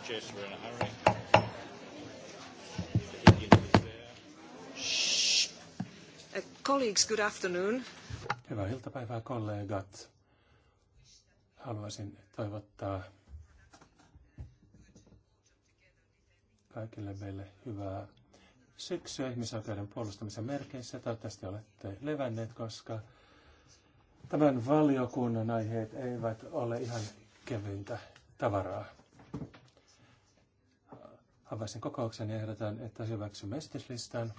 digest. We're in a hurry. colleagues, good afternoon. Hyvää iltapäivää kollegat. Haluaisin toivottaa kaikille meille hyvää syksyä ihmisoikeuden puolustamisen merkeissä. Toivottavasti olette levänneet, koska tämän valiokunnan aiheet eivät ole ihan kevyintä tavaraa avaisin kokouksen ja ehdotan, että hyväksymme esityslistan.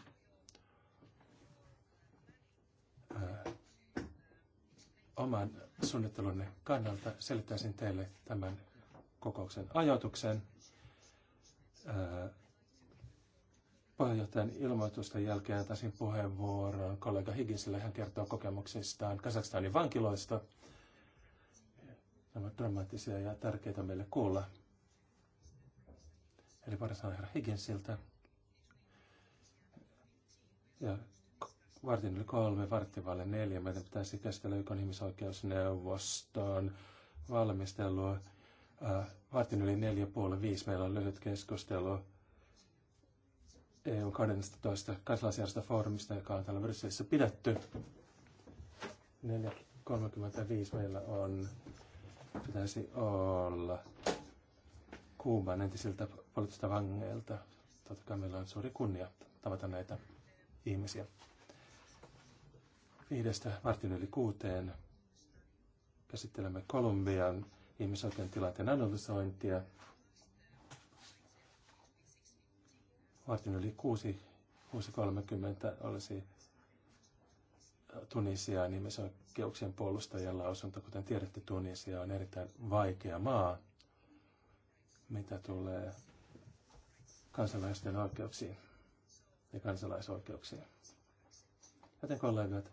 Oman suunnittelunne kannalta selittäisin teille tämän kokouksen ajoituksen. Puheenjohtajan ilmoitusten jälkeen antaisin puheenvuoron kollega Higginsille. Hän kertoo kokemuksistaan Kazakstanin vankiloista. Nämä dramaattisia ja tärkeitä meille kuulla. Eli voidaan sanoa herra Higginsiltä. Ja vartin yli kolme, vartin vaille neljä. Meidän pitäisi käsitellä YK ihmisoikeusneuvoston valmistelua. Äh, vartin yli neljä, puoli, viisi. Meillä on lyhyt keskustelu EU 12 kansalaisjärjestöfoorumista, joka on täällä Brysselissä pidetty. 4.35 meillä on, pitäisi olla Kuuman entisiltä poliittisilta vangeilta. Totta kai meillä on suuri kunnia tavata näitä ihmisiä. Viidestä vartin yli kuuteen käsittelemme Kolumbian ihmisoikeuden tilanteen analysointia. Vartin yli kuusi kolmekymmentä olisi Tunisiaan ihmisoikeuksien puolustajan lausunto. Kuten tiedätte, Tunisia on erittäin vaikea maa mitä tulee kansalaisten oikeuksiin ja kansalaisoikeuksiin. Joten kollegat,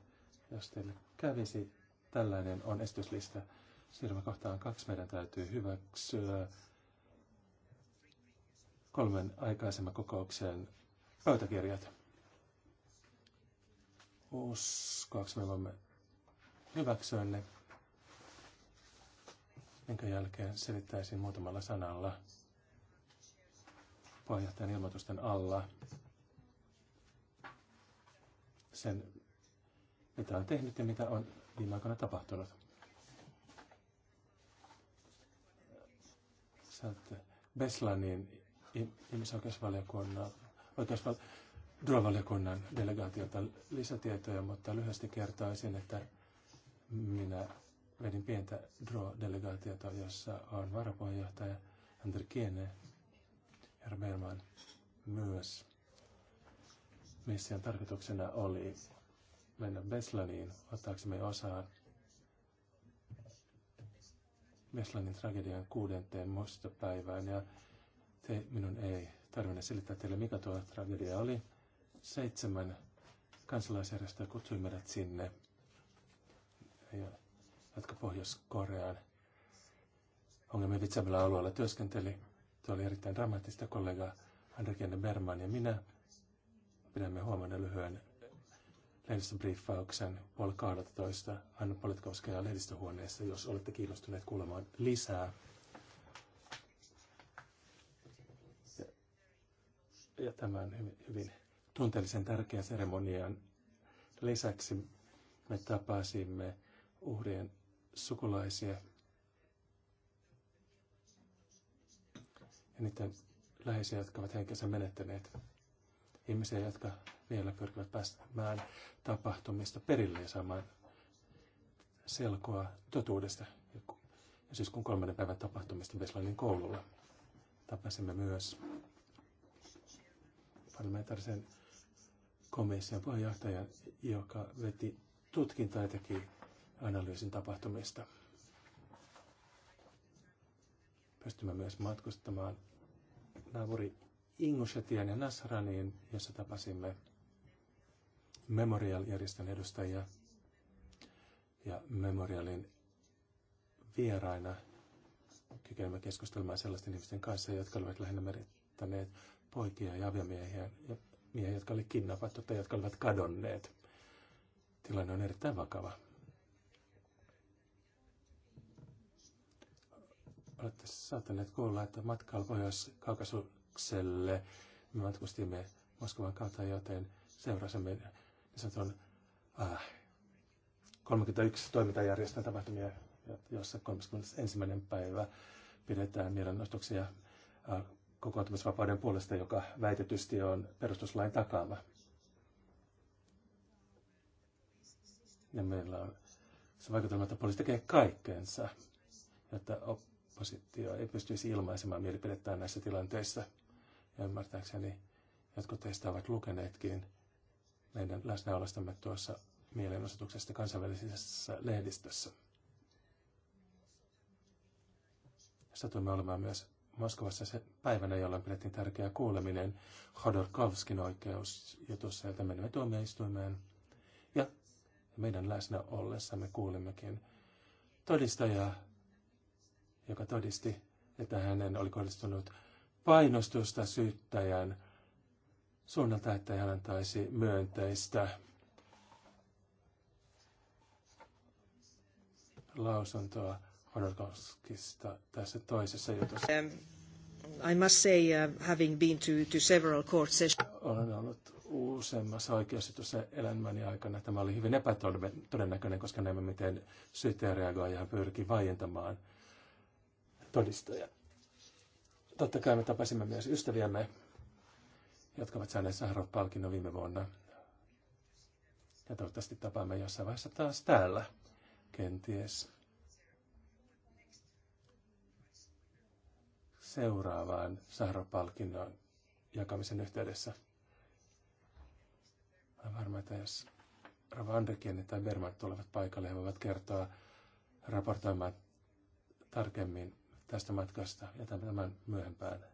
jos teille kävisi, tällainen on estyslista. Siirrymme kohtaan kaksi. Meidän täytyy hyväksyä kolmen aikaisemman kokouksen pöytäkirjat. Uskoakseni me voimme hyväksyä ne minkä jälkeen selittäisin muutamalla sanalla puheenjohtajan ilmoitusten alla sen, mitä on tehnyt ja mitä on viime aikoina tapahtunut. Saatte Beslanin ihmisoikeusvaliokunnan, oikeusval- delegaatiota lisätietoja, mutta lyhyesti kertoisin, että minä vedin pientä DRO-delegaatiota, jossa on varapuheenjohtaja Andri Kiene ja Berman myös. Mission tarkoituksena oli mennä Beslaniin ottaaksemme osaa Beslanin tragedian kuudenteen muistopäivään ja te, minun ei tarvinnut selittää teille, mikä tuo tragedia oli. Seitsemän kansalaisjärjestöä kutsui meidät sinne. Ja jotka Pohjois-Korean ongelmien vitsaamilla alueella työskenteli. Tuo oli erittäin dramaattista kollega Andrikene Berman ja minä pidämme huomenna lyhyen lehdistöbriefauksen puoli 12 Anna ja lehdistöhuoneessa, jos olette kiinnostuneet kuulemaan lisää. Ja, ja tämän hyvin, hyvin tunteellisen tärkeän seremonian lisäksi me tapasimme uhrien sukulaisia. Ja niiden läheisiä, jotka ovat henkensä menettäneet. Ihmisiä, jotka vielä pyrkivät päästämään tapahtumista perille ja saamaan selkoa totuudesta. Ja siis kun kolmannen päivän tapahtumista Beslanin koululla tapasimme myös parlamentaarisen komission puheenjohtajan, joka veti tutkintaa ja teki analyysin tapahtumista. Pystymme myös matkustamaan naapuri Ingushetian ja Nasraniin, jossa tapasimme Memorial-järjestön edustajia ja Memorialin vieraina kykenemme keskustelemaan sellaisten ihmisten kanssa, jotka olivat lähinnä merittäneet poikia ja aviomiehiä ja miehiä, jotka olivat kidnappattu tai jotka olivat kadonneet. Tilanne on erittäin vakava. olette saattaneet kuulla, että matkalla Pohjois-Kaukasukselle me matkustimme Moskovan kautta, joten seurasimme niin sanotun äh, 31 toimintajärjestön tapahtumia, jossa 31. päivä pidetään mielenostuksia äh, kokoontumisvapauden puolesta, joka väitetysti on perustuslain takaama. Ja meillä on se vaikutelma, että poliisi tekee kaikkeensa, jotta oppositio ei pystyisi ilmaisemaan mielipidettään näissä tilanteissa. Ja ymmärtääkseni jotkut teistä ovat lukeneetkin meidän läsnäolostamme tuossa mielenosoituksesta kansainvälisessä lehdistössä. Satuimme olemaan myös Moskovassa se päivänä, jolloin pidettiin tärkeä kuuleminen Hodorkovskin oikeusjutussa, jota menimme tuomioistuimeen. Ja meidän läsnä ollessamme kuulimmekin todistajaa, joka todisti, että hänen oli kohdistunut painostusta syyttäjän suunnalta, että hän antaisi myönteistä lausuntoa Hodorkovskista tässä toisessa jutussa. Um, I must say, uh, having been to, to several court sessions... Olen ollut useammassa oikeusjutussa elämäni aikana. Tämä oli hyvin epätodennäköinen, koska näemme, miten syyttäjä reagoi ja hän pyrkii vaientamaan – todistaja. Totta kai me tapasimme myös ystäviämme, jotka ovat saaneet Saharov-palkinnon viime vuonna. Ja toivottavasti tapaamme jossain vaiheessa taas täällä, kenties. Seuraavaan Saharov-palkinnon jakamisen yhteydessä. Olen varma, että jos Rava Andrikien tai Berman tulevat paikalle, he voivat kertoa raportoimaan tarkemmin tästä matkasta. Jätän tämän myöhempään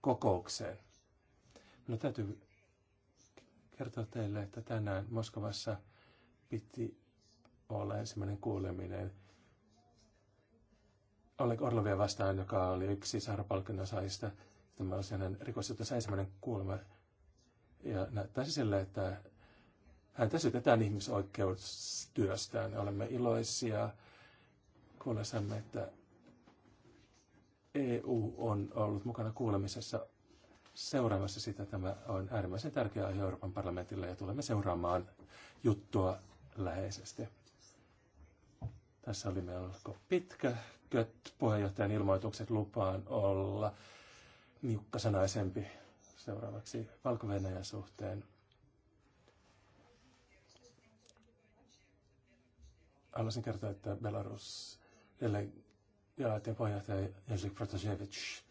kokoukseen. No täytyy kertoa teille, että tänään Moskovassa piti olla ensimmäinen kuuleminen Oleg Orlovia vastaan, joka oli yksi saarapalkinnon saajista. Tämä olisi hänen rikosjutunsa ensimmäinen kuulema. Ja näyttäisi sille, että hän täsytetään ihmisoikeustyöstään. Olemme iloisia kuullessamme, että EU on ollut mukana kuulemisessa seuraamassa sitä. Tämä on äärimmäisen tärkeä aihe Euroopan parlamentille ja tulemme seuraamaan juttua läheisesti. Tässä oli melko pitkä köt puheenjohtajan ilmoitukset lupaan olla niukkasanaisempi seuraavaksi valko suhteen. Haluaisin kertoa, että Belarus Jaatin puheenjohtaja Jensik Protasevich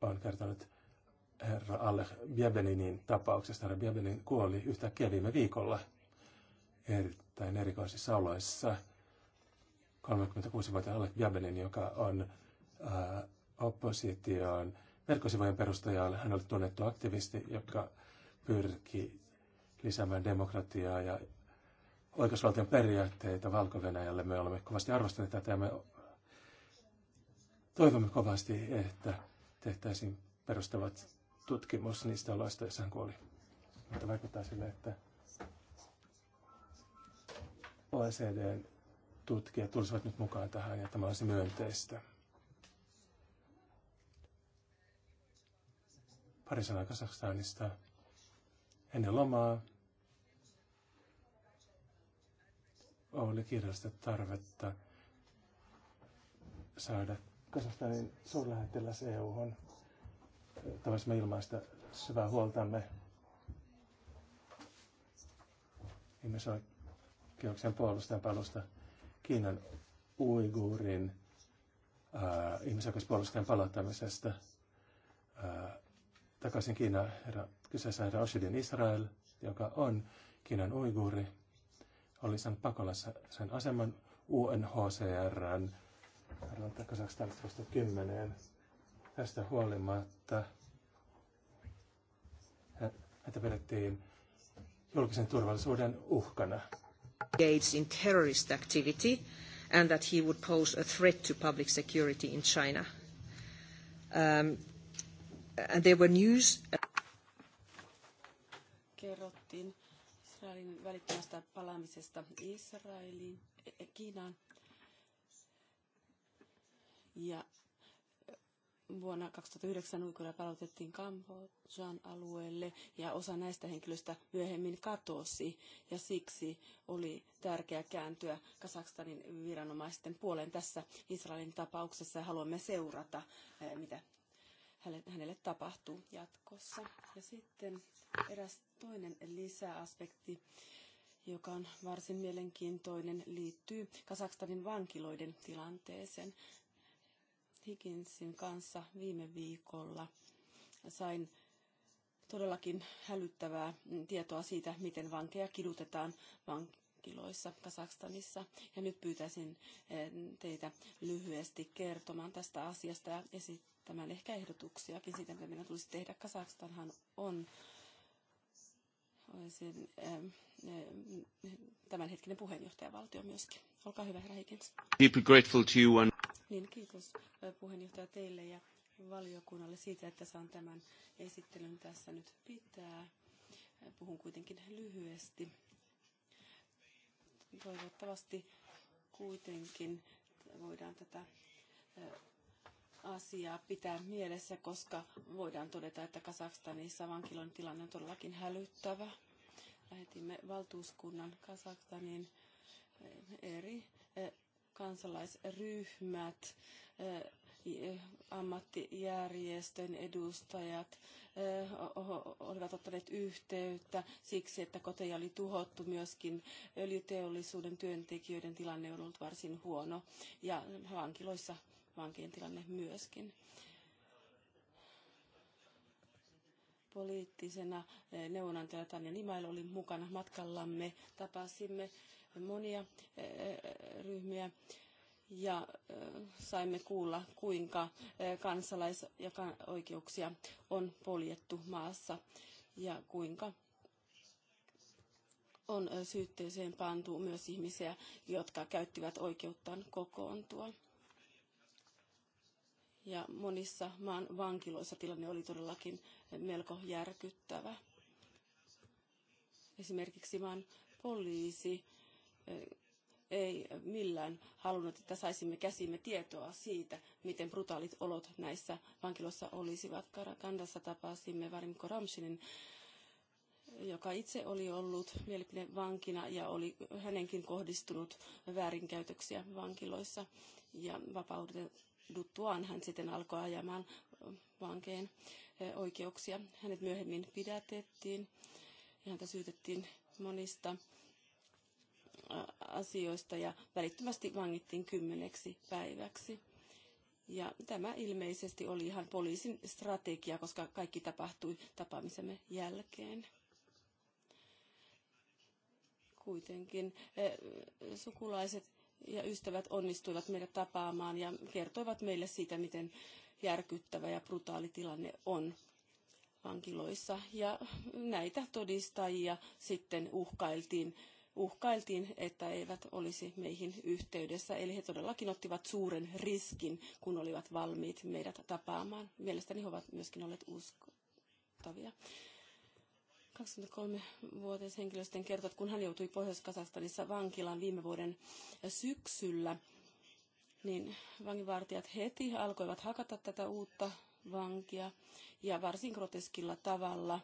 on kertonut herra Alle Biebelinin tapauksesta. Herra Biebelin kuoli yhtäkkiä viime viikolla erittäin erikoisissa oloissa. 36 vuotias Alle Biebelin, joka on ää, äh, opposition verkkosivujen perustaja. Hän oli tunnettu aktivisti, joka pyrki lisäämään demokratiaa ja oikeusvaltion periaatteita valko -Venäjälle. Me olemme kovasti arvostaneet tätä ja me Toivomme kovasti, että tehtäisiin perustavat tutkimus niistä oloista, joissa hän kuoli. Mutta vaikuttaa sille, että OECDn tutkijat tulisivat nyt mukaan tähän ja tämä olisi myönteistä. Pari sanaa Kasakstanista ennen lomaa oli kirjallista tarvetta saada Kasahstanin suurlähettiläs EU-hon tavasimme ilmaista syvää huoltamme ihmisoikeuksien puolustajan palusta Kiinan uiguurin ää, äh, ihmisoikeuspuolustajan palauttamisesta äh, takaisin Kiinaan herra, kyseessä herra Oshidin Israel, joka on Kiinan uiguuri, oli sen pakolassa sen aseman UNHCRn Arvotaanko saaks tarkistusta kymmeneen? Tästä huolimatta, että pidettiin julkisen turvallisuuden uhkana. Gates in terrorist activity and that he would pose a threat to public security in China. Um, and there were news... Uh, Kerrottiin Israelin välittömästä palaamisesta Israeliin, eh, eh, Kiinaan ja vuonna 2009 uikuja palautettiin Kambodjan alueelle ja osa näistä henkilöistä myöhemmin katosi ja siksi oli tärkeää kääntyä Kasakstanin viranomaisten puoleen tässä Israelin tapauksessa ja haluamme seurata, mitä hänelle tapahtuu jatkossa. Ja sitten eräs toinen lisäaspekti joka on varsin mielenkiintoinen, liittyy Kasakstanin vankiloiden tilanteeseen. Higginsin kanssa viime viikolla. Sain todellakin hälyttävää tietoa siitä, miten vankeja kidutetaan vankiloissa Kasakstanissa. Ja nyt pyytäisin eh, teitä lyhyesti kertomaan tästä asiasta ja esittämään ehkä ehdotuksiakin siitä, mitä meidän tulisi tehdä. Kasakstanhan on olisin eh, eh, tämänhetkinen puheenjohtajavaltio myöskin. Olkaa hyvä, herra Higgins. Deeply grateful to you and... Niin, kiitos puheenjohtaja teille ja valiokunnalle siitä, että saan tämän esittelyn tässä nyt pitää. Puhun kuitenkin lyhyesti. Toivottavasti kuitenkin voidaan tätä asiaa pitää mielessä, koska voidaan todeta, että Kasakstanissa vankilan tilanne on todellakin hälyttävä. Lähetimme valtuuskunnan Kazakstanin eri kansalaisryhmät, eh, eh, ammattijärjestön edustajat eh, olivat ottaneet yhteyttä siksi, että koteja oli tuhottu myöskin öljyteollisuuden työntekijöiden tilanne on ollut varsin huono ja vankiloissa vankien tilanne myöskin. Poliittisena neuvonantajana Tanja Nimail oli mukana matkallamme. Tapasimme monia eh, ryhmiä ja eh, saimme kuulla, kuinka eh, kansalais- ja oikeuksia on poljettu maassa ja kuinka on syytteeseen pantu myös ihmisiä, jotka käyttivät oikeuttaan kokoontua. Ja monissa maan vankiloissa tilanne oli todellakin melko järkyttävä. Esimerkiksi maan poliisi ei millään halunnut, että saisimme käsimme tietoa siitä, miten brutaalit olot näissä vankiloissa olisivat. Karakandassa tapasimme Varinko Ramsinin, joka itse oli ollut mielipidevankina ja oli hänenkin kohdistunut väärinkäytöksiä vankiloissa. Ja vapauduttuaan hän sitten alkoi ajamaan vankeen eh, oikeuksia. Hänet myöhemmin pidätettiin ja häntä syytettiin monista asioista ja välittömästi vangittiin kymmeneksi päiväksi. Ja tämä ilmeisesti oli ihan poliisin strategia, koska kaikki tapahtui tapaamisemme jälkeen. Kuitenkin eh, sukulaiset ja ystävät onnistuivat meidät tapaamaan ja kertoivat meille siitä, miten järkyttävä ja brutaali tilanne on vankiloissa. Ja näitä todistajia sitten uhkailtiin uhkailtiin, että eivät olisi meihin yhteydessä. Eli he todellakin ottivat suuren riskin, kun olivat valmiit meidät tapaamaan. Mielestäni he ovat myöskin olleet uskottavia. 23-vuotias henkilöstön kertoi, että kun hän joutui Pohjois-Kasastanissa vankilaan viime vuoden syksyllä, niin vanginvartijat heti alkoivat hakata tätä uutta vankia ja varsin groteskilla tavalla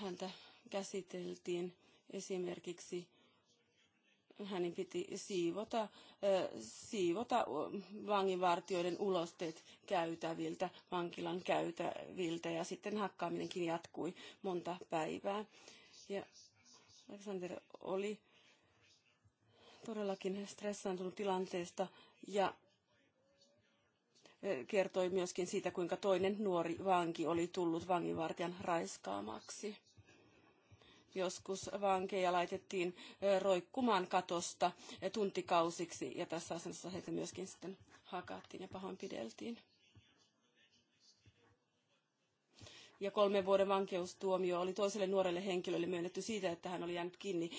häntä käsiteltiin Esimerkiksi hänen piti siivota, siivota vanginvartijoiden ulosteet käytäviltä, vankilan käytäviltä ja sitten hakkaaminenkin jatkui monta päivää. Ja Alexander oli todellakin stressaantunut tilanteesta ja kertoi myöskin siitä, kuinka toinen nuori vanki oli tullut vanginvartijan raiskaamaksi. Joskus vankeja laitettiin roikkumaan katosta tuntikausiksi ja tässä asennossa heitä myöskin sitten hakattiin ja pahoinpideltiin. ja kolmen vuoden vankeustuomio oli toiselle nuorelle henkilölle myönnetty siitä, että hän oli jäänyt kiinni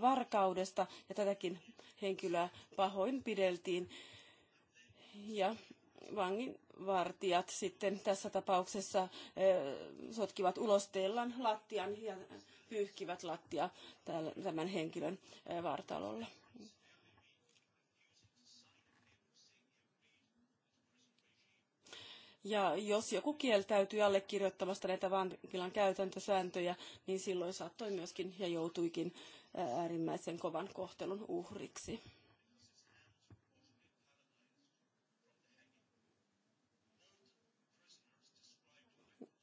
varkaudesta ja tätäkin henkilöä pahoinpideltiin. Ja vangin vartijat sitten tässä tapauksessa sotkivat ulosteellan lattian ja pyyhkivät lattia tämän henkilön vartalolle. Ja jos joku kieltäytyi allekirjoittamasta näitä vankilan käytäntösääntöjä, niin silloin saattoi myöskin ja joutuikin äärimmäisen kovan kohtelun uhriksi.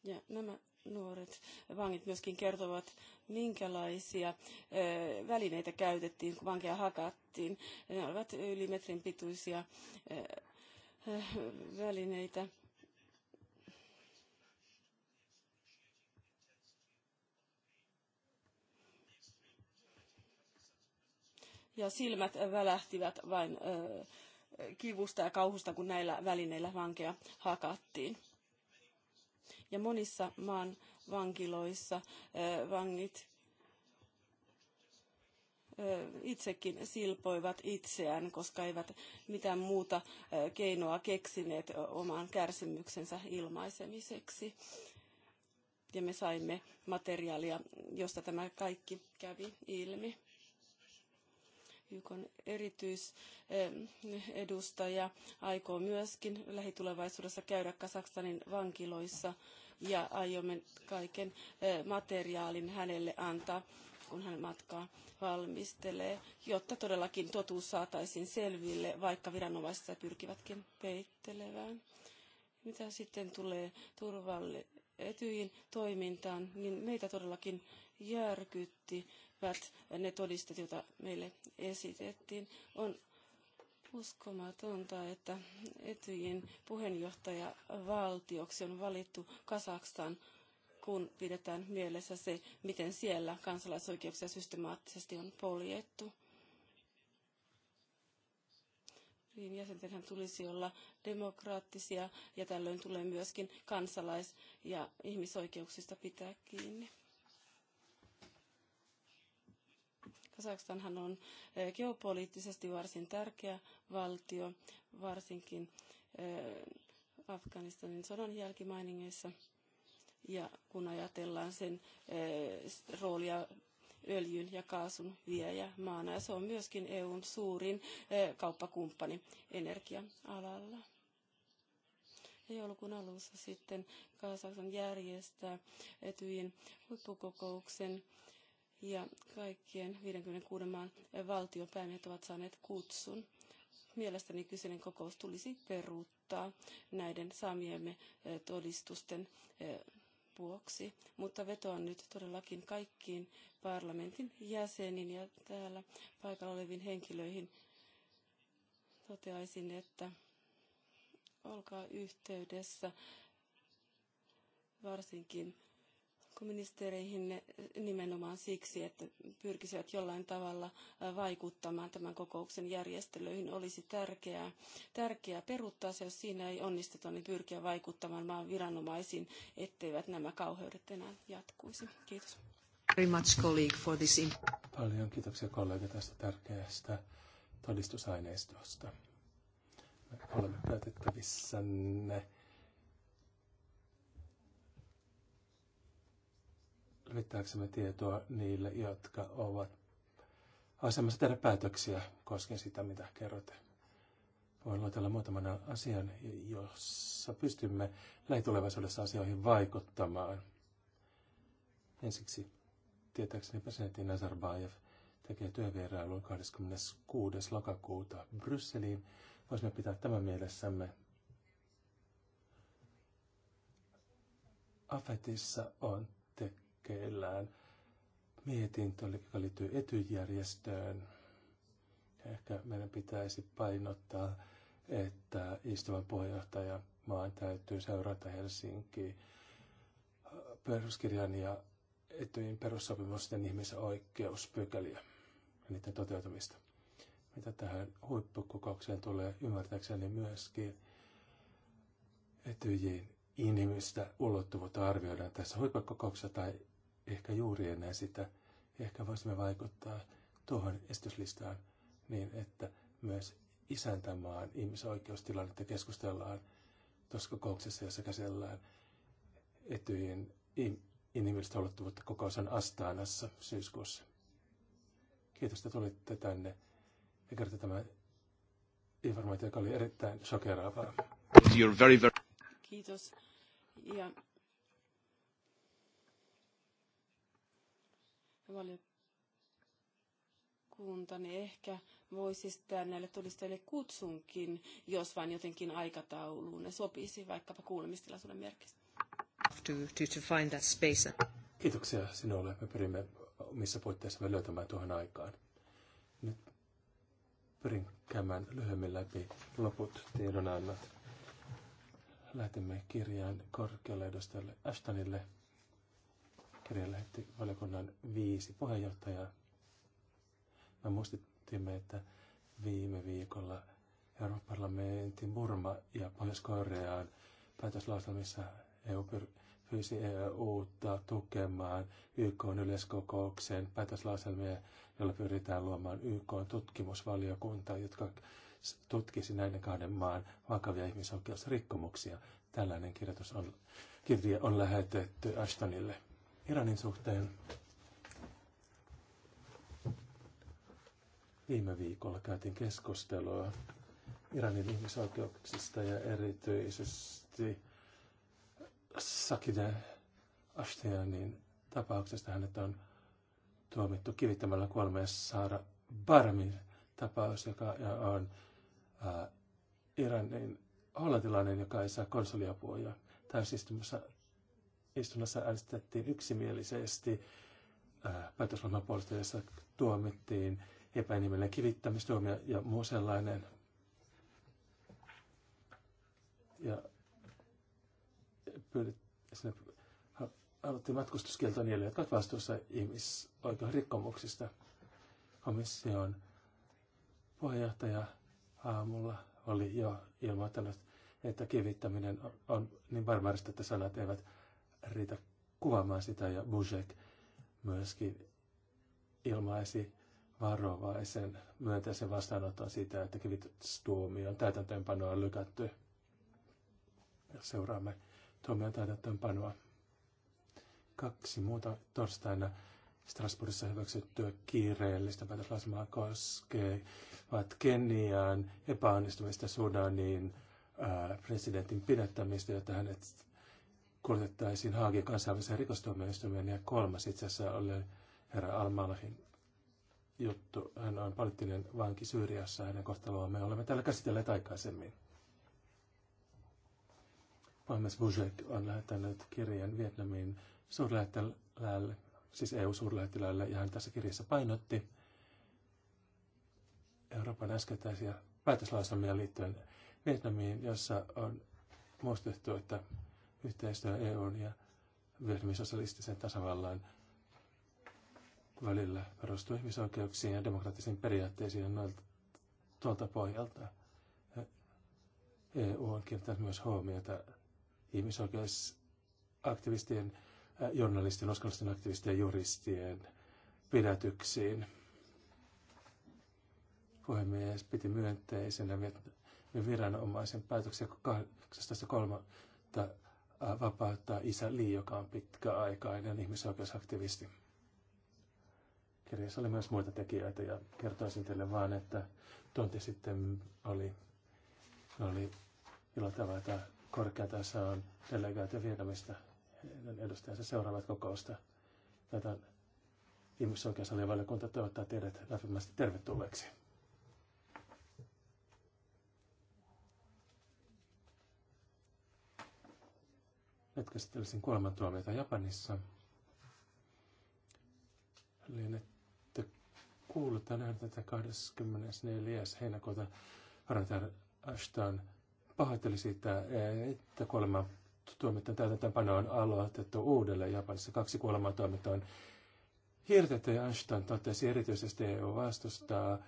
Ja nämä nuoret vangit myöskin kertovat, minkälaisia eh, välineitä käytettiin, kun vankeja hakattiin. Ne olivat yli metrin pituisia eh, eh, välineitä. ja silmät välähtivät vain ö, kivusta ja kauhusta, kun näillä välineillä vankeja hakattiin ja monissa maan vankiloissa vangit itsekin silpoivat itseään, koska eivät mitään muuta keinoa keksineet oman kärsimyksensä ilmaisemiseksi. Ja me saimme materiaalia, josta tämä kaikki kävi ilmi. YKn erityisedustaja aikoo myöskin lähitulevaisuudessa käydä Kazakstanin vankiloissa ja aiomme kaiken eh, materiaalin hänelle antaa kun hän matkaa valmistelee, jotta todellakin totuus saataisiin selville, vaikka viranomaiset sitä pyrkivätkin peittelevään. Mitä sitten tulee turvalle Etyjin toimintaan, niin meitä todellakin järkytti ne todistet, joita meille esitettiin. On uskomatonta, että Etyjin valtioksi on valittu Kasakstan, kun pidetään mielessä se, miten siellä kansalaisoikeuksia systemaattisesti on poljettu. Niin jäsentenhän tulisi olla demokraattisia ja tällöin tulee myöskin kansalais- ja ihmisoikeuksista pitää kiinni. Kasakstanhan on eh, geopoliittisesti varsin tärkeä valtio, varsinkin eh, Afganistanin sodan jälkimainingeissa. Ja kun ajatellaan sen eh, roolia öljyn ja kaasun viejä maana, ja se on myöskin EUn suurin kauppakumppani energia-alalla. Ja joulukuun alussa sitten Kazakstan järjestää Etyin huippukokouksen ja kaikkien 56 maan valtion ovat saaneet kutsun. Mielestäni kyseinen kokous tulisi peruuttaa näiden saamiemme eh, todistusten eh, vuoksi, mutta vetoan nyt todellakin kaikkiin parlamentin jäseniin ja täällä paikalla oleviin henkilöihin toteaisin, että olkaa yhteydessä varsinkin ministereihin nimenomaan siksi, että pyrkisivät jollain tavalla vaikuttamaan tämän kokouksen järjestelyihin. Olisi tärkeää, tärkeää peruuttaa se, jos siinä ei onnistuta, niin pyrkiä vaikuttamaan maan viranomaisiin, etteivät nämä kauheudet enää jatkuisi. Kiitos. Very much, colleague, for this Paljon kiitoksia kollega tästä tärkeästä todistusaineistosta. Me olemme päätettävissänne. levittääksemme tietoa niille, jotka ovat asemassa tehdä päätöksiä koskien sitä, mitä kerrotte. Voin luotella muutaman asian, jossa pystymme lähitulevaisuudessa asioihin vaikuttamaan. Ensiksi tietääkseni presidentti Nazarbayev tekee työvierailun 26. lokakuuta Brysseliin. Voisimme pitää tämän mielessämme. Afetissa on tekeillään mietintö, joka liittyy etyjärjestöön. Ehkä meidän pitäisi painottaa, että istuvan puheenjohtajan maan täytyy seurata Helsinkiin peruskirjan ja Etyjin perussopimusten ihmisen oikeuspykäliä ja niiden toteutumista. Mitä tähän huippukokoukseen tulee ymmärtääkseni myöskin Etyjin inhimillistä ulottuvuutta arvioidaan tässä huippukokouksessa tai ehkä juuri ennen sitä, ehkä voisimme vaikuttaa tuohon estyslistaan niin, että myös isäntämaan ihmisoikeustilannetta keskustellaan tuossa kokouksessa, jossa käsitellään etyjen inhimillistä ulottuvuutta kokous on Astaanassa syyskuussa. Kiitos, että tulitte tänne ja kerrotte tämän informaatio, joka oli erittäin shokeraavaa. You're very, very... Kiitos. Ja valiokunta, niin ehkä voisi sitä näille todistajille kutsunkin, jos vain jotenkin aikatauluun ne sopisi, vaikkapa kuulemistilaisuuden merkissä. To, to, to find that space. Kiitoksia sinulle. Me pyrimme omissa puitteissamme löytämään tuohon aikaan. Nyt pyrin käymään lyhyemmin läpi loput tiedonannot. Lähetimme kirjaan korkealle edustajalle Ashtonille – kirjan lähetti valiokunnan viisi puheenjohtajaa. Me muistutimme, että viime viikolla Euroopan parlamentin Burma ja Pohjois-Koreaan päätöslauselmissa EU pyysi EUta tukemaan YK yleiskokouksen päätöslauselmia, jolla pyritään luomaan YK tutkimusvaliokunta, jotka tutkisi näiden kahden maan vakavia ihmisoikeusrikkomuksia. Tällainen kirjoitus on, kirja on lähetetty Ashtonille. Iranin suhteen viime viikolla käytiin keskustelua Iranin ihmisoikeuksista ja erityisesti Sakide Ashtianin tapauksesta. Hänet on tuomittu kivittämällä kuolemeen Saara Barmin tapaus, joka on Iranin hollantilainen, joka ei saa konsuliapua ja täysistymässä istunnossa äänestettiin yksimielisesti äh, päätöslauselman puolesta, jossa tuomittiin epänimellinen kivittämistuomio ja muu sellainen. Ja sinne haluttiin matkustuskieltoa niille, jotka ovat vastuussa ihmisoikeusrikkomuksista. Komission puheenjohtaja aamulla oli jo ilmoittanut, että kivittäminen on niin barbarista, että sanat eivät riitä kuvaamaan sitä, ja Buzek myöskin ilmaisi varovaisen myönteisen vastaanoton siitä, että on täytäntöönpanoa lykätty. Ja seuraamme tuomion täytäntöönpanoa. Kaksi muuta torstaina Strasbourgissa hyväksyttyä kiireellistä koskee koskevat Kenian epäonnistumista Sudanin presidentin pidättämistä, jotta hänet kuljetettaisiin Haagin kansainväliseen rikostuomioistuimeen ja kolmas itse asiassa oli herra Almalahin juttu. Hän on poliittinen vanki Syyriassa, hänen kohtaloaan me olemme täällä käsitelleet aikaisemmin. Mohamed Buzek on lähettänyt kirjeen Vietnamin suurlähettiläälle, siis EU-suurlähettiläälle, ja hän tässä kirjassa painotti Euroopan äskettäisiä päätöslauselmia liittyen Vietnamiin, jossa on muistettu, että yhteistyö EUn ja Vietnamin sosialistisen tasavallan välillä perustuu ihmisoikeuksiin ja demokraattisiin periaatteisiin noilta, tuolta pohjalta. EU on kiinnittänyt myös huomiota ihmisoikeusaktivistien, journalistien, uskonnollisten aktivistien ja juristien pidätyksiin. Puhemies piti myönteisenä viranomaisen päätöksiä 18.3. Äh, vapauttaa isä Li, joka on pitkäaikainen ihmisoikeusaktivisti. Kirjassa oli myös muita tekijöitä ja kertoisin teille vaan, että tunti sitten oli, oli ilo tavata on delegaatio Vietnamista. Heidän edustajansa seuraavat kokousta. Tätä ihmisoikeusalivaliokunta toivottaa teidät lämpimästi tervetulleeksi. Nyt käsittelisin kuolemantuomioita Japanissa. Lienette kuullut tänään tätä 24. heinäkuuta Arantar Ashton pahoitteli siitä, että kuolema tuomittain täytäntöönpano on aloitettu uudelleen Japanissa. Kaksi kuolemantuomiota on hirtetty ja Ashton totesi erityisesti EU vastustaa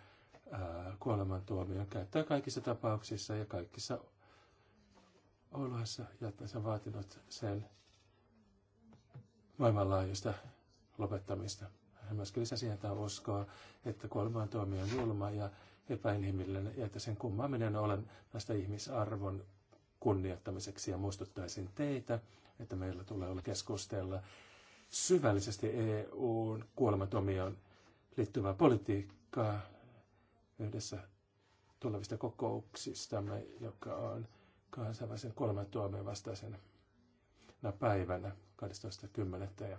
kuolemantuomion käyttöä kaikissa tapauksissa ja kaikissa Ouluessa, jotta se on vaatinut sen maailmanlaajuista lopettamista. Hän myöskin lisäsi, että uskoa, että kuolemaan tuomio on julma ja epäinhimillinen ja että sen kummaaminen olen tästä ihmisarvon kunnioittamiseksi ja muistuttaisin teitä, että meillä tulee olla keskustella syvällisesti EUn kuolematomioon liittyvää politiikkaa yhdessä tulevista kokouksistamme, joka on kansainvälisen tuomion vastaisena päivänä 12.10. Ja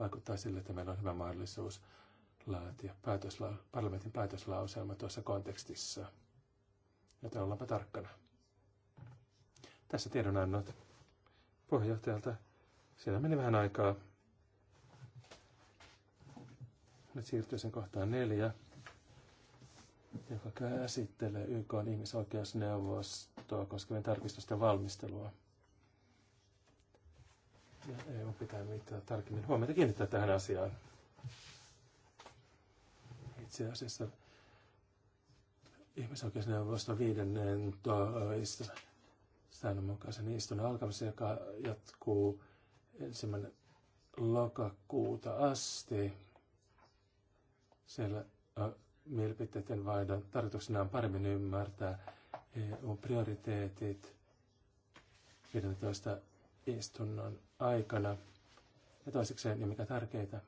vaikuttaa sille, että meillä on hyvä mahdollisuus laatia päätösla- parlamentin päätöslauselma tuossa kontekstissa. Joten ollaanpa tarkkana. Tässä tiedonannot puheenjohtajalta. Siellä meni vähän aikaa. Nyt siirtyy sen kohtaan neljä joka käsittelee YK on ihmisoikeusneuvostoa koskevien tarkistusten valmistelua. Ja EU pitää mitään tarkemmin huomiota kiinnittää tähän asiaan. Itse asiassa ihmisoikeusneuvoston 15 säännönmukaisen istunnon alkamisen, joka jatkuu ensimmäinen lokakuuta asti. Siellä mielipiteiden vaihdon tarkoituksena on paremmin ymmärtää EU-prioriteetit 15 istunnon aikana. Ja toisekseen, ja niin mikä tärkeintä,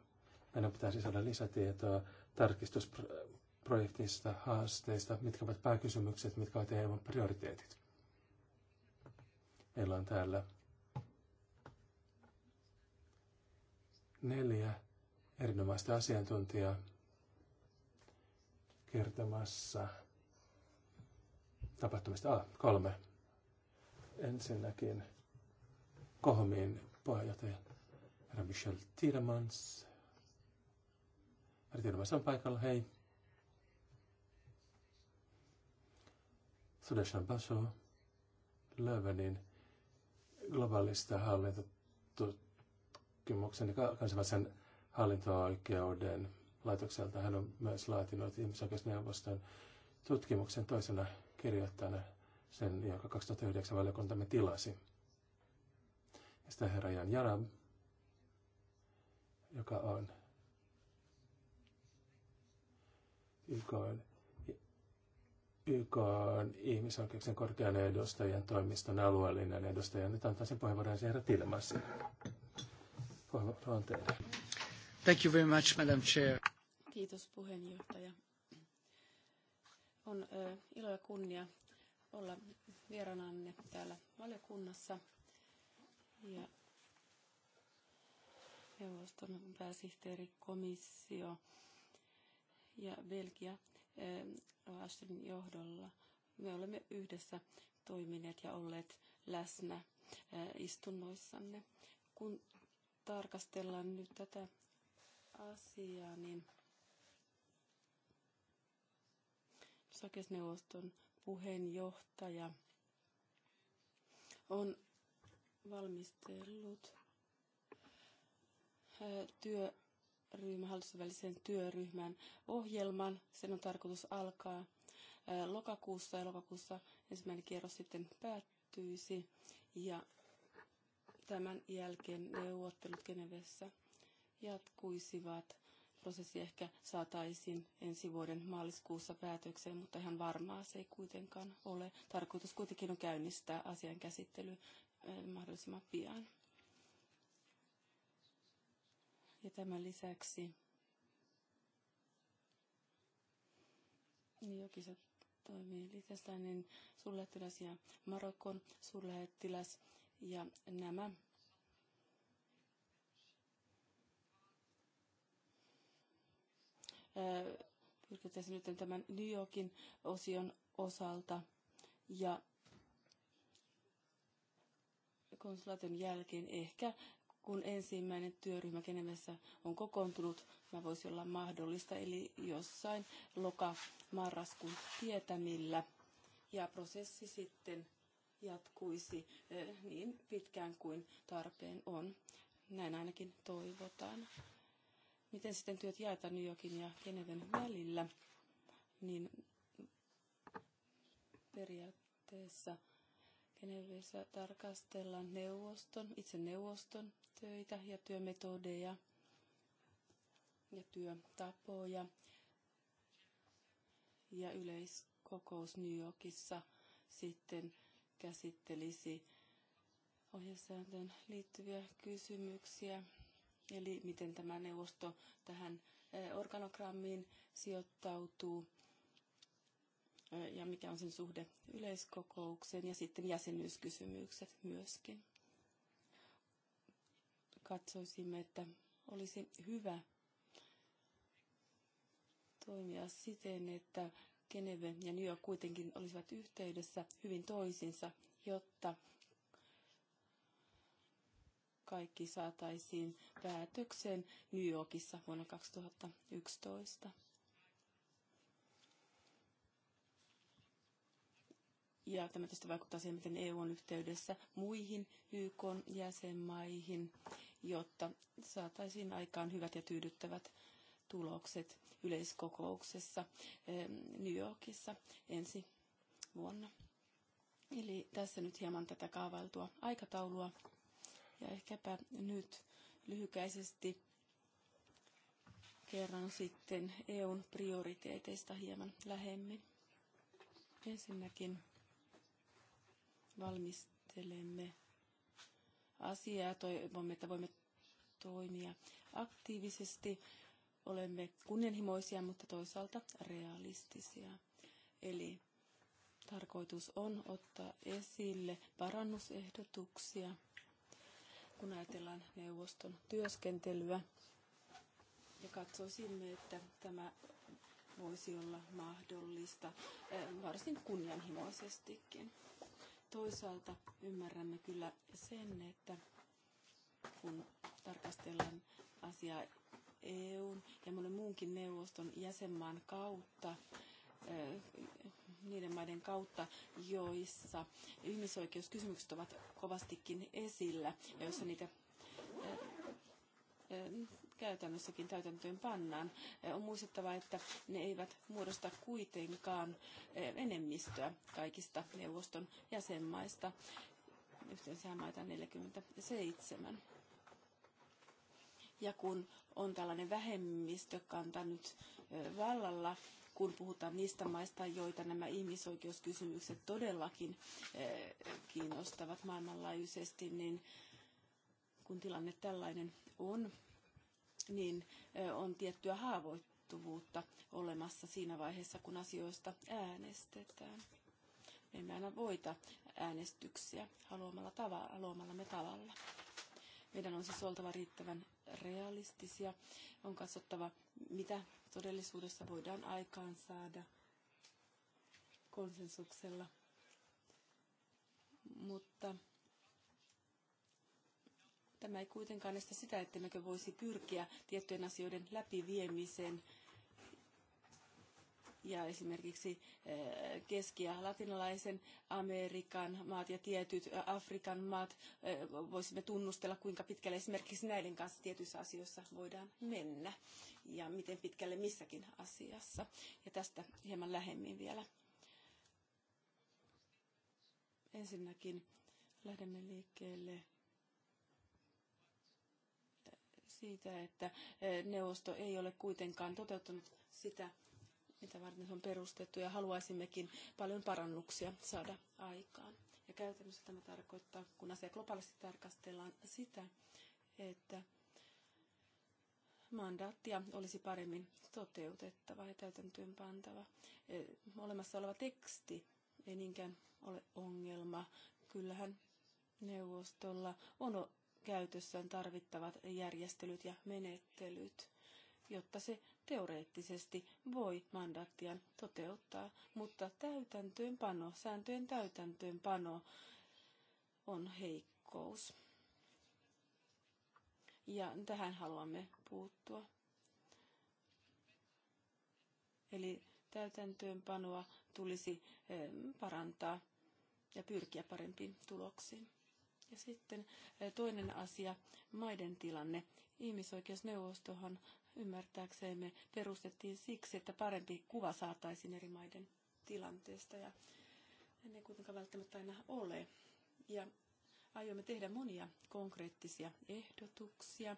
meidän pitäisi saada lisätietoa tarkistusprojektista, haasteista, mitkä ovat pääkysymykset, mitkä ovat EUn prioriteetit. Meillä on täällä neljä erinomaista asiantuntijaa kertomassa tapahtumista Ah, kolme. Ensinnäkin Kohomin puheenjohtaja herra Michel Tiedemans. Herra Tiedemans on paikalla, hei. Sudeshan Basho, Löövenin globaalista hallintotutkimuksen ja kansainvälisen hallinto-oikeuden laitokselta. Hän on myös laatinut ihmisoikeusneuvoston tutkimuksen toisena kirjoittajana sen, jonka 2009 valiokuntamme tilasi. Ja sitä herra Jan Janab, joka on YK on, YK on ihmisoikeuksien korkean edustajan toimiston alueellinen edustaja. Nyt antaisin puheenvuoron herra Tilmassa. Puheenvuoro on teille. Thank you very much, Madam Chair. Kiitos puheenjohtaja. On ilo ja kunnia olla vieraananne täällä valiokunnassa ja neuvoston pääsihteeri, komissio ja Belgia Ashtonin johdolla. Me olemme yhdessä toimineet ja olleet läsnä istunnoissanne. Kun tarkastellaan nyt tätä asiaa, niin osakesneuvoston puheenjohtaja on valmistellut työryhmä, hallitusvälisen työryhmän ohjelman. Sen on tarkoitus alkaa lokakuussa ja lokakuussa ensimmäinen kierros sitten päättyisi ja tämän jälkeen neuvottelut Genevessä jatkuisivat prosessi ehkä saataisiin ensi vuoden maaliskuussa päätökseen, mutta ihan varmaa se ei kuitenkaan ole. Tarkoitus kuitenkin on käynnistää asian käsittely eh, mahdollisimman pian. Ja tämän lisäksi niin jokiset toimii lisästä, niin suurlähettiläs ja Marokon suurlähettiläs ja nämä tässä nyt tämän New Yorkin osion osalta ja konsulaation jälkeen ehkä kun ensimmäinen työryhmä Genevessä on kokoontunut, tämä voisi olla mahdollista, eli jossain loka-marraskuun tietämillä. Ja prosessi sitten jatkuisi niin pitkään kuin tarpeen on. Näin ainakin toivotaan miten sitten työt jaetaan New Yorkin ja Geneven välillä, niin periaatteessa Genevessä tarkastellaan neuvoston, itse neuvoston töitä ja työmetodeja ja työtapoja. Ja yleiskokous New Yorkissa sitten käsittelisi ohjesääntön liittyviä kysymyksiä eli miten tämä neuvosto tähän organogrammiin sijoittautuu ja mikä on sen suhde yleiskokoukseen ja sitten jäsenyyskysymykset myöskin. Katsoisimme, että olisi hyvä toimia siten, että Geneve ja New York kuitenkin olisivat yhteydessä hyvin toisinsa, jotta kaikki saataisiin päätökseen New Yorkissa vuonna 2011. Ja tämä tietysti vaikuttaa siihen, miten EU on yhteydessä muihin YK jäsenmaihin, jotta saataisiin aikaan hyvät ja tyydyttävät tulokset yleiskokouksessa New Yorkissa ensi vuonna. Eli tässä nyt hieman tätä kaavailtua aikataulua ja ehkäpä nyt lyhykäisesti kerran sitten EUn prioriteeteista hieman lähemmin. Ensinnäkin valmistelemme asiaa ja toivomme, että voimme toimia aktiivisesti. Olemme kunnianhimoisia, mutta toisaalta realistisia. Eli tarkoitus on ottaa esille parannusehdotuksia kun ajatellaan neuvoston työskentelyä. Ja katsoisimme, että tämä voisi olla mahdollista eh, varsin kunnianhimoisestikin. Toisaalta ymmärrämme kyllä sen, että kun tarkastellaan asiaa EUn ja monen muunkin neuvoston jäsenmaan kautta, eh, niiden maiden kautta, joissa ihmisoikeuskysymykset ovat kovastikin esillä ja joissa niitä eh, eh, käytännössäkin täytäntöön pannaan. Eh, on muistettava, että ne eivät muodosta kuitenkaan enemmistöä kaikista neuvoston jäsenmaista, yhteensä maita 47. Ja kun on tällainen vähemmistökanta nyt vallalla, kun puhutaan niistä maista, joita nämä ihmisoikeuskysymykset todellakin eh, kiinnostavat maailmanlaajuisesti, niin kun tilanne tällainen on, niin eh, on tiettyä haavoittuvuutta olemassa siinä vaiheessa, kun asioista äänestetään. Me emme aina voita äänestyksiä haluamalla, tavalla, me tavalla. Meidän on siis oltava riittävän realistisia. On katsottava, mitä todellisuudessa voidaan aikaan saada konsensuksella. Mutta tämä ei kuitenkaan estä sitä, ettemmekö voisi pyrkiä tiettyjen asioiden läpiviemiseen ja esimerkiksi eh, Keski- ja Latinalaisen Amerikan maat ja tietyt eh, Afrikan maat eh, voisimme tunnustella, kuinka pitkälle esimerkiksi näiden kanssa tietyissä asioissa voidaan mennä ja miten pitkälle missäkin asiassa. Ja tästä hieman lähemmin vielä. Ensinnäkin lähdemme liikkeelle siitä, että neuvosto ei ole kuitenkaan toteuttanut sitä mitä varten se on perustettu ja haluaisimmekin paljon parannuksia saada aikaan. Ja käytännössä tämä tarkoittaa, kun asia globaalisti tarkastellaan sitä, että mandaattia olisi paremmin toteutettava ja täytäntöön pantava. E, olemassa oleva teksti ei niinkään ole ongelma. Kyllähän neuvostolla on käytössään tarvittavat järjestelyt ja menettelyt, jotta se teoreettisesti voi mandaattiaan toteuttaa, mutta täytäntöönpano, sääntöjen täytäntöönpano on heikkous. Ja tähän haluamme puuttua. Eli täytäntöönpanoa tulisi parantaa ja pyrkiä parempiin tuloksiin. Ja sitten e, toinen asia, maiden tilanne. Ihmisoikeusneuvostohan ymmärtääksemme perustettiin siksi, että parempi kuva saataisiin eri maiden tilanteesta ja ne ei kuitenkaan välttämättä aina ole. Ja aiomme tehdä monia konkreettisia ehdotuksia.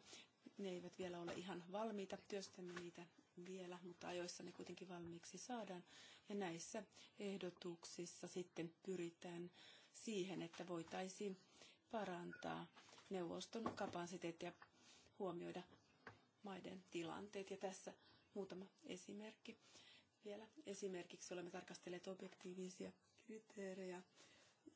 Ne eivät vielä ole ihan valmiita, työstämme niitä vielä, mutta ajoissa ne kuitenkin valmiiksi saadaan. Ja näissä ehdotuksissa sitten pyritään siihen, että voitaisiin parantaa neuvoston kapasiteettia huomioida maiden tilanteet. Ja tässä muutama esimerkki. Vielä esimerkiksi olemme tarkastelleet objektiivisia kriteerejä,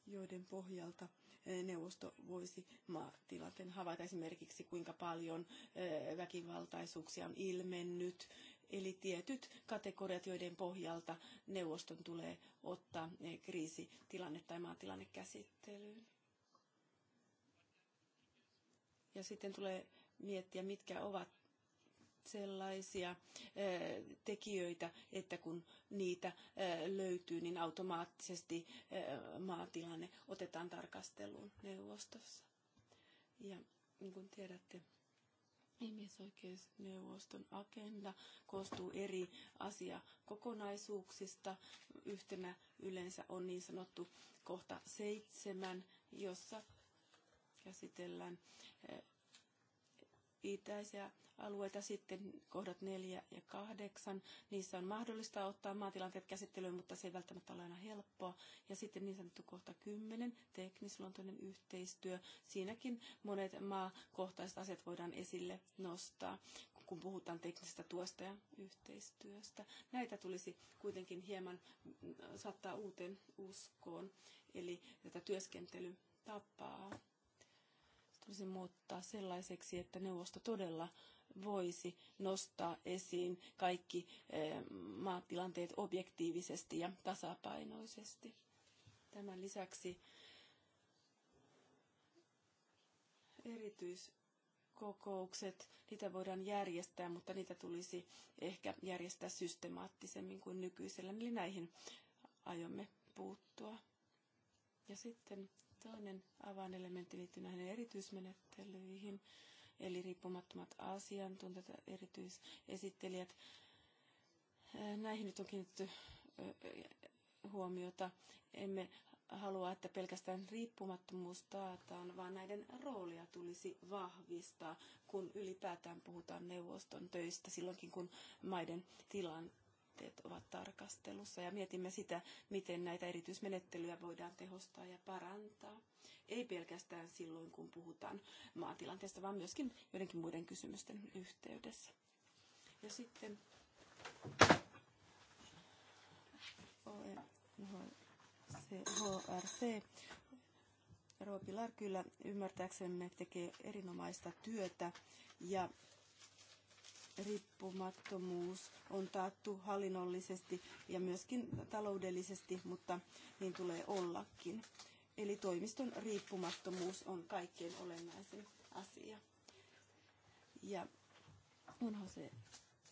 joiden pohjalta eh, neuvosto voisi maatilaten havaita esimerkiksi, kuinka paljon eh, väkivaltaisuuksia on ilmennyt, eli tietyt kategoriat, joiden pohjalta neuvoston tulee ottaa eh, kriisitilanne tai maatilanne käsittelyyn. Ja sitten tulee miettiä, mitkä ovat sellaisia tekijöitä, että kun niitä löytyy, niin automaattisesti maatilanne otetaan tarkasteluun neuvostossa. Ja niin kuin tiedätte, Ihmisoikeusneuvoston agenda koostuu eri asiakokonaisuuksista. Yhtenä yleensä on niin sanottu kohta seitsemän, jossa käsitellään itäisiä alueita, sitten kohdat 4 ja 8. Niissä on mahdollista ottaa maatilanteet käsittelyyn, mutta se ei välttämättä ole aina helppoa. Ja sitten niin sanottu kohta 10, teknisluontoinen yhteistyö. Siinäkin monet maakohtaiset asiat voidaan esille nostaa, kun puhutaan teknisestä tuosta ja yhteistyöstä. Näitä tulisi kuitenkin hieman saattaa uuteen uskoon, eli tätä työskentelytapaa tulisi muuttaa sellaiseksi, että neuvosto todella voisi nostaa esiin kaikki eh, maatilanteet objektiivisesti ja tasapainoisesti. Tämän lisäksi erityiskokoukset, niitä voidaan järjestää, mutta niitä tulisi ehkä järjestää systemaattisemmin kuin nykyisellä, eli näihin aiomme puuttua. Ja sitten Toinen avainelementti liittyy näihin erityismenettelyihin, eli riippumattomat asiantuntijat, erityisesittelijät. Näihin nyt on kiinnitetty huomiota. Emme halua, että pelkästään riippumattomuus taataan, vaan näiden roolia tulisi vahvistaa, kun ylipäätään puhutaan neuvoston töistä silloinkin, kun maiden tilan periaatteet ovat tarkastelussa ja mietimme sitä, miten näitä erityismenettelyjä voidaan tehostaa ja parantaa. Ei pelkästään silloin, kun puhutaan maatilanteesta, vaan myöskin joidenkin muiden kysymysten yhteydessä. Ja sitten HRC Roopilar kyllä ymmärtääksemme tekee erinomaista työtä ja riippumattomuus on taattu hallinnollisesti ja myöskin taloudellisesti, mutta niin tulee ollakin. Eli toimiston riippumattomuus on kaikkein olennaisin asia. Ja onhan se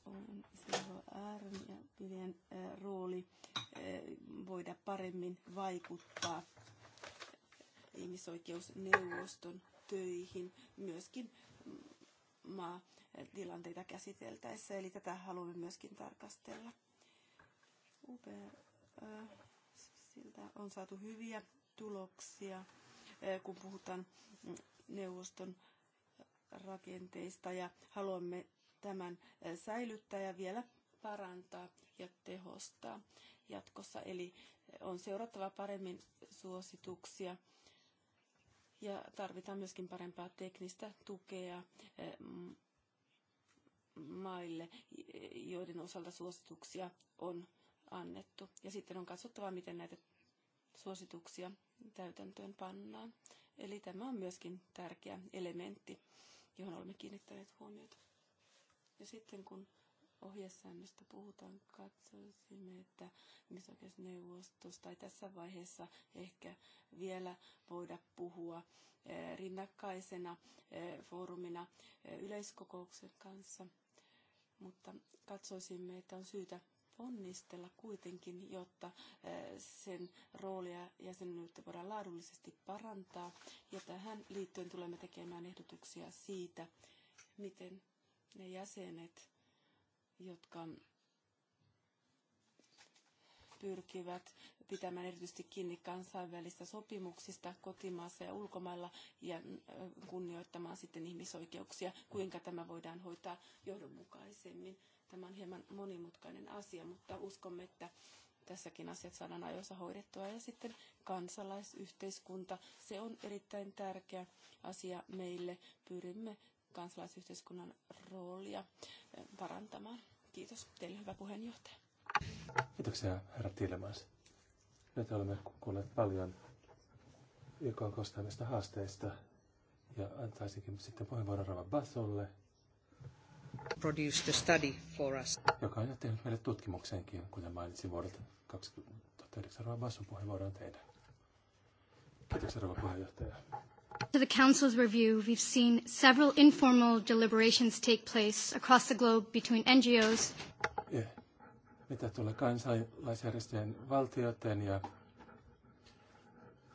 on CHR ja Viljan rooli voida paremmin vaikuttaa ihmisoikeusneuvoston töihin, myöskin maa tilanteita käsiteltäessä, eli tätä haluamme myöskin tarkastella. Upea. Siltä on saatu hyviä tuloksia, kun puhutaan neuvoston rakenteista ja haluamme tämän säilyttää ja vielä parantaa ja tehostaa jatkossa. Eli on seurattava paremmin suosituksia ja tarvitaan myöskin parempaa teknistä tukea maille, joiden osalta suosituksia on annettu. Ja sitten on katsottava, miten näitä suosituksia täytäntöön pannaan. Eli tämä on myöskin tärkeä elementti, johon olemme kiinnittäneet huomiota. Ja sitten kun ohjesäännöstä puhutaan, katsoisimme, että ihmisoikeusneuvostossa tai tässä vaiheessa ehkä vielä voida puhua eh, rinnakkaisena eh, foorumina eh, yleiskokouksen kanssa – mutta katsoisimme, että on syytä ponnistella kuitenkin, jotta eh, sen roolia jäsenyyttä voidaan laadullisesti parantaa. Ja tähän liittyen tulemme tekemään ehdotuksia siitä, miten ne jäsenet, jotka pyrkivät pitämään erityisesti kiinni kansainvälistä sopimuksista kotimaassa ja ulkomailla ja äh, kunnioittamaan sitten ihmisoikeuksia. Kuinka tämä voidaan hoitaa johdonmukaisemmin? Tämä on hieman monimutkainen asia, mutta uskomme, että tässäkin asiat saadaan ajoissa hoidettua. Ja sitten kansalaisyhteiskunta, se on erittäin tärkeä asia meille. Pyrimme kansalaisyhteiskunnan roolia äh, parantamaan. Kiitos teille, hyvä puheenjohtaja. Kiitoksia, herra Tillemans. Nyt olemme kuulleet paljon YKn kostaamista haasteista ja antaisinkin sitten puheenvuoron Rava Basolle, the study for us. Joka on jo tehnyt meille tutkimuksenkin, kuten mainitsin vuodelta 2009 Rava Basson puheenvuoron teidän. Kiitoksia, Rava puheenjohtaja. To the Council's review, we've seen several informal deliberations take place across the globe between NGOs mitä tulee kansalaisjärjestöjen valtioiden ja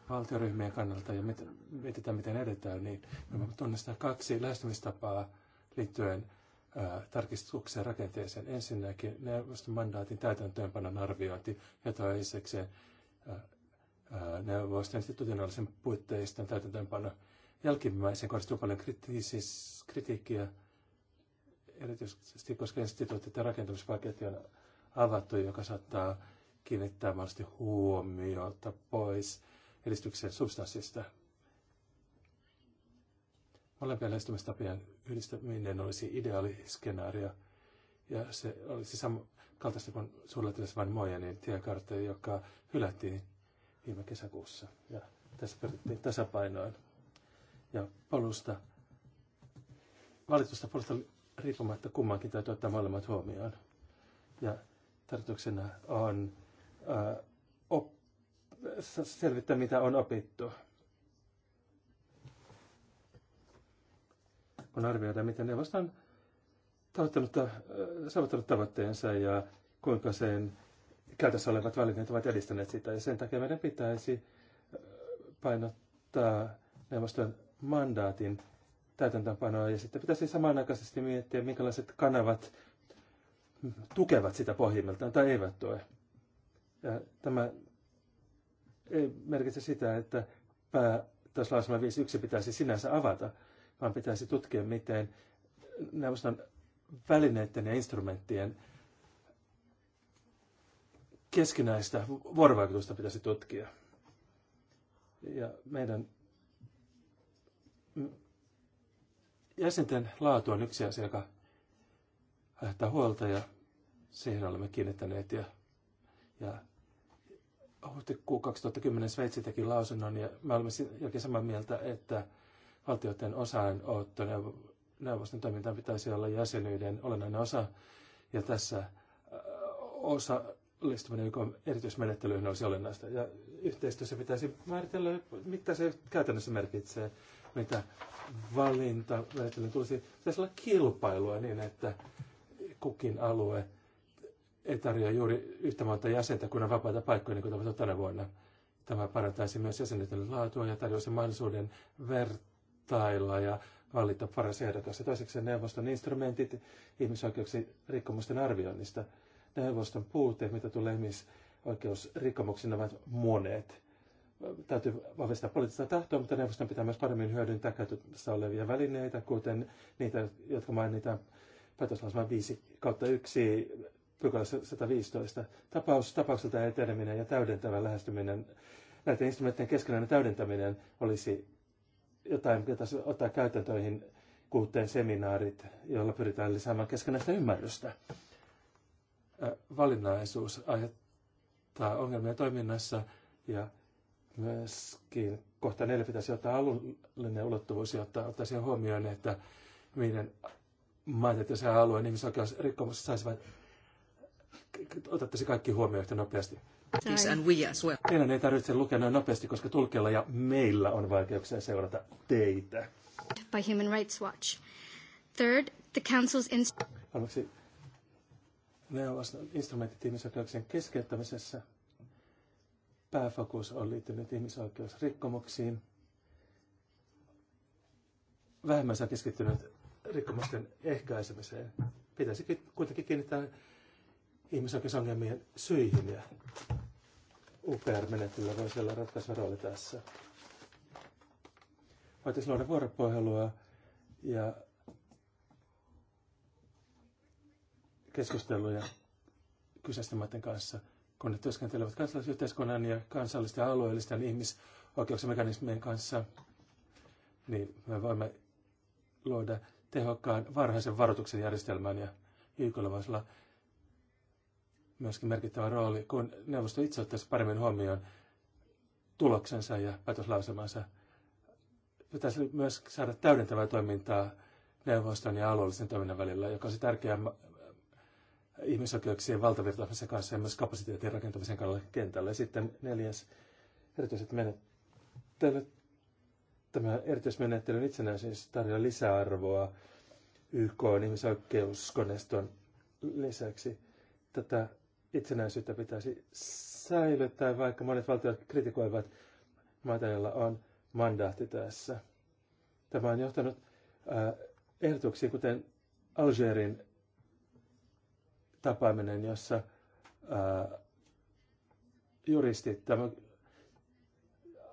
valtioryhmien kannalta ja mietitään, miten edetään, niin me tunnistan kaksi lähestymistapaa liittyen tarkistukseen rakenteeseen. Ensinnäkin neuvoston mandaatin täytäntöönpanon arviointi ja toisekseen neuvoston institutionaalisen puitteiston täytäntöönpano. Jälkimmäisen kohdistuu paljon kritiikkiä, erityisesti koska instituutit ja rakentamispaketti on avattu, joka saattaa kiinnittää mahdollisesti huomiota pois edistyksen substanssista. Molempien lähestymistapien yhdistäminen olisi skenaario. ja se olisi samankaltaista kuin suunnitelmassa vain Mojenin tiekartta, joka hylättiin viime kesäkuussa. Ja tässä pyrittiin tasapainoon. Ja polusta, valitusta polusta riippumatta kummankin täytyy ottaa molemmat huomioon. Ja Tarkoituksena on ää, äh, op, selvittää, mitä on opittu. on arvioida, miten neuvosto on tavoittanut, äh, saavuttanut tavoitteensa ja kuinka sen käytössä olevat välineet ovat edistäneet sitä. Ja sen takia meidän pitäisi äh, painottaa neuvoston mandaatin täytäntöönpanoa ja sitten pitäisi samanaikaisesti miettiä, minkälaiset kanavat tukevat sitä pohjimmiltaan tai eivät tue. Ja tämä ei merkitse sitä, että lausuma 5.1 pitäisi sinänsä avata, vaan pitäisi tutkia, miten neuvoston välineiden ja instrumenttien keskinäistä vuorovaikutusta pitäisi tutkia. Ja meidän jäsenten laatu on yksi asia, joka aiheuttaa huolta ja siihen olemme kiinnittäneet. Ja, ja huhtikuu 2010 Sveitsi teki lausunnon ja me olemme jälkeen samaa mieltä, että valtioiden otto neuvoston toimintaan pitäisi olla jäsenyyden olennainen osa. Ja tässä osa listuminen YK erityismenettelyyn olisi olennaista. Ja yhteistyössä pitäisi määritellä, mitä se käytännössä merkitsee, mitä valinta menettelyn tulisi. Pitäisi olla kilpailua niin, että kukin alue ei tarjoa juuri yhtä monta jäsentä kuin on vapaita paikkoja, niin kuin tapahtui tänä vuonna. Tämä parantaisi myös jäsenyyden laatua ja tarjoaisi mahdollisuuden vertailla ja valita paras ehdokas. Ja toiseksi neuvoston instrumentit ihmisoikeuksien rikkomusten arvioinnista. Neuvoston puute, mitä tulee ihmisoikeusrikkomuksiin, ovat monet. Täytyy vahvistaa poliittista tahtoa, mutta neuvoston pitää myös paremmin hyödyntää käytössä olevia välineitä, kuten niitä, jotka mainitaan päätöslausuma 5 kautta 1 pykälä 115. Tapaus, tapaukselta eteneminen ja täydentävä lähestyminen, näiden instrumenttien keskenään täydentäminen olisi jotain, mitä ottaa käytäntöihin kuuteen seminaarit, joilla pyritään lisäämään keskenäistä ymmärrystä. Valinnaisuus aiheuttaa ongelmia toiminnassa ja myöskin kohta neljä pitäisi ottaa alullinen ulottuvuus, jotta ottaisiin huomioon, että meidän maat, että jos alueen ihmisoikeusrikkomukset saisivat, otattaisi kaikki huomioon yhtä nopeasti. Teidän ei tarvitse lukea noin nopeasti, koska tulkella ja meillä on vaikeuksia seurata teitä. By Human Rights Watch. Third, the Council's inst- Aluksi neuvoston instrumentit ihmisoikeuksien keskeyttämisessä. Pääfokus on liittynyt ihmisoikeusrikkomuksiin. Vähemmän se on keskittynyt rikkomusten ehkäisemiseen. Pitäisi kuitenkin kiinnittää ihmisoikeusongelmien syihin ja UPR-menettelyllä voisi olla ratkaiseva rooli tässä. Voitaisiin luoda vuoropuhelua ja keskusteluja kyseisten maiden kanssa, kun ne työskentelevät kansalaisyhteiskunnan ja kansallisten ja alueellisten ihmisoikeuksien mekanismien kanssa, niin me voimme luoda tehokkaan varhaisen varoituksen järjestelmän ja YKlla voisi olla myöskin merkittävä rooli, kun neuvosto itse ottaisi paremmin huomioon tuloksensa ja päätöslausemansa. Pitäisi myös saada täydentävää toimintaa neuvoston ja alueellisen toiminnan välillä, joka se tärkeää äh, ihmisoikeuksien valtavirtaamisen kanssa ja myös kapasiteetin rakentamisen kannalta kentällä. Ja sitten neljäs, erityiset menettelyt tämä erityismenettelyn itsenäisyys tarjoaa lisäarvoa YK ihmisoikeuskoneiston lisäksi. Tätä itsenäisyyttä pitäisi säilyttää, vaikka monet valtiot kritikoivat maita, joilla on mandaatti tässä. Tämä on johtanut äh, ehdotuksiin, kuten Algerin tapaaminen, jossa ää, äh, juristit tämä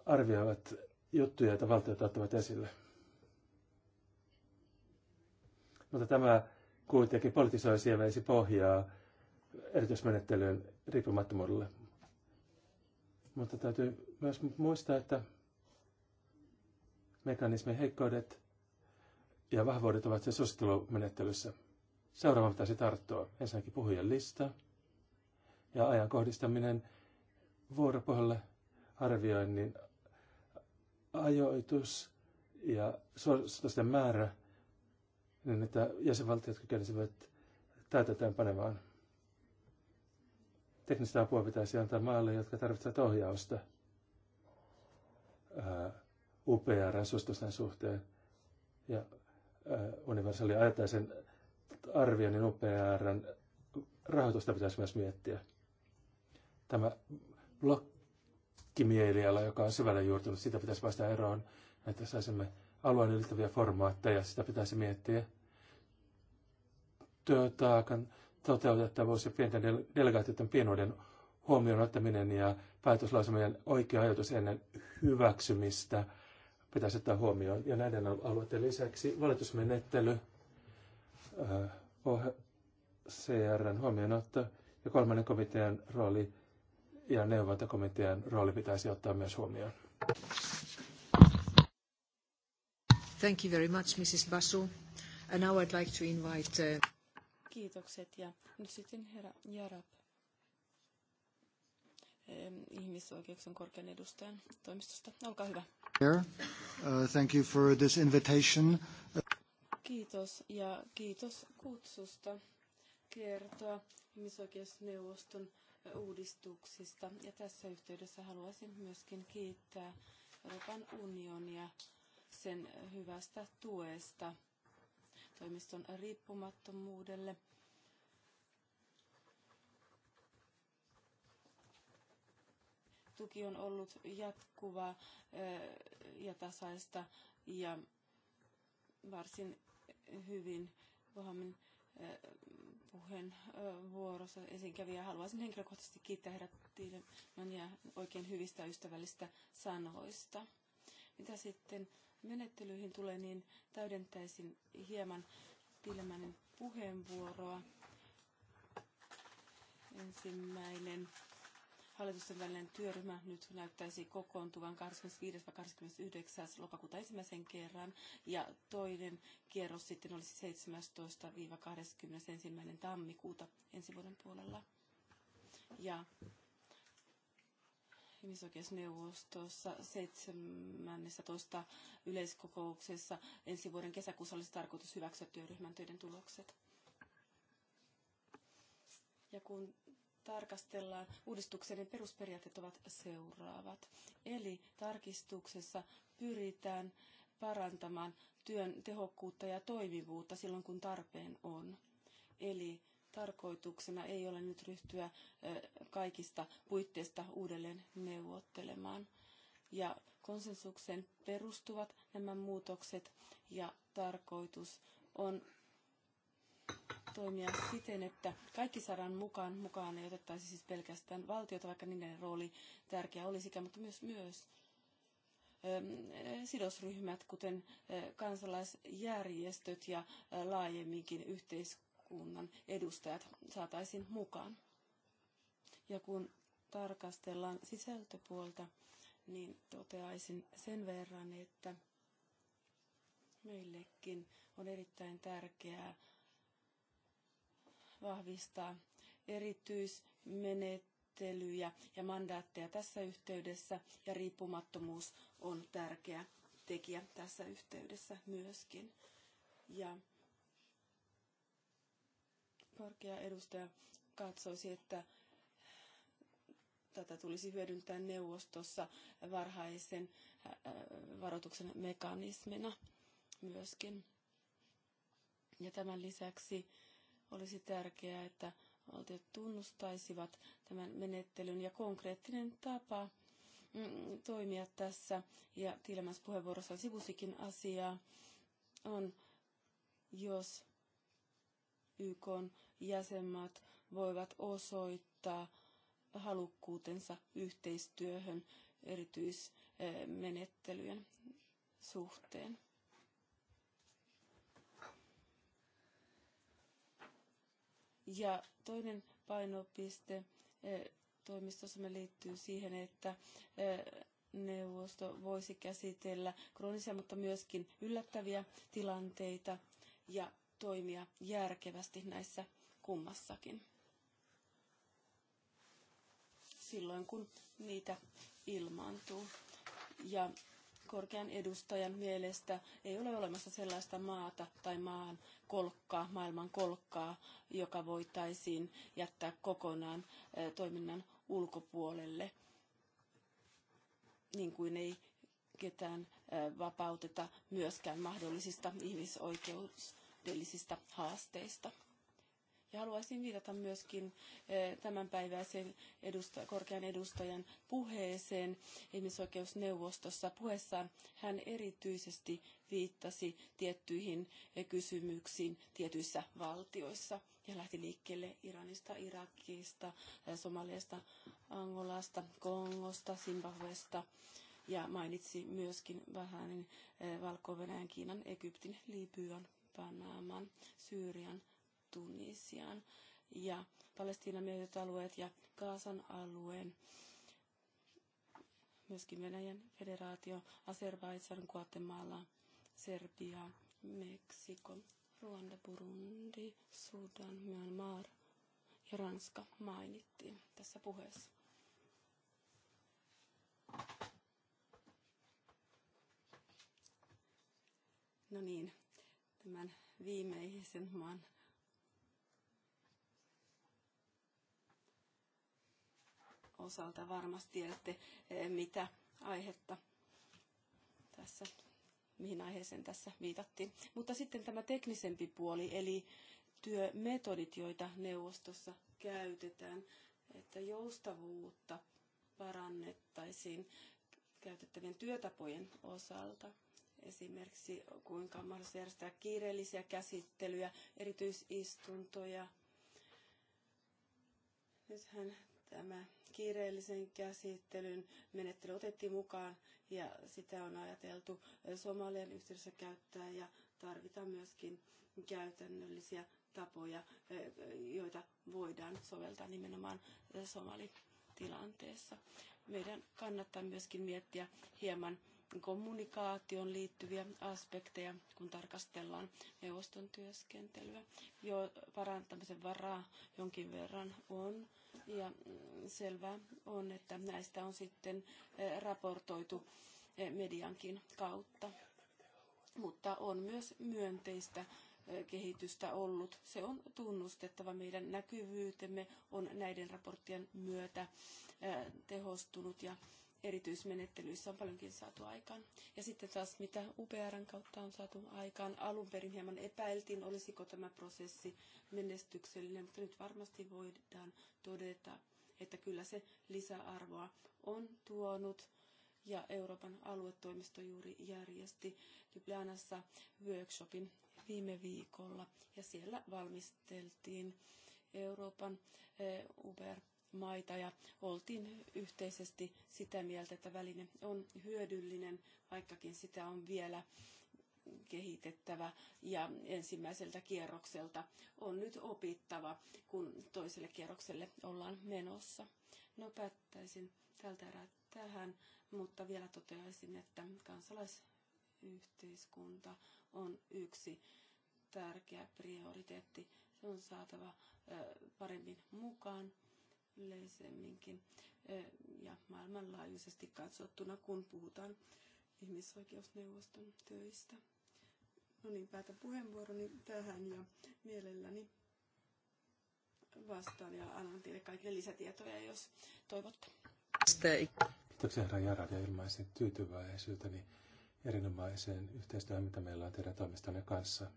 arvioivat juttuja, joita valtiot ottavat esille. Mutta tämä kuitenkin ja veisi pohjaa erityismenettelyyn riippumattomuudelle. Mutta täytyy myös muistaa, että mekanismin heikkoudet ja vahvuudet ovat se suosittelumenettelyssä. Seuraava pitäisi tarttua. Ensinnäkin puhujan lista ja ajan kohdistaminen vuoropuhelle arvioinnin ajoitus ja suositusten määrä, niin että jäsenvaltiot kykenisivät täytetään panemaan. Teknistä apua pitäisi antaa maalle, jotka tarvitsevat ohjausta UPR-suositusten suhteen. Ja universaali ajataisen arvioinnin UPRn rahoitusta pitäisi myös miettiä. Tämä blokki kimieliala, joka on syvälle juurtunut. Sitä pitäisi päästä eroon, että saisimme alueen ylittäviä formaatteja. Sitä pitäisi miettiä. Työtaakan toteutettavuus ja pienten delegaatioiden pienuuden huomioon ottaminen ja päätöslausumien oikea ajoitus ennen hyväksymistä pitäisi ottaa huomioon. Ja näiden alueiden lisäksi valitusmenettely, CRN huomioonotto ja kolmannen komitean rooli ja neuvontakomitean rooli pitäisi ottaa myös huomioon. Thank you very much, Mrs. Basu. And now I'd like to invite... Uh... Kiitokset ja nyt sitten herra Jarab ihmisoikeuksien korkean edustajan toimistosta. Olkaa hyvä. Uh, thank you for this invitation. Kiitos ja kiitos kutsusta kertoa ihmisoikeusneuvoston uudistuksista. Ja tässä yhteydessä haluaisin myöskin kiittää Euroopan unionia sen hyvästä tuesta toimiston riippumattomuudelle. Tuki on ollut jatkuva ja tasaista ja varsin hyvin Kohamin puheenvuorossa esiin kävi ja haluaisin henkilökohtaisesti kiittää herra Tiilemania oikein hyvistä ystävällistä sanoista. Mitä sitten menettelyihin tulee, niin täydentäisin hieman Tiilemanin puheenvuoroa. Ensimmäinen Hallitusten välinen työryhmä nyt näyttäisi kokoontuvan 25. 29. lokakuuta ensimmäisen kerran ja toinen kierros sitten olisi 17-21. tammikuuta ensi vuoden puolella. Ja ihmisoikeusneuvostossa 17. yleiskokouksessa ensi vuoden kesäkuussa olisi tarkoitus hyväksyä työryhmän töiden tulokset. Ja kun tarkastellaan uudistuksen perusperiaatteet ovat seuraavat. Eli tarkistuksessa pyritään parantamaan työn tehokkuutta ja toimivuutta silloin, kun tarpeen on. Eli tarkoituksena ei ole nyt ryhtyä kaikista puitteista uudelleen neuvottelemaan. Ja konsensukseen perustuvat nämä muutokset ja tarkoitus on toimia siten, että kaikki saadaan mukaan. Mukaan ei otettaisi siis pelkästään valtiota, vaikka niiden rooli tärkeä olisikin, mutta myös, myös ähm, sidosryhmät, kuten äh, kansalaisjärjestöt ja äh, laajemminkin yhteiskunnan edustajat saataisiin mukaan. Ja kun tarkastellaan sisältöpuolta, niin toteaisin sen verran, että meillekin on erittäin tärkeää vahvistaa erityismenettelyjä ja mandaatteja tässä yhteydessä ja riippumattomuus on tärkeä tekijä tässä yhteydessä myöskin. Ja korkea edustaja katsoisi, että tätä tulisi hyödyntää neuvostossa varhaisen äh, varoituksen mekanismina myöskin. Ja tämän lisäksi olisi tärkeää, että valtiot tunnustaisivat tämän menettelyn ja konkreettinen tapa mm, toimia tässä, ja Tiilemäs puheenvuorossa sivusikin asiaa, on, jos YK jäsenmaat voivat osoittaa halukkuutensa yhteistyöhön erityismenettelyjen suhteen. Ja toinen painopiste eh, toimistossamme liittyy siihen, että eh, neuvosto voisi käsitellä kroonisia, mutta myöskin yllättäviä tilanteita ja toimia järkevästi näissä kummassakin. Silloin kun niitä ilmaantuu. Ja korkean edustajan mielestä ei ole olemassa sellaista maata tai maan kolkkaa, maailman kolkkaa, joka voitaisiin jättää kokonaan toiminnan ulkopuolelle, niin kuin ei ketään vapauteta myöskään mahdollisista ihmisoikeudellisista haasteista. Ja haluaisin viitata myöskin eh, tämänpäiväisen edusta, korkean edustajan puheeseen ihmisoikeusneuvostossa. Puheessaan hän erityisesti viittasi tiettyihin eh, kysymyksiin tietyissä valtioissa ja lähti liikkeelle Iranista, Irakista, eh, Somaliasta, Angolasta, Kongosta, Zimbabwesta ja mainitsi myöskin Bahrainin, Valko-Venäjän, Kiinan, Egyptin, Libyan, Panaman, Syyrian, Tunisian ja Palestiinan miehityt alueet ja Kaasan alueen myöskin Venäjän federaatio, Azerbaidsan, Guatemala, Serbia, Meksiko, Ruanda, Burundi, Sudan, Myanmar ja Ranska mainittiin tässä puheessa. No niin, tämän viimeisen maan osalta varmasti tiedätte, eh, mitä aihetta tässä, mihin aiheeseen tässä viitattiin. Mutta sitten tämä teknisempi puoli, eli työmetodit, joita neuvostossa käytetään, että joustavuutta parannettaisiin käytettävien työtapojen osalta. Esimerkiksi kuinka on mahdollista järjestää kiireellisiä käsittelyjä, erityisistuntoja. Nythän tämä kiireellisen käsittelyn menettely otettiin mukaan ja sitä on ajateltu Somalian yhteydessä käyttää ja tarvitaan myöskin käytännöllisiä tapoja, joita voidaan soveltaa nimenomaan somalitilanteessa. Meidän kannattaa myöskin miettiä hieman kommunikaation liittyviä aspekteja, kun tarkastellaan neuvoston työskentelyä. Jo parantamisen varaa jonkin verran on ja mm, selvää on, että näistä on sitten eh, raportoitu eh, mediankin kautta. Mutta on myös myönteistä eh, kehitystä ollut. Se on tunnustettava. Meidän näkyvyytemme on näiden raporttien myötä tehostunut ja erityismenettelyissä on paljonkin saatu aikaan. Ja sitten taas, mitä UPRn kautta on saatu aikaan, alun perin hieman epäiltiin, olisiko tämä prosessi menestyksellinen, mutta nyt varmasti voidaan todeta, että kyllä se lisäarvoa on tuonut. Ja Euroopan aluetoimisto juuri järjesti Ljubljanassa workshopin viime viikolla, ja siellä valmisteltiin Euroopan eh, UPR maita ja oltiin yhteisesti sitä mieltä, että väline on hyödyllinen, vaikkakin sitä on vielä kehitettävä ja ensimmäiseltä kierrokselta on nyt opittava, kun toiselle kierrokselle ollaan menossa. No päättäisin tältä erää tähän, mutta vielä toteaisin, että kansalaisyhteiskunta on yksi tärkeä prioriteetti. Se on saatava paremmin mukaan yleisemminkin eh, ja maailmanlaajuisesti katsottuna, kun puhutaan ihmisoikeusneuvoston töistä. No niin, päätän puheenvuoroni tähän ja mielelläni vastaan ja annan teille kaikille lisätietoja, jos toivotte. Kiitoksia herra Jarad ja ilmaisen tyytyväisyyteni erinomaiseen yhteistyöhön, mitä meillä on teidän toimistanne kanssa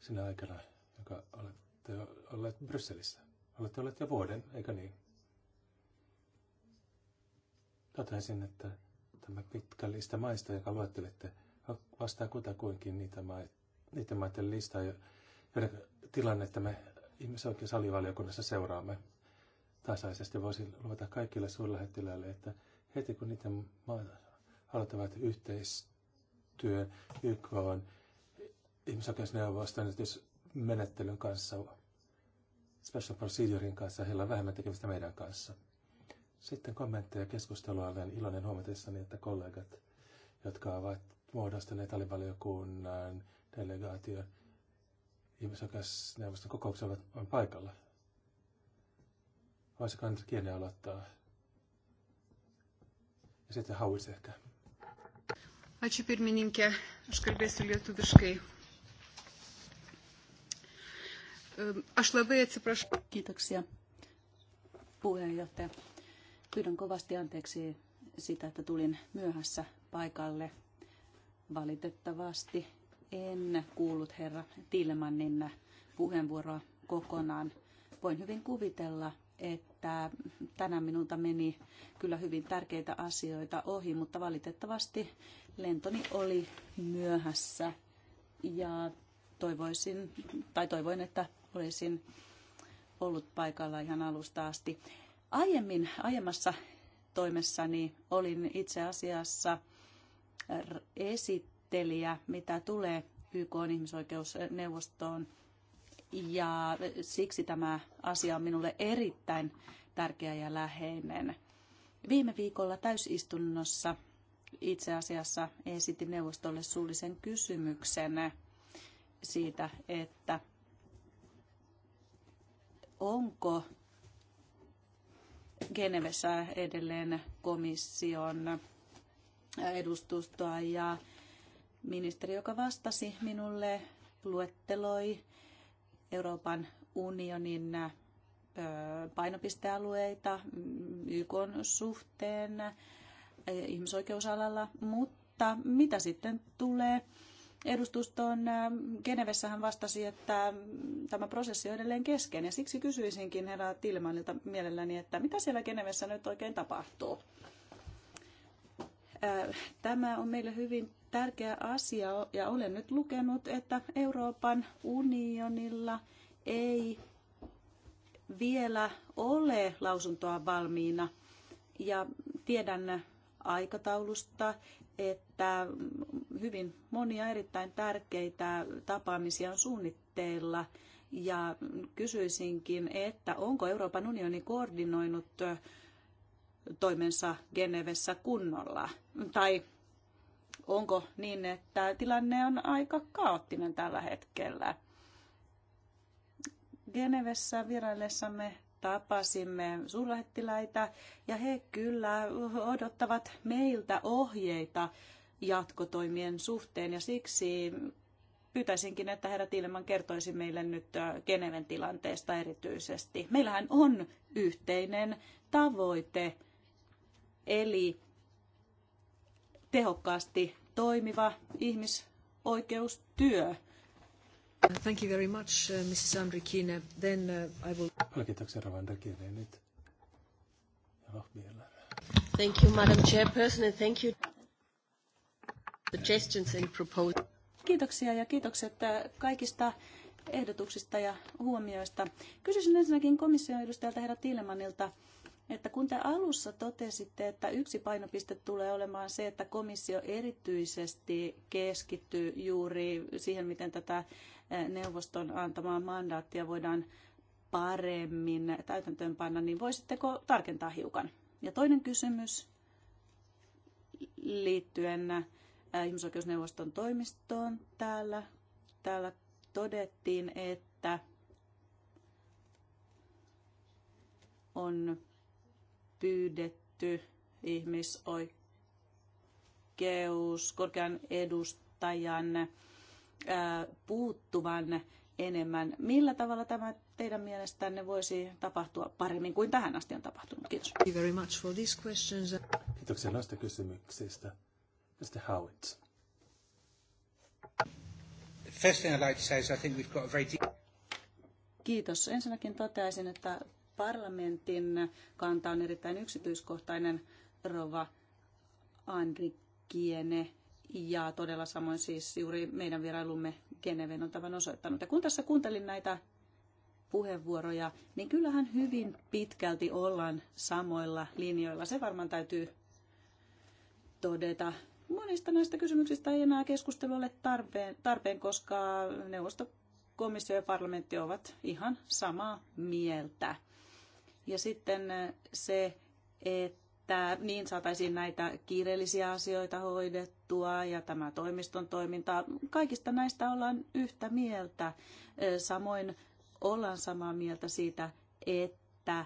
sinä aikana, joka olette olleet Brysselissä. Olette olleet jo vuoden, eikö niin? Totesin, että tämä pitkä lista maista, joka luettelitte, vastaa kutakuinkin niitä maita, niiden maiden listaa, joiden tilannetta me ihmisoikeusalivaliokunnassa seuraamme tasaisesti. Voisin luvata kaikille suurlähettiläille, että heti kun niiden maat aloittavat yhteistyön YK on ihmisoikeusneuvoston menettelyn kanssa Special Procedurein kanssa, heillä on vähemmän tekemistä meidän kanssa. Sitten kommentteja keskustelua. Olen iloinen huomatessani, että kollegat, jotka ovat muodostaneet alivaliokunnan delegaation ihmisoikeusneuvoston kokouksella, on paikalla. Voisiko nyt kieli aloittaa? Ja sitten Hauis ehkä. Ačiū pirmininkė, aš kalbėsiu lietuviškai. Aš labai atsiprašau. Kiitoksia puheenjohtaja. Pyydän kovasti anteeksi sitä, että tulin myöhässä paikalle. Valitettavasti en kuullut herra Tilmannin puheenvuoroa kokonaan. Voin hyvin kuvitella, että tänään minulta meni kyllä hyvin tärkeitä asioita ohi, mutta valitettavasti lentoni oli myöhässä ja toivoisin, tai toivoin, että olisin ollut paikalla ihan alusta asti. Aiemmin, aiemmassa toimessani olin itse asiassa äh, esittelijä, mitä tulee YK ihmisoikeusneuvostoon. Ja siksi tämä asia on minulle erittäin tärkeä ja läheinen. Viime viikolla täysistunnossa itse asiassa esitin neuvostolle suullisen kysymyksen siitä, että onko Genevessä edelleen komission edustustoa ja ministeri, joka vastasi minulle, luetteloi Euroopan unionin painopistealueita YK suhteen ihmisoikeusalalla, mutta mitä sitten tulee edustustoon Genevessähän vastasi, että tämä prosessi on edelleen kesken. Ja siksi kysyisinkin herra Tilmanilta mielelläni, että mitä siellä Genevessä nyt oikein tapahtuu? Tämä on meille hyvin tärkeä asia ja olen nyt lukenut, että Euroopan unionilla ei vielä ole lausuntoa valmiina ja tiedän aikataulusta että hyvin monia erittäin tärkeitä tapaamisia on suunnitteilla ja kysyisinkin, että onko Euroopan unioni koordinoinut toimensa Genevessä kunnolla? Tai onko niin, että tilanne on aika kaoottinen tällä hetkellä? Genevessä vieraillessamme tapasimme suurlähettiläitä ja he kyllä odottavat meiltä ohjeita jatkotoimien suhteen ja siksi pyytäisinkin, että herra Tiileman kertoisi meille nyt äh, Geneven tilanteesta erityisesti. Meillähän on yhteinen tavoite, eli tehokkaasti toimiva ihmisoikeustyö. Thank you very much, uh, Mrs. Andrikine. Uh, I will... kiitoksia, Rova Andrikine. Nyt Thank you, Madam Chairperson, and thank you suggestions and proposals. Kiitoksia ja kiitokset äh, kaikista ehdotuksista ja huomioista. Kysyisin ensinnäkin komission edustajalta herra Tiilemanilta, että kun te alussa totesitte, että yksi painopiste tulee olemaan se, että komissio erityisesti keskittyy juuri siihen, miten tätä neuvoston antamaa mandaattia voidaan paremmin täytäntöönpanna, niin voisitteko tarkentaa hiukan? Ja toinen kysymys liittyen äh, ihmisoikeusneuvoston toimistoon täällä. Täällä todettiin, että on pyydetty ihmisoikeus korkean edustajan puuttuvan enemmän. Millä tavalla tämä teidän mielestänne voisi tapahtua paremmin kuin tähän asti on tapahtunut? Kiitos. Thank you very much for these questions. Kiitoksia näistä kysymyksistä. Mr. Howitz. First thing I'd say is I think we've got a very Kiitos. Ensinnäkin toteaisin, että parlamentin kanta on erittäin yksityiskohtainen. Rova Andri Kiene ja todella samoin siis juuri meidän vierailumme Geneven on tavan osoittanut. Ja kun tässä kuuntelin näitä puheenvuoroja, niin kyllähän hyvin pitkälti ollaan samoilla linjoilla. Se varmaan täytyy todeta. Monista näistä kysymyksistä ei enää keskustelu ole tarpeen, tarpeen koska neuvostokomissio komissio ja parlamentti ovat ihan samaa mieltä. Ja sitten se, että että niin saataisiin näitä kiireellisiä asioita hoidettua ja tämä toimiston toiminta. Kaikista näistä ollaan yhtä mieltä. Samoin ollaan samaa mieltä siitä, että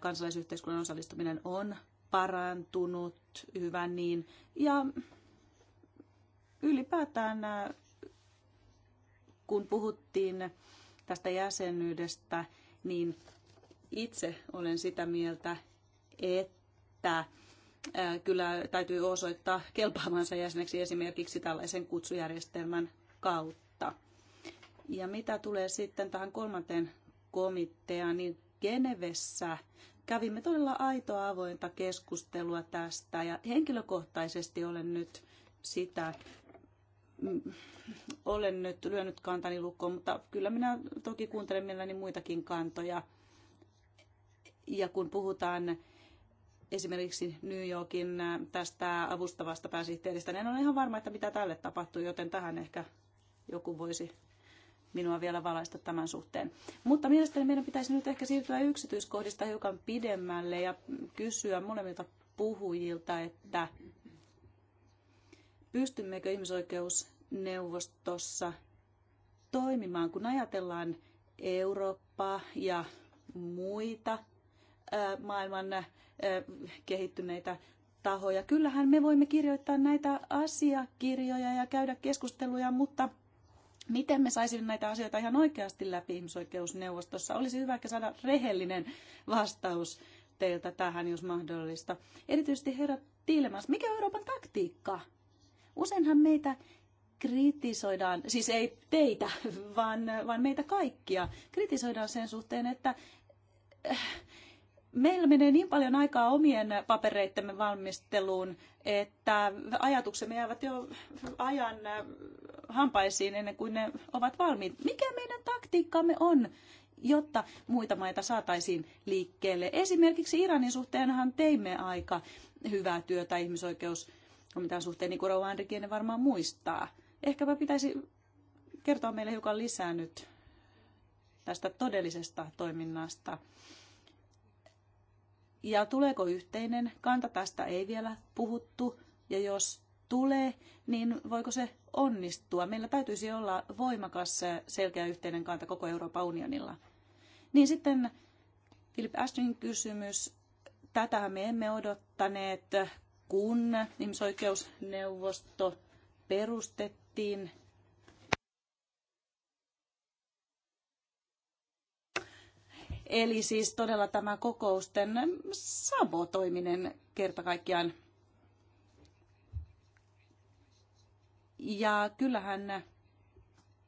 kansalaisyhteiskunnan osallistuminen on parantunut, hyvä niin. Ja ylipäätään kun puhuttiin tästä jäsenyydestä, niin itse olen sitä mieltä, että että kyllä täytyy osoittaa kelpaavansa jäseneksi esimerkiksi tällaisen kutsujärjestelmän kautta. Ja mitä tulee sitten tähän kolmanteen komiteaan, niin Genevessä kävimme todella aitoa avointa keskustelua tästä ja henkilökohtaisesti olen nyt sitä mm, olen nyt lyönyt kantani lukkoon, mutta kyllä minä toki kuuntelen mielelläni muitakin kantoja. Ja kun puhutaan esimerkiksi New Yorkin tästä avustavasta pääsihteeristä, niin en ole ihan varma, että mitä tälle tapahtuu, joten tähän ehkä joku voisi minua vielä valaista tämän suhteen. Mutta mielestäni meidän pitäisi nyt ehkä siirtyä yksityiskohdista hiukan pidemmälle ja kysyä molemmilta puhujilta, että pystymmekö ihmisoikeusneuvostossa toimimaan, kun ajatellaan Eurooppaa ja muita maailman kehittyneitä tahoja. Kyllähän me voimme kirjoittaa näitä asiakirjoja ja käydä keskusteluja, mutta miten me saisimme näitä asioita ihan oikeasti läpi ihmisoikeusneuvostossa? Olisi hyvä ehkä saada rehellinen vastaus teiltä tähän, jos mahdollista. Erityisesti herra Tiilemas, mikä on Euroopan taktiikka? Useinhan meitä kritisoidaan, siis ei teitä, vaan, vaan meitä kaikkia, kritisoidaan sen suhteen, että meillä menee niin paljon aikaa omien papereittemme valmisteluun, että ajatuksemme jäävät jo ajan äh, hampaisiin ennen kuin ne ovat valmiit. Mikä meidän taktiikkamme on, jotta muita maita saataisiin liikkeelle? Esimerkiksi Iranin suhteenhan teimme aika hyvää työtä ihmisoikeus no, mitään suhteen, niin kuin Rauha varmaan muistaa. Ehkäpä pitäisi kertoa meille hiukan lisää nyt tästä todellisesta toiminnasta. Ja tuleeko yhteinen kanta, tästä ei vielä puhuttu, ja jos tulee, niin voiko se onnistua? Meillä täytyisi olla voimakas äh, selkeä yhteinen kanta koko Euroopan unionilla. Niin sitten Philip Ashton kysymys. Tätä me emme odottaneet, äh, kun ihmisoikeusneuvosto perustettiin Eli siis todella tämä kokousten sabotoiminen kerta kaikkiaan. Ja kyllähän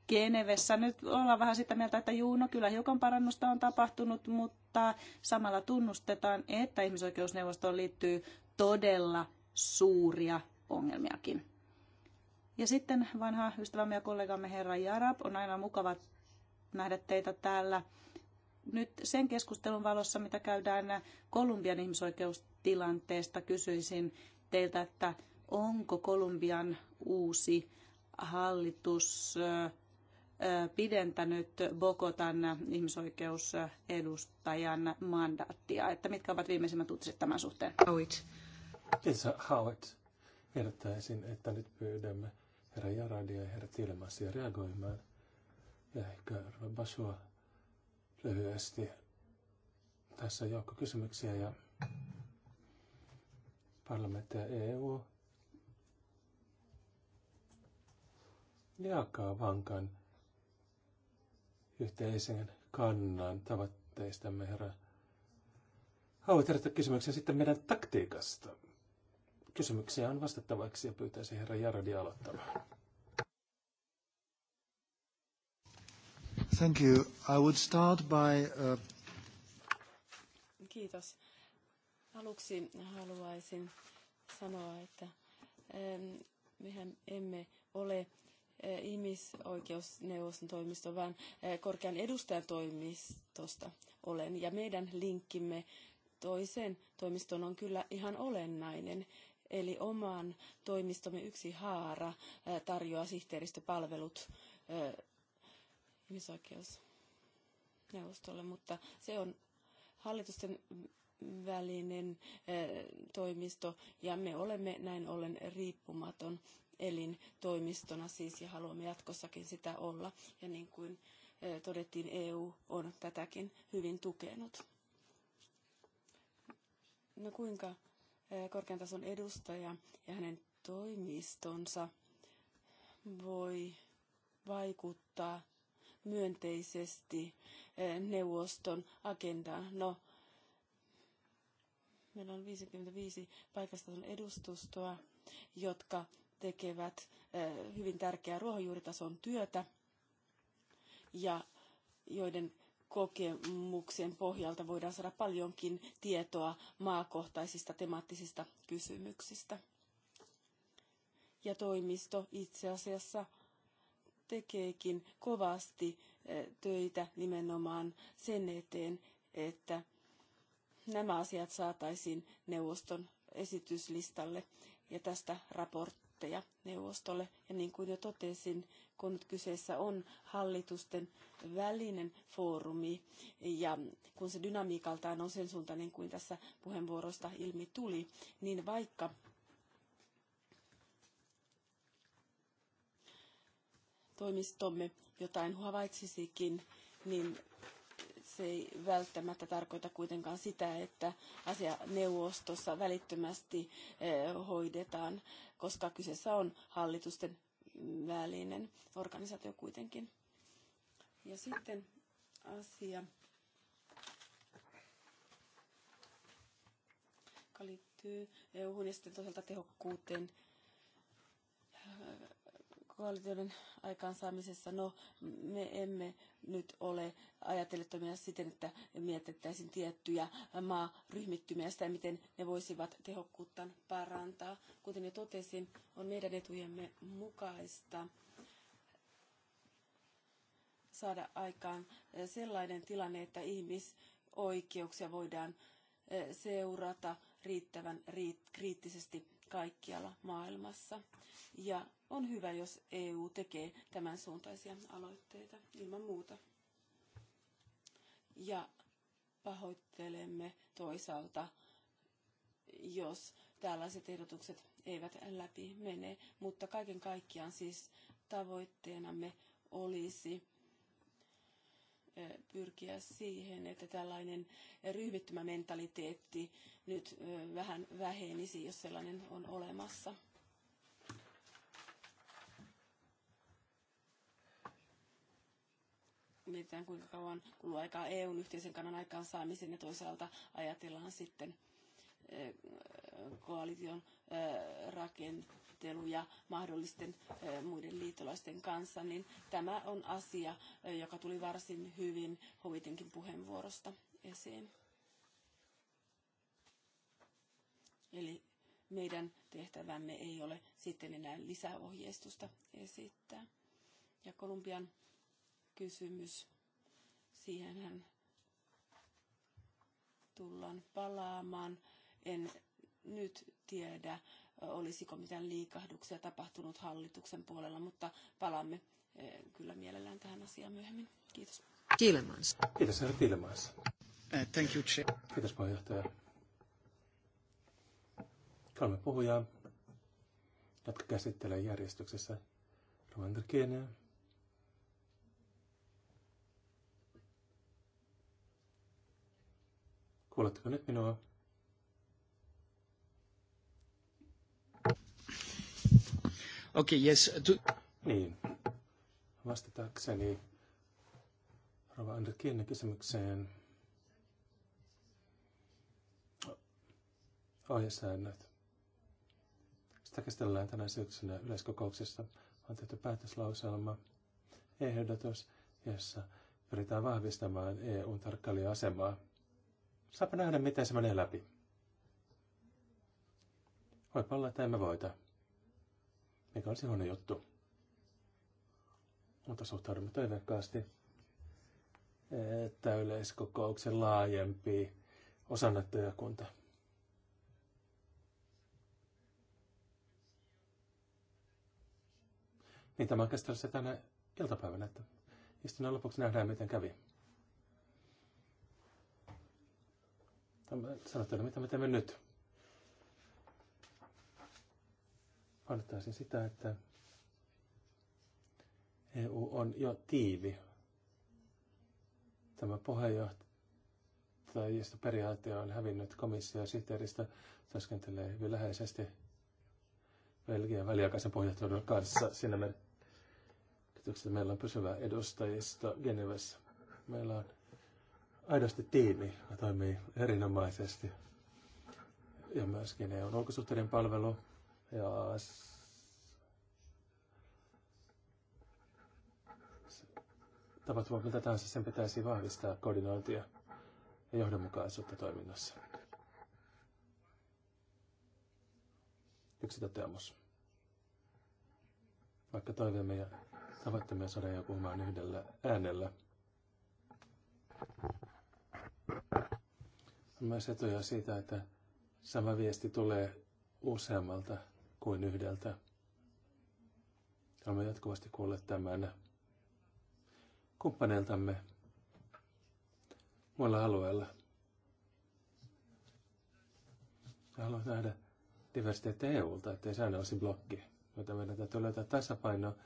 Genevessä nyt ollaan vähän sitä mieltä, että juuno kyllä hiukan parannusta on tapahtunut, mutta samalla tunnustetaan, että ihmisoikeusneuvostoon liittyy todella suuria ongelmiakin. Ja sitten vanha ystävämme ja kollegamme herra Jarab, on aina mukava nähdä teitä täällä nyt sen keskustelun valossa, mitä käydään Kolumbian ihmisoikeustilanteesta, kysyisin teiltä, että onko Kolumbian uusi hallitus pidentänyt Bogotan ihmisoikeusedustajan mandaattia? Että mitkä ovat viimeisimmät uutiset tämän suhteen? Howard. Kiitos, Howit. Ehdottaisin, että nyt pyydämme herra Jaradia ja herra Tilmasia reagoimaan ja ehkä Basua lyhyesti. Tässä on joukko kysymyksiä ja parlamentti ja EU jakaa vankan yhteisen kannan tavoitteistamme, herra. Haluan tehdä kysymyksiä sitten meidän taktiikasta. Kysymyksiä on vastattavaksi ja pyytäisin herra Jardi aloittamaan. Thank you. I would start by... Uh, Kiitos. Aluksi haluaisin sanoa, että mehän emme ole e, ihmisoikeusneuvoston toimisto, vaan e, korkean edustajan toimistosta olen. Ja meidän linkkimme toiseen toimistoon on kyllä ihan olennainen. Eli oman toimistomme yksi haara e, tarjoaa sihteeristöpalvelut ihmisoikeusneuvostolle, mutta se on hallitusten välinen eh, toimisto ja me olemme näin ollen riippumaton elin toimistona, siis ja haluamme jatkossakin sitä olla. Ja niin kuin eh, todettiin, EU on tätäkin hyvin tukenut. No kuinka eh, korkean tason edustaja ja hänen toimistonsa voi vaikuttaa myönteisesti eh, neuvoston agendaan. No, meillä on 55 paikasta edustustoa, jotka tekevät eh, hyvin tärkeää ruohonjuuritason työtä ja joiden kokemuksien pohjalta voidaan saada paljonkin tietoa maakohtaisista temaattisista kysymyksistä. Ja toimisto itse asiassa tekeekin kovasti eh, töitä nimenomaan sen eteen, että nämä asiat saataisiin neuvoston esityslistalle ja tästä raportteja neuvostolle. Ja niin kuin jo totesin, kun nyt kyseessä on hallitusten välinen foorumi ja kun se dynamiikaltaan on sen suuntainen kuin tässä puheenvuorosta ilmi tuli, niin vaikka toimistomme jotain havaitsisikin, niin se ei välttämättä tarkoita kuitenkaan sitä, että asia neuvostossa välittömästi eh, hoidetaan, koska kyseessä on hallitusten välinen organisaatio kuitenkin. Ja sitten asia, joka liittyy EU-hun ja sitten toisaalta tehokkuuteen koalitioiden aikaansaamisessa, no me emme nyt ole ajatelleet siten, että mietittäisiin tiettyjä maaryhmittymiä sitä, miten ne voisivat tehokkuutta parantaa. Kuten jo totesin, on meidän etujemme mukaista saada aikaan sellainen tilanne, että ihmisoikeuksia voidaan eh, seurata riittävän riit kriittisesti kaikkialla maailmassa. Ja on hyvä, jos EU tekee tämän suuntaisia aloitteita ilman muuta. Ja pahoittelemme toisaalta, jos tällaiset ehdotukset eivät läpi mene, mutta kaiken kaikkiaan siis tavoitteenamme olisi pyrkiä siihen, että tällainen ryhmittymämentaliteetti nyt vähän vähenisi, jos sellainen on olemassa. mietitään kuinka kauan kuluu aikaa EUn yhteisen kannan aikaansaamiseen ja toisaalta ajatellaan sitten eh, koalition eh, rakentelu ja mahdollisten eh, muiden liittolaisten kanssa, niin tämä on asia, joka tuli varsin hyvin Hovitenkin puheenvuorosta esiin. Eli meidän tehtävämme ei ole sitten enää lisäohjeistusta esittää. Ja Kolumbian kysymys. Siihenhän tullaan palaamaan. En nyt tiedä, olisiko mitään liikahduksia tapahtunut hallituksen puolella, mutta palaamme eh, kyllä mielellään tähän asiaan myöhemmin. Kiitos. Tiilemans. Kiitos, herra Tiilemans. Eh, thank you, Chair. Kiitos, puheenjohtaja. Kolme puhujaa, jotka käsittelee järjestyksessä Romander Kieniä, Kuuletteko nyt minua? Okei, okay, yes. Tu- Niin. Vastatakseni Rova Andrikinen kysymykseen. Ohjesäännöt. Sitä käsitellään tänä syksynä yleiskokouksessa. On tehty päätöslauselma, ehdotus, jossa pyritään vahvistamaan eu tarkkailija asemaa Saapa nähdä, miten se menee läpi. Voi olla, että emme voita. Mikä olisi huono juttu. Mutta suhtaudumme toiveikkaasti, että yleiskokouksen laajempi osanottajakunta. Niin tämä on se tänä iltapäivänä, että istunnon lopuksi nähdään, miten kävi. sanotaan, mitä me teemme nyt. Valittaisin sitä, että EU on jo tiivi. Tämä puheenjohtajista periaate on hävinnyt komissio sihteeristä työskentelee hyvin läheisesti Belgian väliaikaisen puheenjohtajan kanssa. Siinä merkityksessä meillä on pysyvä edustajisto Genevessä. Meillä on aidosti tiimi toimii erinomaisesti. Ja myöskin EUn ulkosuhteiden palvelu ja tapahtuma mitä tahansa, sen pitäisi vahvistaa koordinointia ja johdonmukaisuutta toiminnassa. Yksi toteamus. Vaikka toivemme ja tavoittamme saada joku maan yhdellä äänellä, myös etuja siitä, että sama viesti tulee useammalta kuin yhdeltä. Olemme jatkuvasti kuulleet tämän kumppaneiltamme muilla alueilla. Haluan nähdä diversiteetti EUlta, ettei aina olisi blokki. Joten meidän täytyy löytää tasapaino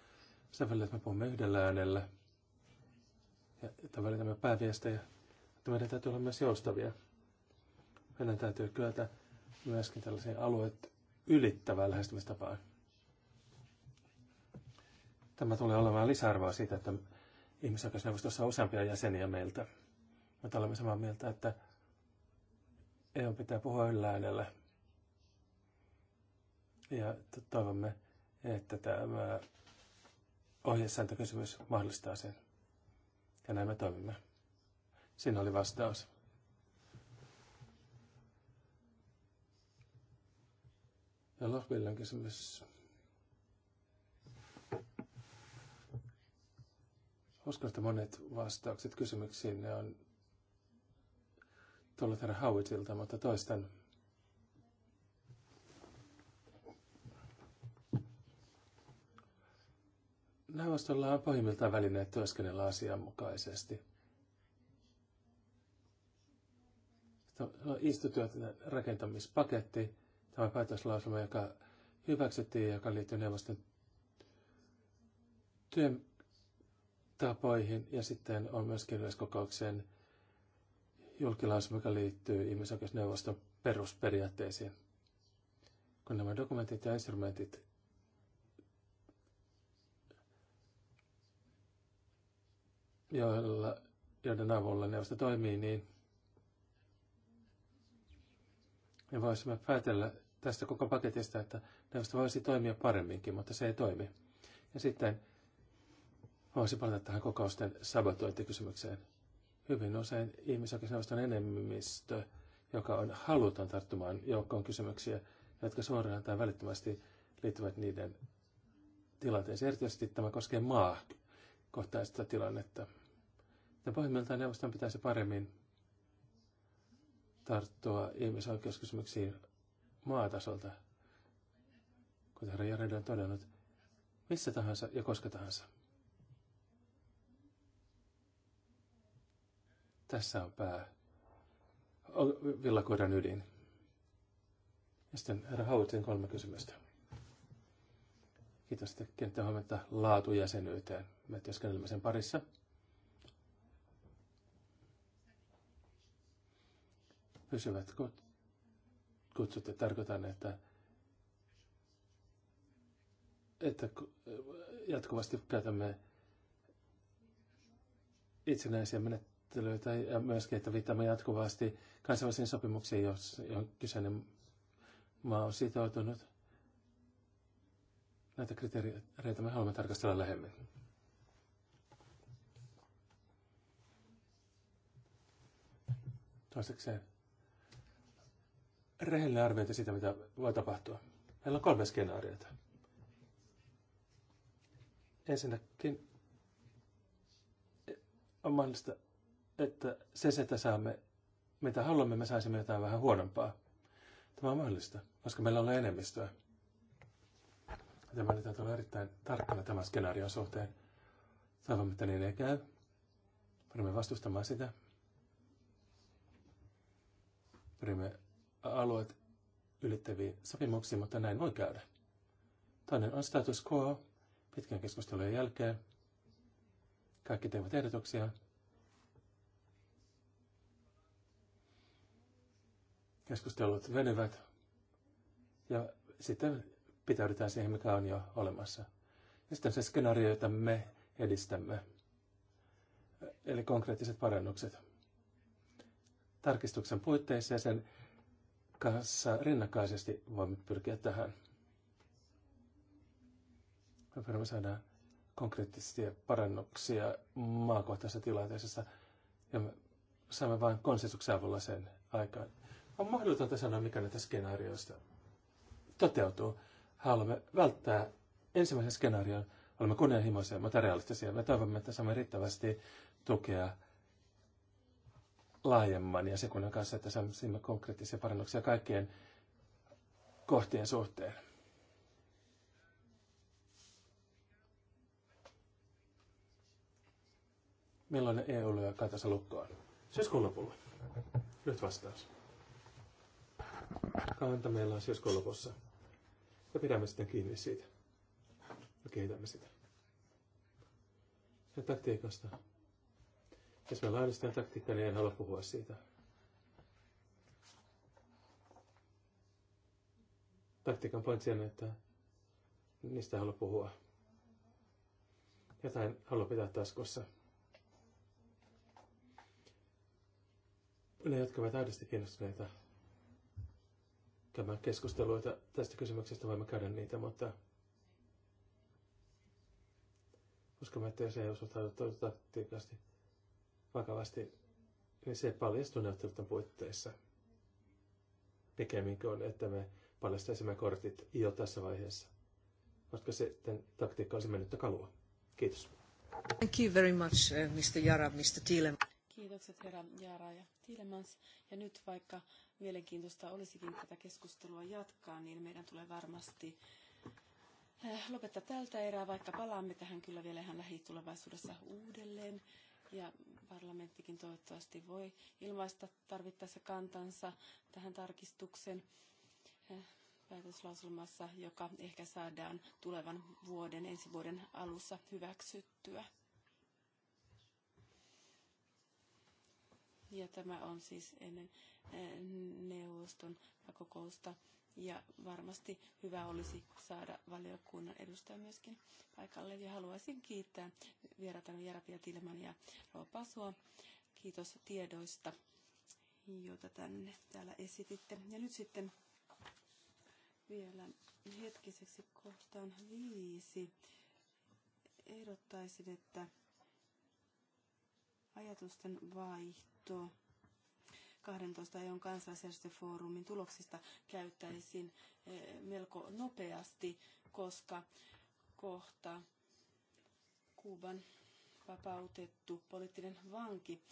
sen välillä, että me puhumme yhdellä äänellä ja että välitämme pääviestejä. Mutta meidän täytyy olla myös joustavia meidän täytyy kyetä myöskin tällaisiin alueet ylittävää lähestymistapaa. Tämä tulee olemaan lisäarvoa siitä, että ihmisoikeusneuvostossa on useampia jäseniä meiltä. Me olemme samaa mieltä, että EU pitää puhua yllä Ja toivomme, että tämä ohjesääntökysymys mahdollistaa sen. Ja näin me toimimme. Siinä oli vastaus. Ja Lohvillan kysymys. Uskon, että monet vastaukset kysymyksiin ne on tullut herra Howitilta, mutta toistan. Neuvostolla on pohjimmiltaan välineet työskennellä asianmukaisesti. Istutyöt rakentamispaketti tämä päätöslausuma, joka hyväksyttiin, joka liittyy neuvoston työn tapoihin ja sitten on myöskin yleiskokouksen julkilausuma, joka liittyy ihmisoikeusneuvoston perusperiaatteisiin. Kun nämä dokumentit ja instrumentit joilla, joiden avulla neuvosto toimii, niin me voisimme päätellä, tästä koko paketista, että neuvosto voisi toimia paremminkin, mutta se ei toimi. Ja sitten voisi palata tähän kokousten sabotointikysymykseen. Hyvin usein ihmisoikeusneuvoston enemmistö, joka on haluton tarttumaan joukkoon kysymyksiä, jotka suoraan tai välittömästi liittyvät niiden tilanteeseen. Erityisesti tämä koskee maakohtaista tilannetta. Ja pohjimmiltaan neuvoston pitäisi paremmin tarttua ihmisoikeuskysymyksiin maatasolta, kuten herra Jareli on todennut, missä tahansa ja koska tahansa. Tässä on pää. Villakoiran ydin. Ja sitten herra Hautin kolme kysymystä. Kiitos, että kiinnittää huomenta laatujäsenyyteen. Me työskennellemme sen parissa. Pysyvätkö kutsutte, tarkoitan, että, että jatkuvasti käytämme itsenäisiä menettelyitä ja myöskin, että viittaamme jatkuvasti kansainvälisiin sopimuksiin, jos kyseinen maa on sitoutunut. Näitä kriteereitä me haluamme tarkastella lähemmin. Toisekseen rehellinen arviointi siitä, mitä voi tapahtua. Meillä on kolme skenaariota. Ensinnäkin on mahdollista, että se, että saamme mitä haluamme, me saisimme jotain vähän huonompaa. Tämä on mahdollista, koska meillä on enemmistöä. Tämä nyt on olla erittäin tarkkana tämän skenaarion suhteen. Toivomme, että niin ei käy. Pyrimme vastustamaan sitä. Pyrimme alueet ylittäviin sopimuksiin, mutta näin voi käydä. Toinen on status quo pitkän keskustelun jälkeen. Kaikki teemat ehdotuksia. Keskustelut venyvät ja sitten pitäydytään siihen, mikä on jo olemassa. Ja sitten se skenaario, jota me edistämme, eli konkreettiset parannukset. Tarkistuksen puitteissa ja sen kanssa rinnakkaisesti voimme pyrkiä tähän. Me saadaan konkreettisia parannuksia maakohtaisessa tilanteessa ja me saamme vain konsensuksen avulla sen aikaan. On mahdotonta sanoa, mikä näitä skenaarioista toteutuu. Haluamme välttää ensimmäisen skenaarion, olemme kunnianhimoisia, mutta realistisia. Me toivomme, että saamme riittävästi tukea laajemman ja sekunnan kanssa, että saamme konkreettisia parannuksia kaikkien kohtien suhteen. Milloin EU lyö kaitansa lukkoon? Syyskuun lopulla. Nyt vastaus. Kanta meillä on syyskuun lopussa. Ja pidämme sitten kiinni siitä. Ja kehitämme sitä. Ja taktiikasta jos mä on ainoastaan taktiikka, niin en halua puhua siitä. Taktiikan pointti on, että niistä halua puhua. Jotain haluan pitää taskussa. Ne, jotka ovat aidosti kiinnostuneita käymään keskusteluita tästä kysymyksestä, voimme käydä niitä, mutta uskomme, että jos ei osuta taktiikasti, vakavasti, niin se paljastui neuvottelun puitteissa. Pikemminkin on, että me paljastaisimme kortit jo tässä vaiheessa, koska sitten taktiikka olisi mennyt kalua. Kiitos. Thank you very much, uh, Mr. Jara, Mr. Tiilemans. Kiitokset herra Jara ja Tiilemans. Ja nyt vaikka mielenkiintoista olisikin tätä keskustelua jatkaa, niin meidän tulee varmasti eh, lopettaa tältä erää, vaikka palaamme tähän kyllä vielä ihan lähitulevaisuudessa uudelleen ja parlamenttikin toivottavasti voi ilmaista tarvittaessa kantansa tähän tarkistuksen eh, päätöslauselmassa, joka ehkä saadaan tulevan vuoden, ensi vuoden alussa hyväksyttyä. Ja tämä on siis ennen eh, neuvoston kokousta. Ja varmasti hyvä olisi saada valiokunnan edustaja myöskin paikalle. Ja haluaisin kiittää vieratani Jarapia Tilman ja Roopasua. Kiitos tiedoista, joita tänne täällä esititte. Ja nyt sitten vielä hetkiseksi kohtaan viisi. Ehdottaisin, että ajatusten vaihto 12 EUn kansalaisjärjestöfoorumin tuloksista käyttäisiin eh, melko nopeasti, koska kohta Kuuban vapautettu poliittinen vanki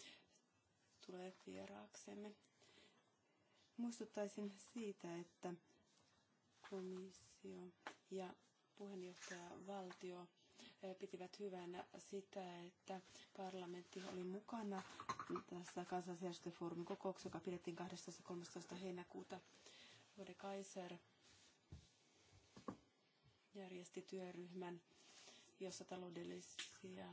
tulee vieraaksemme. Muistuttaisin siitä, että komissio ja puheenjohtaja valtio pitivät hyvänä sitä, että parlamentti oli mukana tässä kansalaisjärjestöfoorumin kokouksessa, joka pidettiin 12.13. heinäkuuta. Vode Kaiser järjesti työryhmän, jossa taloudellisia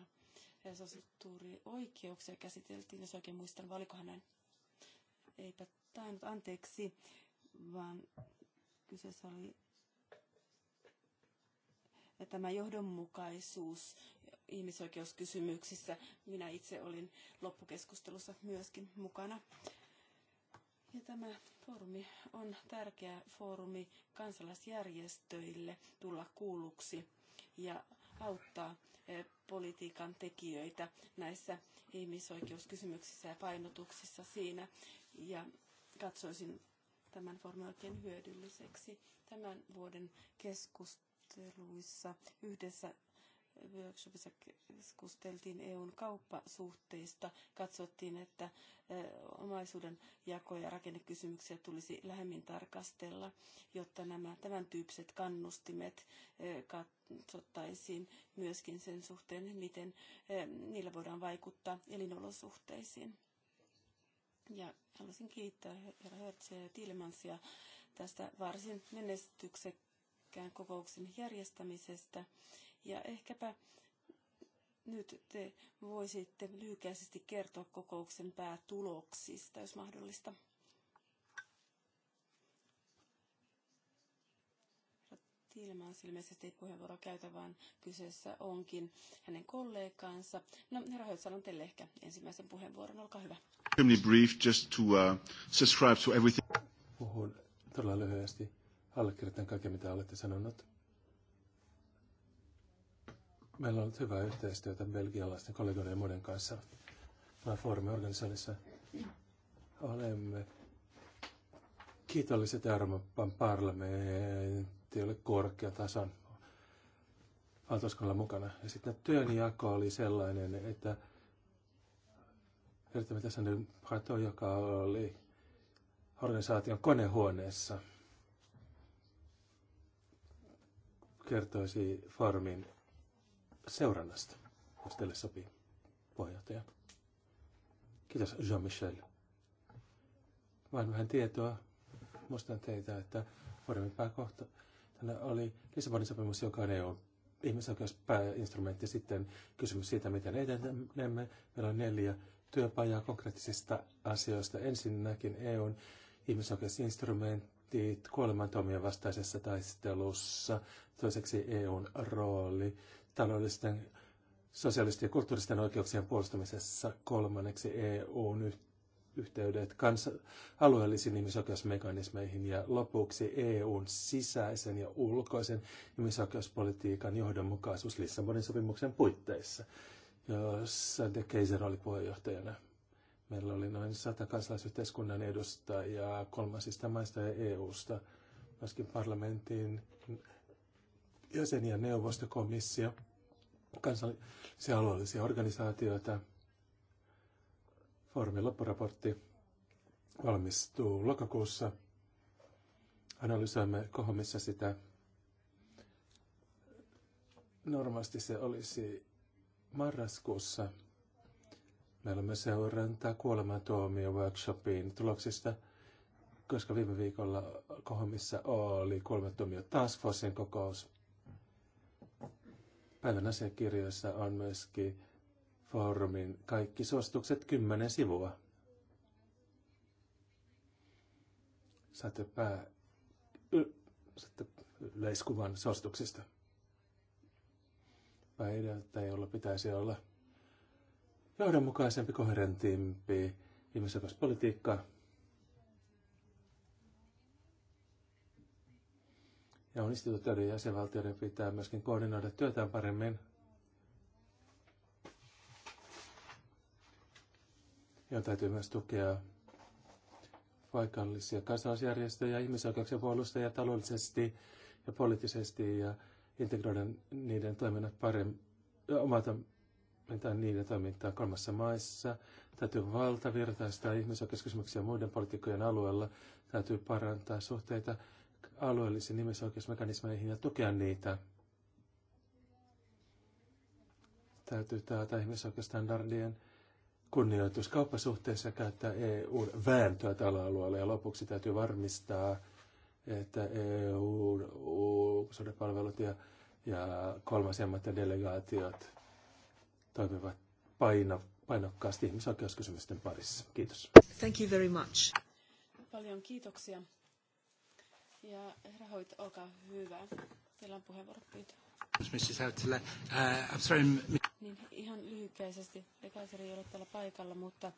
ja sosiaalituurioikeuksia käsiteltiin, jos oikein muistan, valikohan näin. Eipä tainnut anteeksi, vaan kyseessä oli tämä johdonmukaisuus ihmisoikeuskysymyksissä. Minä itse olin loppukeskustelussa myöskin mukana. Ja tämä foorumi on tärkeä foorumi kansalaisjärjestöille tulla kuulluksi ja auttaa e, politiikan tekijöitä näissä ihmisoikeuskysymyksissä ja painotuksissa siinä. Ja katsoisin tämän foorumin oikein hyödylliseksi. Tämän vuoden keskustelun keskusteluissa yhdessä workshopissa keskusteltiin EUn kauppasuhteista. Katsottiin, että eh, omaisuuden jako- ja rakennekysymyksiä tulisi lähemmin tarkastella, jotta nämä tämän tyyppiset kannustimet eh, katsottaisiin myöskin sen suhteen, miten eh, niillä voidaan vaikuttaa elinolosuhteisiin. Ja haluaisin kiittää herra Hertzia ja Tilmansia tästä varsin menestyksekkäästä pitkään kokouksen järjestämisestä. Ja ehkäpä nyt te voisitte lyhykäisesti kertoa kokouksen päätuloksista, jos mahdollista. Tilmans ilmeisesti ei puheenvuoroa käytä, vaan kyseessä onkin hänen kollegansa. No, herra Hötsal on teille ehkä ensimmäisen puheenvuoron. Olkaa hyvä. Brief, just to, uh, subscribe to everything. Puhun todella lyhyesti Allekirjoitan kaiken, mitä olette sanonut. Meillä on ollut hyvää yhteistyötä belgialaisten kollegoiden ja muiden kanssa. Tämä foorumin organisoinnissa olemme kiitolliset Euroopan parlamentille korkean tason valtuuskunnalla mukana. Ja sitten työnjako oli sellainen, että Erittäin tässä nyt Prato, joka oli organisaation konehuoneessa – kertoisi Farmin seurannasta, jos teille sopii, puheenjohtaja. Kiitos Jean-Michel. Vain vähän tietoa. Muistan teitä, että foorumin pääkohta tänä oli Lissabonin sopimus, joka on EU ihmisoikeuspääinstrumentti. Sitten kysymys siitä, miten etenemme. Meillä on neljä työpajaa konkreettisista asioista. Ensinnäkin EUn ihmisoikeusinstrumentti kommentit kuolemantomien vastaisessa taistelussa, toiseksi EUn rooli taloudellisten, sosiaalisten ja kulttuuristen oikeuksien puolustamisessa, kolmanneksi EUn yhteydet kans- alueellisiin ihmisoikeusmekanismeihin ja lopuksi EUn sisäisen ja ulkoisen ihmisoikeuspolitiikan johdonmukaisuus Lissabonin sopimuksen puitteissa, jossa De Keiser oli puheenjohtajana. Meillä oli noin sata kansalaisyhteiskunnan edustajaa kolmansista maista ja EU-sta, myöskin parlamentin jäseniä, neuvostokomissio, kansallisia alueellisia organisaatioita. Foorumin loppuraportti valmistuu lokakuussa. Analysoimme kohomissa sitä. Normaalisti se olisi marraskuussa Meillä on myös seurantaa kuolemantuomio workshopiin tuloksista, koska viime viikolla Kohomissa oli kuolemantuomio Task Forcein kokous. Päivän asiakirjoissa on myöskin foorumin kaikki suositukset kymmenen sivua. Saatte pää saatte yleiskuvan suosituksista. Päivältä, jolla pitäisi olla johdonmukaisempi, koherentimpi ihmisoikeuspolitiikka. Ja on instituutioiden jäsenvaltioiden pitää myöskin koordinoida työtään paremmin. Ja täytyy myös tukea paikallisia kansalaisjärjestöjä, ihmisoikeuksien puolustajia taloudellisesti ja poliittisesti ja integroida niiden toiminnat paremmin, omalta mitään niiden toimintaa kolmassa maissa. Täytyy valtavirtaistaa ihmisoikeuskysymyksiä muiden politiikkojen alueella. Täytyy parantaa suhteita alueellisiin ihmisoikeusmekanismeihin ja tukea niitä. Täytyy taata ihmisoikeusstandardien kunnioitus kauppasuhteessa käyttää EU vääntöä tällä alueella. Ja lopuksi täytyy varmistaa, että EU ulkosuhdepalvelut ja, ja delegaatiot – toimivat paino, painokkaasti ihmisoikeuskysymysten parissa. Kiitos. Thank you very much. Paljon kiitoksia. Ja herra Hoit, olkaa hyvä. Teillä on puheenvuoro pyytää. Mrs. uh, I'm sorry. Niin, ihan lyhykäisesti. Lekaiseri ei ole täällä paikalla, mutta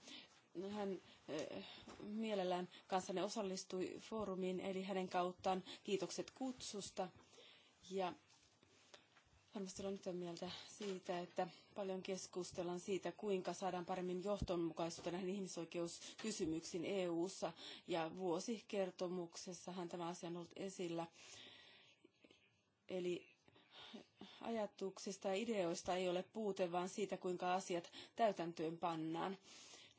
hän äh, mielellään kanssanne osallistui foorumiin, eli hänen kauttaan kiitokset kutsusta. Ja Varmasti olen yhtä mieltä siitä, että paljon keskustellaan siitä, kuinka saadaan paremmin johtonmukaisuutta näihin ihmisoikeuskysymyksiin EU-ssa. Ja vuosikertomuksessahan tämä asia on ollut esillä. Eli ajatuksista ja ideoista ei ole puute, vaan siitä, kuinka asiat täytäntöön pannaan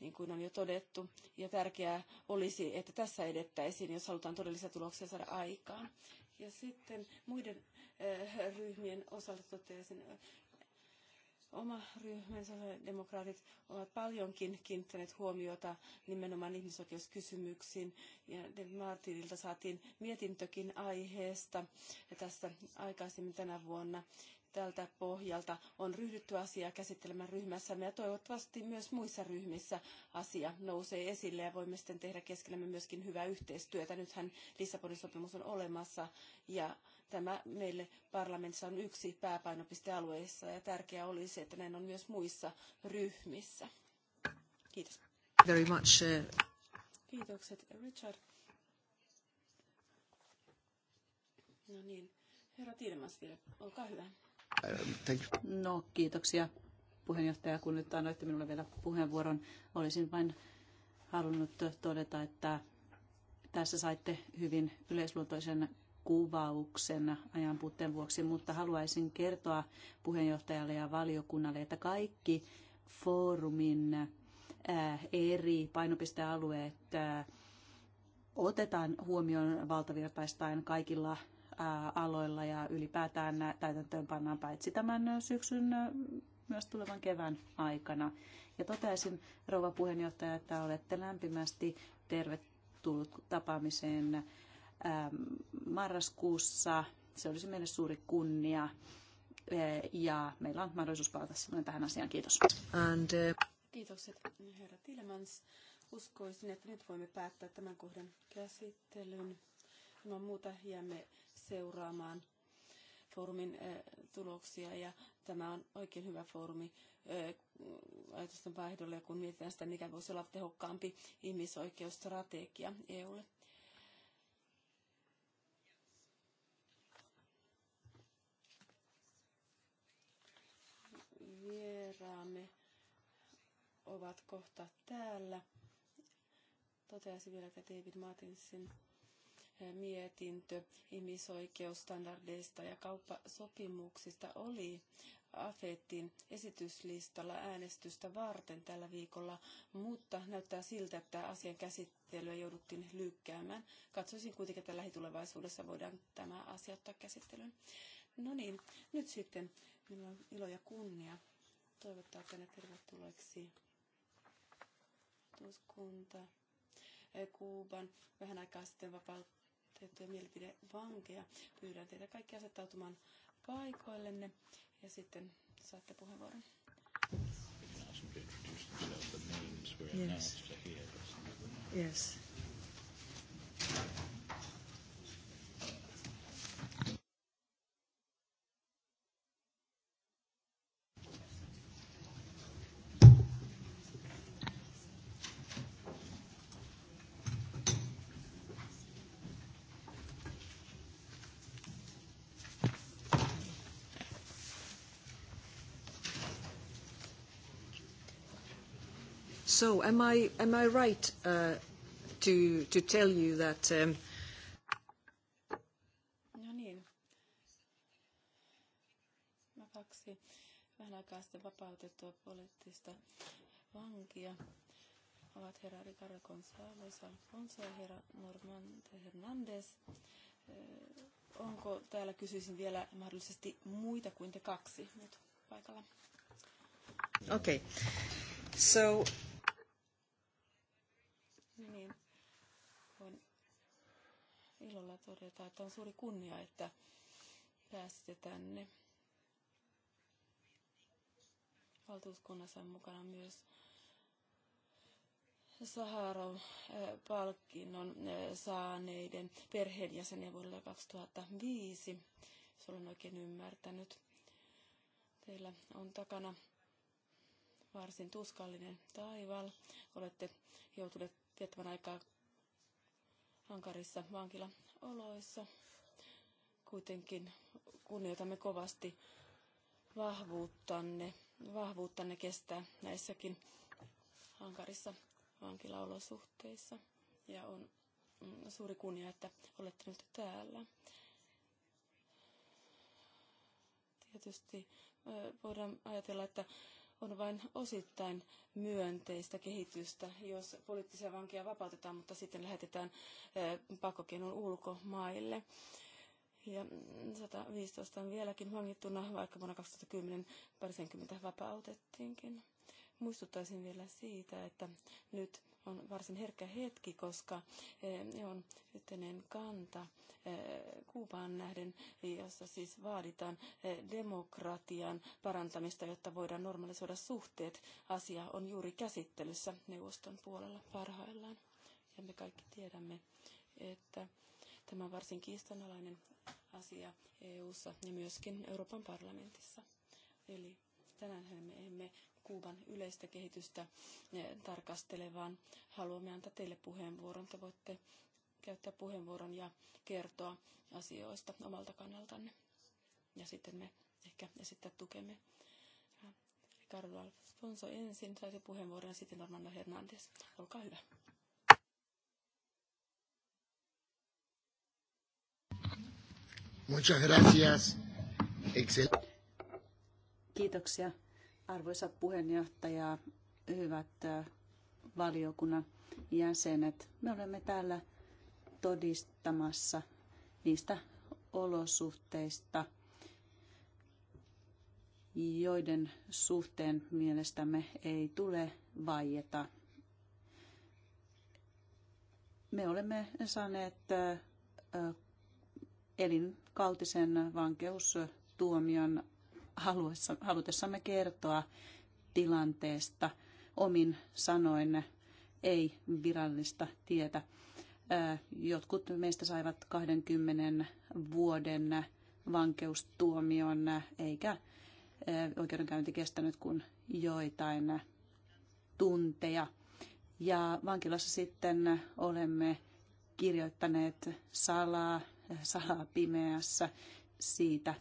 niin kuin on jo todettu. Ja tärkeää olisi, että tässä edettäisiin, jos halutaan todellisia tuloksia saada aikaan. Ja sitten muiden eh, ryhmien osalta toteaisin, eh, oma ryhmänsä sosiaalidemokraatit ovat paljonkin kiinnittäneet huomiota nimenomaan ihmisoikeuskysymyksiin. Ja Martinilta saatiin mietintökin aiheesta ja tässä aikaisemmin tänä vuonna tältä pohjalta on ryhdytty asiaa käsittelemään ryhmässämme ja toivottavasti myös muissa ryhmissä asia nousee esille ja voimme sitten tehdä keskenämme myöskin hyvää yhteistyötä. Nythän Lissabonin sopimus on olemassa ja tämä meille parlamentissa on yksi pääpainopistealueissa ja tärkeää olisi, että näin on myös muissa ryhmissä. Kiitos. Very much. Uh... Kiitokset, Richard. No niin, herra Tilmas vielä, olkaa hyvä. No, kiitoksia puheenjohtaja, kun nyt annoitte minulle vielä puheenvuoron. Olisin vain halunnut todeta, että tässä saitte hyvin yleisluontoisen kuvauksen ajan puutteen vuoksi, mutta haluaisin kertoa puheenjohtajalle ja valiokunnalle, että kaikki foorumin äh, eri painopistealueet äh, otetaan huomioon valtavirtaistaan kaikilla aloilla ja ylipäätään täytäntöön pannaan paitsi tämän syksyn myös tulevan kevään aikana. Ja toteaisin, rouva puheenjohtaja, että olette lämpimästi tervetullut tapaamiseen marraskuussa. Se olisi meille suuri kunnia ja meillä on mahdollisuus palata silloin tähän asiaan. Kiitos. And, uh... Kiitokset, herra Tilemans. Uskoisin, että nyt voimme päättää tämän kohdan käsittelyn. Ilman muuta jäämme seuraamaan foorumin eh, tuloksia ja tämä on oikein hyvä foorumi eh, ajatusten vaihdolle kun mietitään sitä, mikä voisi olla tehokkaampi ihmisoikeusstrategia EUlle. Vieraamme ovat kohta täällä. Toteaisin vielä, että David Martinsin mietintö ihmisoikeusstandardeista ja kauppasopimuksista oli AFETin esityslistalla äänestystä varten tällä viikolla, mutta näyttää siltä, että asian käsittelyä jouduttiin lykkäämään. Katsoisin kuitenkin, että lähitulevaisuudessa voidaan tämä asia ottaa käsittelyyn. No niin, nyt sitten minulla on ilo ja kunnia toivottaa tänne tervetulleeksi tuuskunta eh, Kuuban vähän aikaa sitten vapautta tiettyjä mielipidevankeja. Pyydän teitä kaikki asettautumaan paikoillenne ja sitten saatte puheenvuoron. Yes. Yes. So am I, am I right uh, to, to tell you that... Um... No niin. vähän aikaa sitten vapautettua poliittista vankia ovat herra Ricardo González Alfonso ja herra Normante Hernández. Onko täällä kysyisin vielä mahdollisesti muita kuin te kaksi nyt paikalla? Okei. Okay. So niin voin ilolla todeta, että on suuri kunnia, että pääsitte tänne. Valtuuskunnassa on mukana myös Saharov-palkinnon eh, saaneiden perheenjäseniä vuodelta 2005, jos olen oikein ymmärtänyt. Teillä on takana varsin tuskallinen taival. Olette joutuneet tiettävän aikaa hankarissa vankilaoloissa. Kuitenkin kunnioitamme kovasti vahvuuttanne, vahvuuttanne kestää näissäkin hankarissa vankilaolosuhteissa. Ja on mm, suuri kunnia, että olette nyt täällä. Tietysti voidaan ajatella, että on vain osittain myönteistä kehitystä, jos poliittisia vankeja vapautetaan, mutta sitten lähetetään pakkokeinon ulkomaille. Ja 115 on vieläkin vangittuna, vaikka vuonna 2010 parisenkymmentä vapautettiinkin. Muistuttaisin vielä siitä, että nyt on varsin herkkä hetki, koska eh, on yhteinen kanta eh, Kuubaan nähden, jossa siis vaaditaan eh, demokratian parantamista, jotta voidaan normalisoida suhteet. Asia on juuri käsittelyssä neuvoston puolella parhaillaan. Ja me kaikki tiedämme, että tämä on varsin kiistanalainen asia EU-ssa ja myöskin Euroopan parlamentissa. Eli tänään me emme Kuuban yleistä kehitystä eh, tarkastelevaan. Haluamme antaa teille puheenvuoron. Te voitte käyttää puheenvuoron ja kertoa asioista omalta kannaltanne. Ja sitten me ehkä esittää tukemme. Ricardo Alfonso ensin saisi puheenvuoron ja sitten Armando Hernandez. Olkaa hyvä. Muchas gracias. Excel. Kiitoksia Arvoisa puheenjohtaja, hyvät valiokunnan jäsenet, me olemme täällä todistamassa niistä olosuhteista, joiden suhteen mielestämme ei tule vaieta. Me olemme saaneet elinkautisen vankeustuomion halutessamme kertoa tilanteesta omin sanoin ei virallista tietä. Jotkut meistä saivat 20 vuoden vankeustuomion, eikä oikeudenkäynti kestänyt kuin joitain tunteja. Ja vankilassa sitten olemme kirjoittaneet salaa, salaa pimeässä siitä,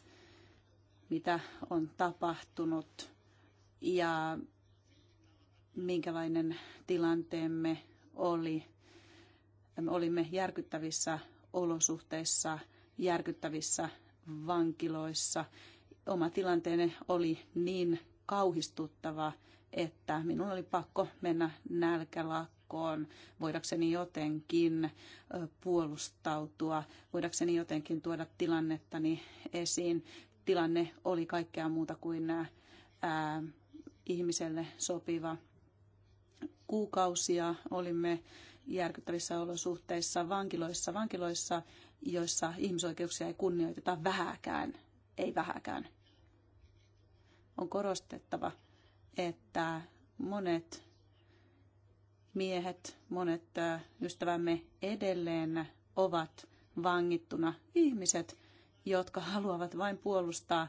mitä on tapahtunut ja minkälainen tilanteemme oli. Me olimme järkyttävissä olosuhteissa, järkyttävissä vankiloissa. Oma tilanteeni oli niin kauhistuttava, että minun oli pakko mennä nälkälakkoon, voidakseni jotenkin puolustautua, voidakseni jotenkin tuoda tilannettani esiin tilanne oli kaikkea muuta kuin ää, ihmiselle sopiva. Kuukausia olimme järkyttävissä olosuhteissa vankiloissa, vankiloissa, joissa ihmisoikeuksia ei kunnioiteta vähäkään, ei vähäkään. On korostettava, että monet miehet, monet ystävämme edelleen ovat vangittuna ihmiset – jotka haluavat vain puolustaa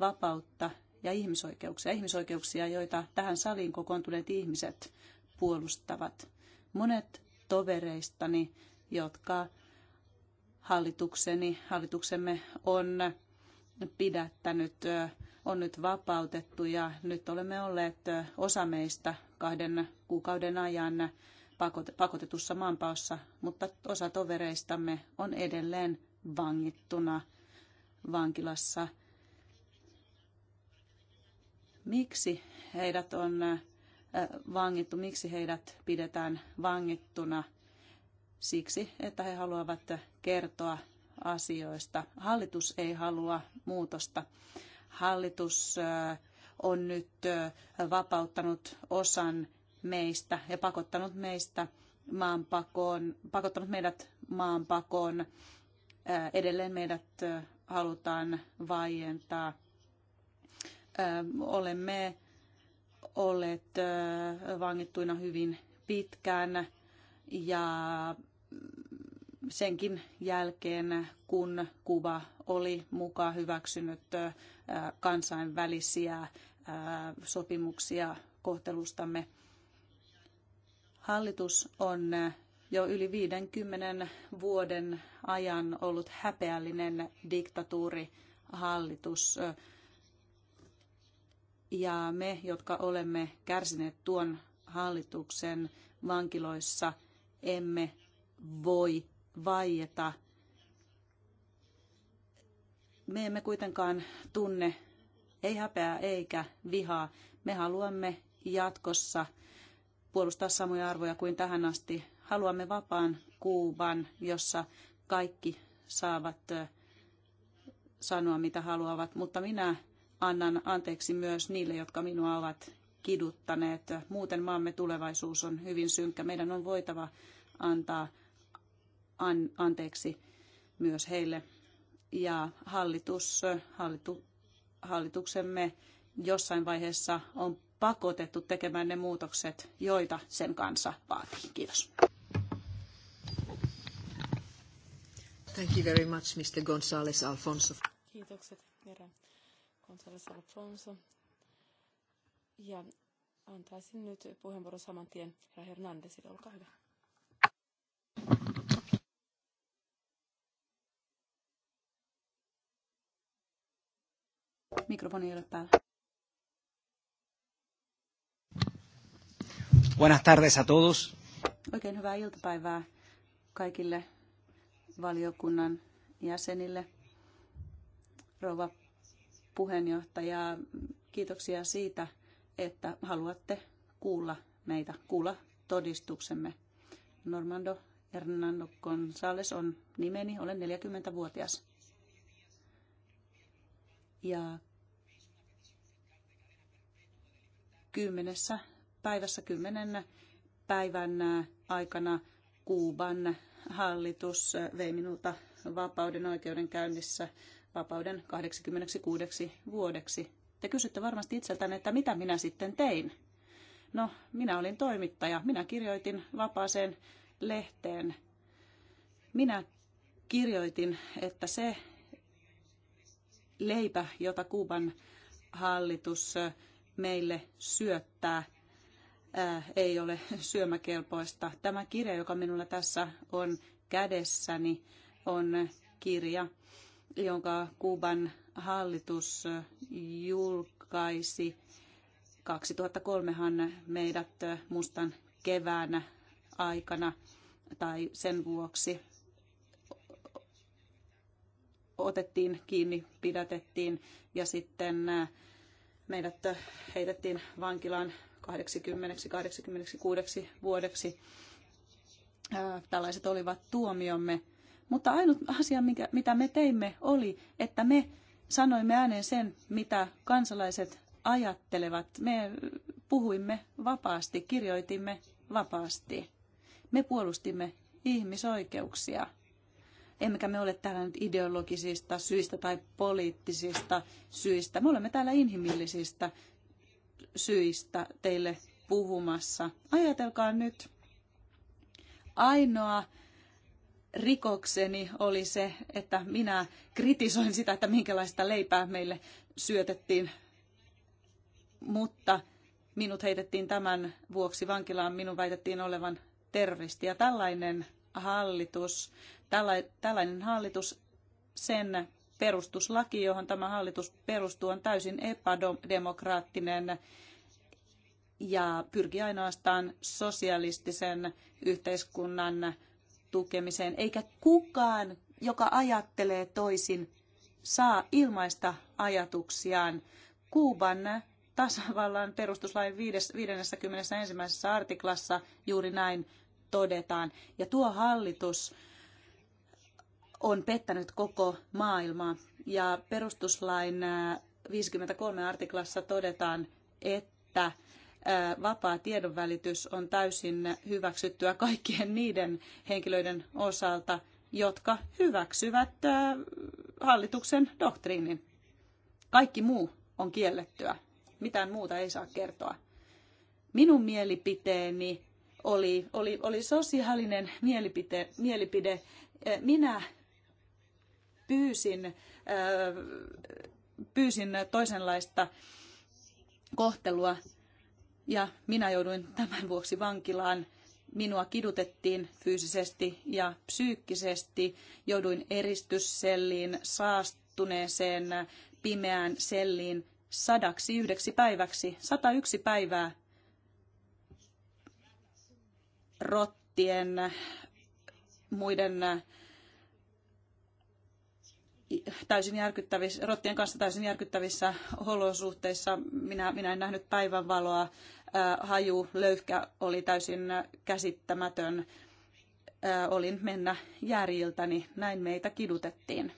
vapautta ja ihmisoikeuksia, ihmisoikeuksia, joita tähän saliin kokoontuneet ihmiset puolustavat. Monet tovereistani, jotka hallitukseni, hallituksemme on pidättänyt, on nyt vapautettu ja nyt olemme olleet osa meistä kahden kuukauden ajan pakotetussa maanpaossa, mutta osa tovereistamme on edelleen vangittuna – vankilassa. Miksi heidät on äh, vangittu, miksi heidät pidetään vangittuna? Siksi, että he haluavat kertoa asioista. Hallitus ei halua muutosta. Hallitus äh, on nyt äh, vapauttanut osan meistä ja pakottanut meistä maanpakoon, pakottanut meidät maanpakoon. Edelleen meidät halutaan vaientaa. Olemme olleet vangittuina hyvin pitkään ja senkin jälkeen, kun kuva oli mukaan hyväksynyt kansainvälisiä sopimuksia kohtelustamme. Hallitus on jo yli 50 vuoden ajan ollut häpeällinen diktatuurihallitus. Ja me, jotka olemme kärsineet tuon hallituksen vankiloissa, emme voi vaieta. Me emme kuitenkaan tunne ei häpeää eikä vihaa. Me haluamme jatkossa puolustaa samoja arvoja kuin tähän asti Haluamme vapaan Kuuban, jossa kaikki saavat sanoa mitä haluavat, mutta minä annan anteeksi myös niille, jotka minua ovat kiduttaneet. Muuten maamme tulevaisuus on hyvin synkkä. Meidän on voitava antaa an, anteeksi myös heille. Ja hallitus, hallitu, hallituksemme jossain vaiheessa on pakotettu tekemään ne muutokset, joita sen kanssa vaatii. Kiitos. Thank you very much, Mr. González Alfonso. Kiitokset, Vera González Alfonso. Ja antaisin nyt puheenvuoron saman tien herra Hernandezille, olkaa hyvä. Mikrofoni ei ole päällä. Buenas tardes a todos. Oikein hyvää iltapäivää kaikille valiokunnan jäsenille. Rouva puheenjohtaja, kiitoksia siitä, että haluatte kuulla meitä, kuulla todistuksemme. Normando Hernando González on nimeni, olen 40-vuotias. Ja kymmenessä päivässä kymmenen päivän aikana Kuuban hallitus eh, vei minulta vapauden oikeuden käynnissä vapauden 86 vuodeksi. Te kysytte varmasti itseltänne, että mitä minä sitten tein. No, minä olin toimittaja. Minä kirjoitin vapaaseen lehteen. Minä kirjoitin, että se leipä, jota Kuuban hallitus eh, meille syöttää, Äh, ei ole syömäkelpoista. Tämä kirja, joka minulla tässä on kädessäni, on kirja, jonka Kuuban hallitus julkaisi. 2003han meidät mustan keväänä aikana tai sen vuoksi otettiin kiinni, pidätettiin ja sitten meidät heitettiin vankilaan 80-86 vuodeksi. Tällaiset olivat tuomiomme. Mutta ainut asia, mikä, mitä me teimme, oli, että me sanoimme ääneen sen, mitä kansalaiset ajattelevat. Me puhuimme vapaasti, kirjoitimme vapaasti. Me puolustimme ihmisoikeuksia. Emmekä me ole täällä nyt ideologisista syistä tai poliittisista syistä. Me olemme täällä inhimillisistä syistä teille puhumassa. Ajatelkaa nyt, ainoa rikokseni oli se, että minä kritisoin sitä, että minkälaista leipää meille syötettiin, mutta minut heitettiin tämän vuoksi vankilaan, minun väitettiin olevan terroristi. Ja tällainen hallitus, tällainen hallitus, sen perustuslaki, johon tämä hallitus perustuu, on täysin epädemokraattinen ja pyrkii ainoastaan sosialistisen yhteiskunnan tukemiseen, eikä kukaan, joka ajattelee toisin, saa ilmaista ajatuksiaan. Kuuban tasavallan perustuslain 51. artiklassa juuri näin todetaan. Ja tuo hallitus on pettänyt koko maailmaa. Ja perustuslain 53 äh, artiklassa todetaan, että äh, vapaa tiedonvälitys on täysin hyväksyttyä kaikkien niiden henkilöiden osalta, jotka hyväksyvät äh, hallituksen doktriinin. Kaikki muu on kiellettyä. Mitään muuta ei saa kertoa. Minun mielipiteeni oli, oli, oli sosiaalinen mielipide, mielipide. Minä pyysin, pyysin toisenlaista kohtelua ja minä jouduin tämän vuoksi vankilaan. Minua kidutettiin fyysisesti ja psyykkisesti. Jouduin eristysselliin, saastuneeseen, pimeään selliin sadaksi yhdeksi päiväksi, 101 päivää rottien, muiden täysin järkyttävissä, rottien kanssa täysin järkyttävissä olosuhteissa. Minä, minä en nähnyt päivänvaloa. Haju, löyhkä oli täysin käsittämätön. Olin mennä järjiltäni. Näin meitä kidutettiin.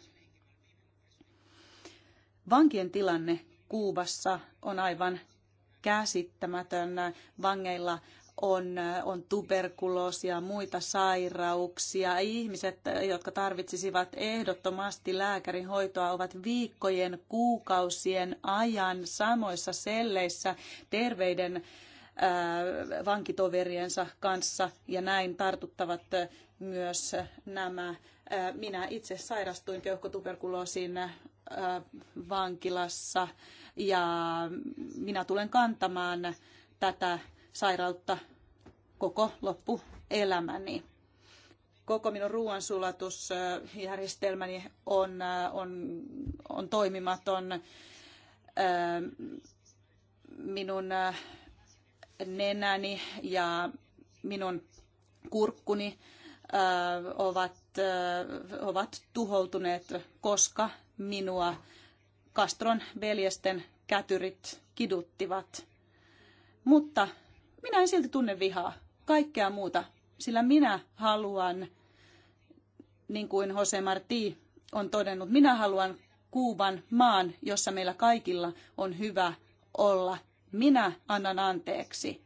Vankien tilanne Kuubassa on aivan käsittämätön. Vangeilla on, on tuberkuloosia, muita sairauksia. Ihmiset, jotka tarvitsisivat ehdottomasti lääkärin hoitoa, ovat viikkojen, kuukausien ajan samoissa selleissä terveiden äh, vankitoveriensa kanssa ja näin tartuttavat äh, myös äh, nämä. Minä itse sairastuin keuhkotuberkuloosiin vankilassa ja minä tulen kantamaan tätä sairautta koko loppuelämäni. Koko minun ruoansulatusjärjestelmäni on, äh, on, on toimimaton. Äh, minun äh, nenäni ja minun kurkkuni ovat, ovat tuhoutuneet, koska minua Kastron veljesten kätyrit kiduttivat. Mutta minä en silti tunne vihaa, kaikkea muuta, sillä minä haluan, niin kuin Jose Marti on todennut, minä haluan Kuuban maan, jossa meillä kaikilla on hyvä olla. Minä annan anteeksi.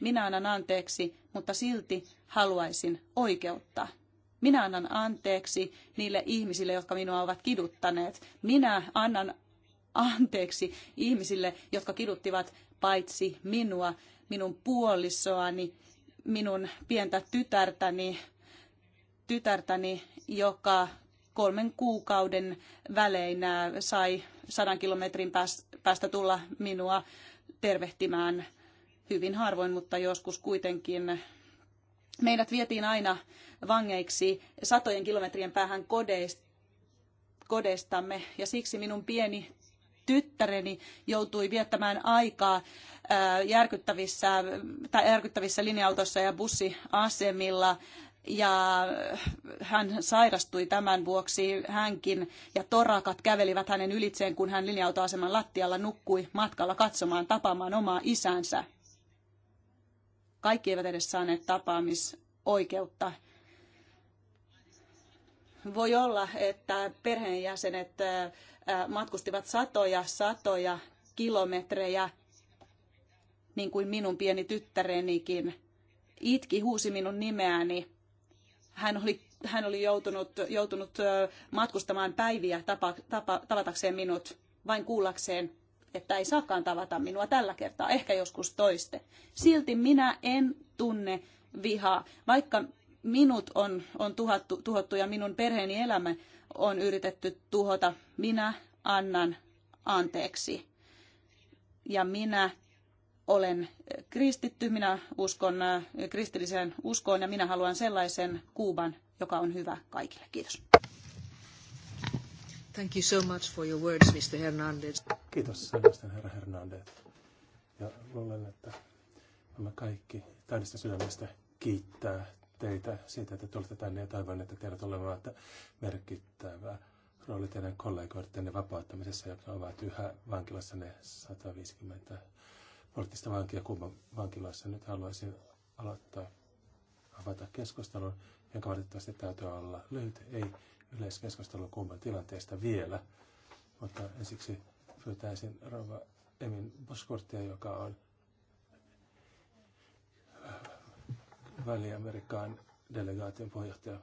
Minä annan anteeksi, mutta silti haluaisin oikeutta. Minä annan anteeksi niille ihmisille, jotka minua ovat kiduttaneet. Minä annan anteeksi ihmisille, jotka kiduttivat paitsi minua minun puolisoani, minun pientä tytärtäni, tytärtäni joka kolmen kuukauden välein äh, sai sadan kilometrin päästä tulla minua tervehtimään hyvin harvoin, mutta joskus kuitenkin. Meidät vietiin aina vangeiksi satojen kilometrien päähän kodeista kodeistamme ja siksi minun pieni tyttäreni joutui viettämään aikaa järkyttävissä, tai järkyttävissä linja-autossa ja bussiasemilla ja hän sairastui tämän vuoksi hänkin ja torakat kävelivät hänen ylitseen, kun hän linja-autoaseman lattialla nukkui matkalla katsomaan tapaamaan omaa isänsä. Kaikki eivät edes saaneet tapaamisoikeutta. Voi olla, että perheenjäsenet matkustivat satoja, satoja kilometrejä, niin kuin minun pieni tyttärenikin. Itki huusi minun nimeäni. Hän oli, hän oli joutunut, joutunut matkustamaan päiviä tapa, tapa, tavatakseen minut, vain kuullakseen, että ei saakaan tavata minua tällä kertaa, ehkä joskus toiste. Silti minä en tunne vihaa, vaikka minut on, on tuhattu, tuhottu ja minun perheeni elämä on yritetty tuhota. Minä annan anteeksi. Ja minä olen kristitty, minä uskon äh, kristilliseen uskoon ja minä haluan sellaisen Kuuban, joka on hyvä kaikille. Kiitos. Thank you so much for your words, Mr. Hernandez. Kiitos sanoista, herra Hernandez. Ja luulen, että me kaikki täydestä sydämestä kiittää teitä siitä, että tulitte tänne ja toivon, että teillä tulee merkittävä rooli teidän kollegoidenne vapauttamisessa, jotka ovat yhä vankilassa ne 150 poliittista vankia Kuuban vankilassa. Nyt haluaisin aloittaa avata keskustelun, jonka valitettavasti täytyy olla lyhyt, ei yleiskeskustelu Kuuban tilanteesta vielä, mutta ensiksi pyytäisin rouva Emin Boskurtia, joka on Väli-Amerikan delegaation puheenjohtaja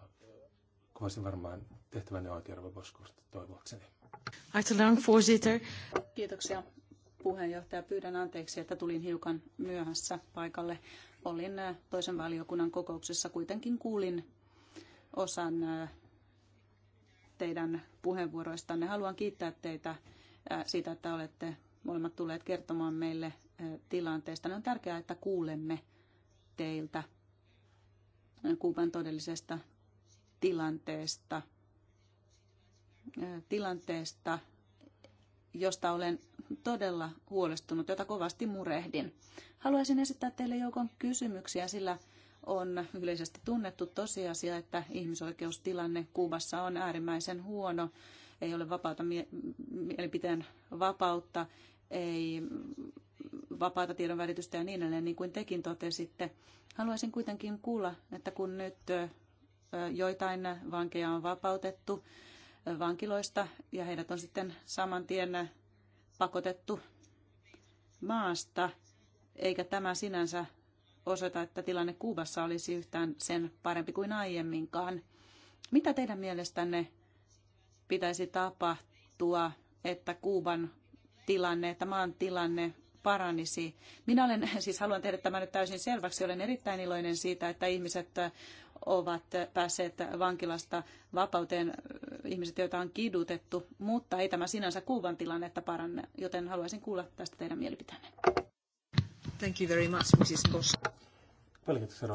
kuvasin varmaan tehtävänne oikein, Rova Boskust, toivoakseni. Kiitoksia puheenjohtaja. Pyydän anteeksi, että tulin hiukan myöhässä paikalle. Olin äh, toisen valiokunnan kokouksessa, kuitenkin kuulin osan äh, teidän puheenvuoroistanne. Haluan kiittää teitä äh, siitä, että olette molemmat tulleet kertomaan meille tilanteesta. On tärkeää, että kuulemme teiltä Kuuban todellisesta tilanteesta, tilanteesta, josta olen todella huolestunut, jota kovasti murehdin. Haluaisin esittää teille joukon kysymyksiä, sillä on yleisesti tunnettu tosiasia, että ihmisoikeustilanne Kuubassa on äärimmäisen huono. Ei ole vapauta mielipiteen vapautta, ei vapaata tiedonvälitystä ja niin edelleen, niin kuin tekin totesitte. Haluaisin kuitenkin kuulla, että kun nyt joitain vankeja on vapautettu vankiloista ja heidät on sitten saman tien pakotettu maasta, eikä tämä sinänsä osoita, että tilanne Kuubassa olisi yhtään sen parempi kuin aiemminkaan. Mitä teidän mielestänne pitäisi tapahtua, että Kuuban tilanne, että maan tilanne paranisi. Minä olen, siis haluan tehdä tämän nyt täysin selväksi, olen erittäin iloinen siitä, että ihmiset äh, ovat päässeet vankilasta vapauteen, äh, ihmiset, joita on kidutettu, mutta ei tämä sinänsä Kuuban tilannetta paranne, joten haluaisin kuulla tästä teidän mielipiteenne. Thank you very much, Mrs. Bosch. Paljon kiitoksia,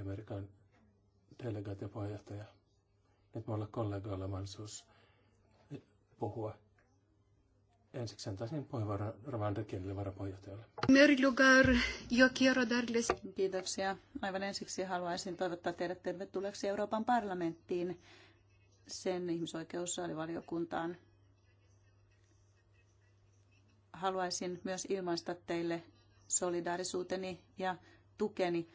Amerikan delegaatiopuheenjohtaja. Nyt minulla ollaan kollegoilla mahdollisuus puhua. Ensiksi antaisin puheenvuoron Rovan Rekielille varapuheenjohtajalle. Kiitoksia. Aivan ensiksi haluaisin toivottaa teidät tervetulleeksi Euroopan parlamenttiin sen ihmisoikeussaalivaliokuntaan. Haluaisin myös ilmaista teille solidaarisuuteni ja tukeni,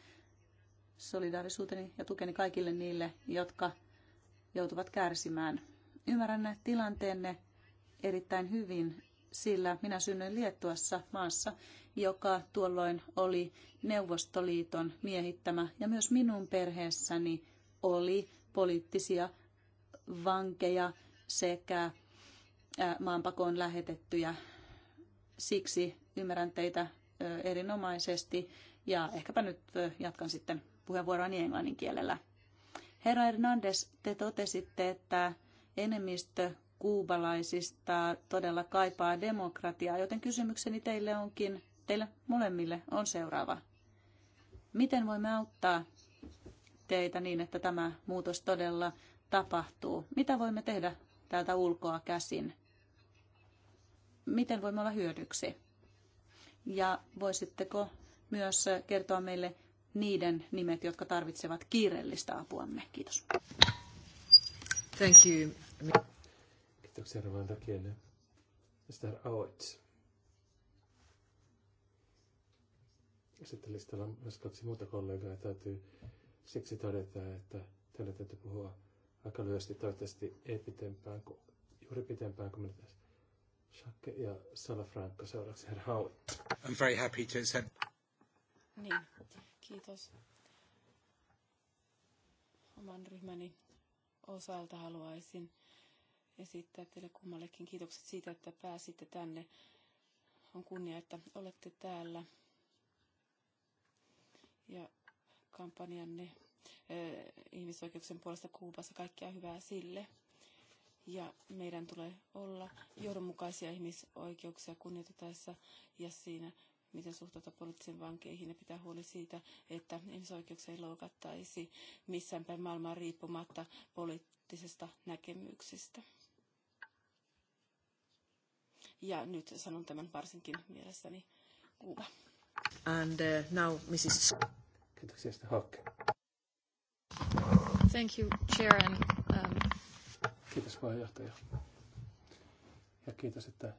solidaarisuuteni ja tukeni kaikille niille, jotka joutuvat kärsimään Ymmärrän tilanteenne erittäin hyvin, sillä minä synnyin Liettuassa maassa, joka tuolloin oli Neuvostoliiton miehittämä ja myös minun perheessäni oli poliittisia vankeja sekä maanpakoon lähetettyjä. Siksi ymmärrän teitä erinomaisesti ja ehkäpä nyt jatkan sitten puheenvuoroani englannin kielellä. Herra Hernandez, te totesitte, että enemmistö kuubalaisista todella kaipaa demokratiaa, joten kysymykseni teille onkin, teille molemmille on seuraava. Miten voimme auttaa teitä niin, että tämä muutos todella tapahtuu? Mitä voimme tehdä täältä ulkoa käsin? Miten voimme olla hyödyksi? Ja voisitteko myös kertoa meille niiden nimet, jotka tarvitsevat kiireellistä apuamme? Kiitos. Thank you. Kiitoksia Roman Takielle. Mr. Aoits. Sitten listalla on myös kaksi muuta kollegaa ja täytyy siksi todeta, että teillä täytyy puhua aika lyhyesti, toivottavasti ei pitempään kuin, juuri pitempään kuin mitä Shakke ja Salafranco seuraavaksi herra Howard. I'm very happy to accept. Niin, kiitos. Oman ryhmäni osalta haluaisin esittää teille kummallekin kiitokset siitä, että pääsitte tänne. On kunnia, että olette täällä. Ja kampanjanne eh, ihmisoikeuksien puolesta Kuubassa kaikkea hyvää sille. Ja meidän tulee olla johdonmukaisia ihmisoikeuksia kunnioitettaessa ja siinä miten suhtautua poliittisiin vankeihin ja pitää huoli siitä, että ihmisoikeuksia ei loukattaisi missään päin maailmaa riippumatta poliittisesta näkemyksistä. Ja nyt sanon tämän varsinkin mielestäni kuva. And uh, now Mrs. Kiitoksia, Hawke. Thank you, Chair. And, um... Kiitos puheenjohtaja. Ja kiitos, että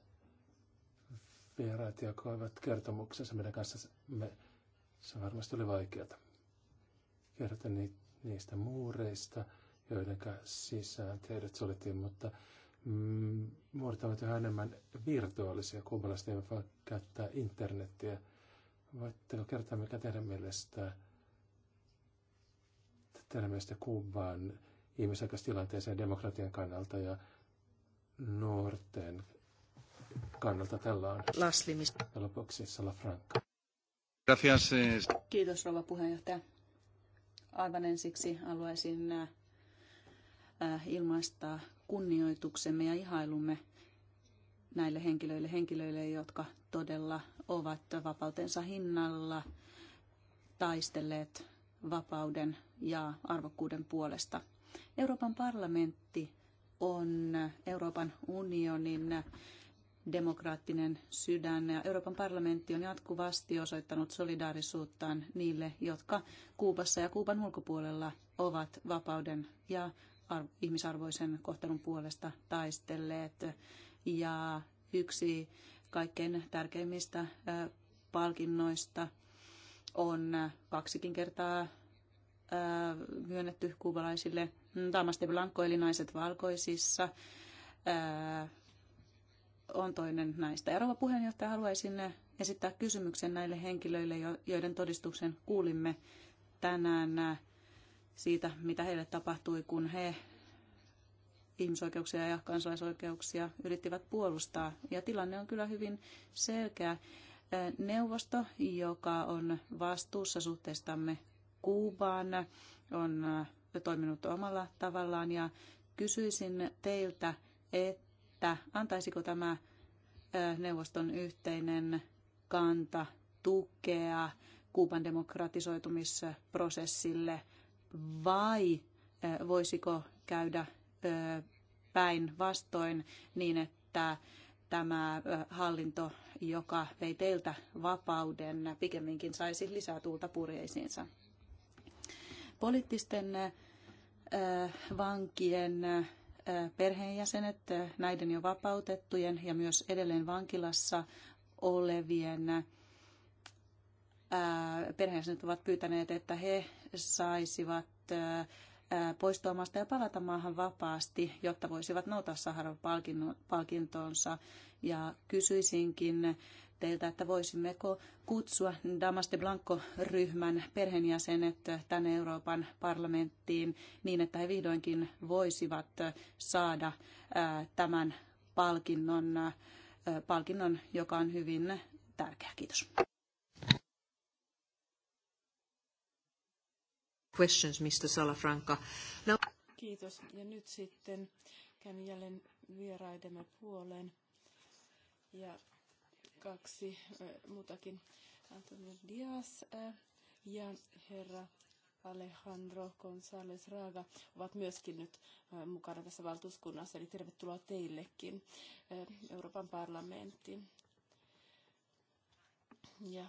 vieraat jakoivat kertomuksensa meidän kanssa. Me, se varmasti oli vaikeaa Kerrota ni, niistä muureista, joiden sisään teidät solittiin, mutta mm, muurit ovat yhä enemmän virtuaalisia. Kuubalaiset eivät voi käyttää internettiä. Voitteko kertoa, mikä teidän mielestä teidän mielestä Kuuban ihmisoikeustilanteeseen demokratian kannalta ja nuorten kannalta tällä on. lopuksi Salafranca. Gracias. Eh. Kiitos rouva puheenjohtaja. Aivan ensiksi haluaisin äh, äh, ilmaista kunnioituksemme ja ihailumme näille henkilöille, henkilöille, jotka todella ovat vapautensa hinnalla taistelleet vapauden ja arvokkuuden puolesta. Euroopan parlamentti on Euroopan unionin demokraattinen sydän. Ja Euroopan parlamentti on jatkuvasti osoittanut solidaarisuuttaan niille, jotka Kuubassa ja Kuuban ulkopuolella ovat vapauden ja ihmisarvoisen kohtelun puolesta taistelleet. Ja yksi kaikkein tärkeimmistä palkinnoista on kaksikin kertaa myönnetty kuubalaisille Damaste Blanco, eli naiset valkoisissa on toinen näistä. Ja rouva puheenjohtaja, haluaisin esittää kysymyksen näille henkilöille, joiden todistuksen kuulimme tänään siitä, mitä heille tapahtui, kun he ihmisoikeuksia ja kansalaisoikeuksia yrittivät puolustaa. Ja tilanne on kyllä hyvin selkeä. Neuvosto, joka on vastuussa suhteistamme Kuubaan, on toiminut omalla tavallaan ja kysyisin teiltä, että että antaisiko tämä neuvoston yhteinen kanta tukea Kuuban demokratisoitumisprosessille vai voisiko käydä päinvastoin niin, että tämä hallinto, joka vei teiltä vapauden, pikemminkin saisi lisää tuulta purjeisiinsa. Poliittisten vankien perheenjäsenet, näiden jo vapautettujen ja myös edelleen vankilassa olevien perheenjäsenet ovat pyytäneet, että he saisivat poistua maasta ja palata maahan vapaasti, jotta voisivat noutaa Saharan palkintonsa. Ja kysyisinkin teiltä, että voisimmeko kutsua Damaste Blanco-ryhmän perheenjäsenet tänne Euroopan parlamenttiin niin, että he vihdoinkin voisivat saada tämän palkinnon, palkinnon joka on hyvin tärkeä. Kiitos. Questions, Mr. Salafranca. No. Kiitos. Ja nyt sitten käyn jälleen vieraidemme puoleen. Ja kaksi muutakin. Antonio Dias ja herra Alejandro González Raga ovat myöskin nyt mukana tässä valtuuskunnassa, eli tervetuloa teillekin Euroopan parlamenttiin. Ja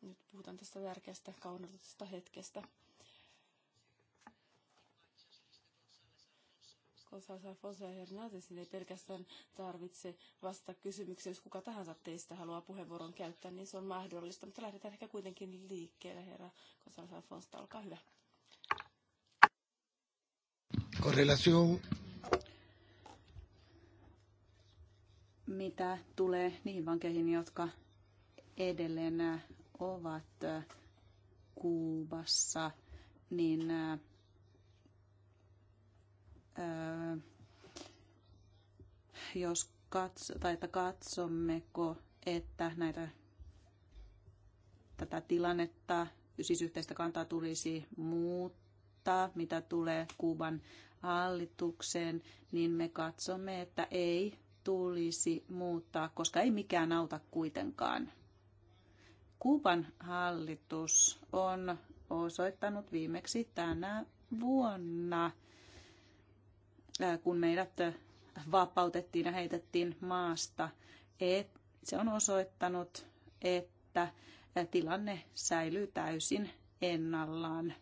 nyt puhutaan tästä tärkeästä kaunotusta hetkestä. koska osa Fonsua ei pelkästään tarvitse vastata kysymykseen, jos kuka tahansa teistä haluaa puheenvuoron käyttää, niin se on mahdollista. Mutta lähdetään ehkä kuitenkin liikkeelle, herra Gonzalo Fonsta, olkaa hyvä. Korrelation. mitä tulee niihin vankeihin, jotka edelleen äh, ovat äh, Kuubassa, niin äh, jos katso, tai että katsommeko, että näitä, tätä tilannetta siis yhteistä kantaa tulisi muuttaa, mitä tulee Kuuban hallitukseen, niin me katsomme, että ei tulisi muuttaa, koska ei mikään auta kuitenkaan. Kuuban hallitus on osoittanut viimeksi tänä vuonna kun meidät vapautettiin ja heitettiin maasta. Se on osoittanut, että tilanne säilyy täysin ennallaan.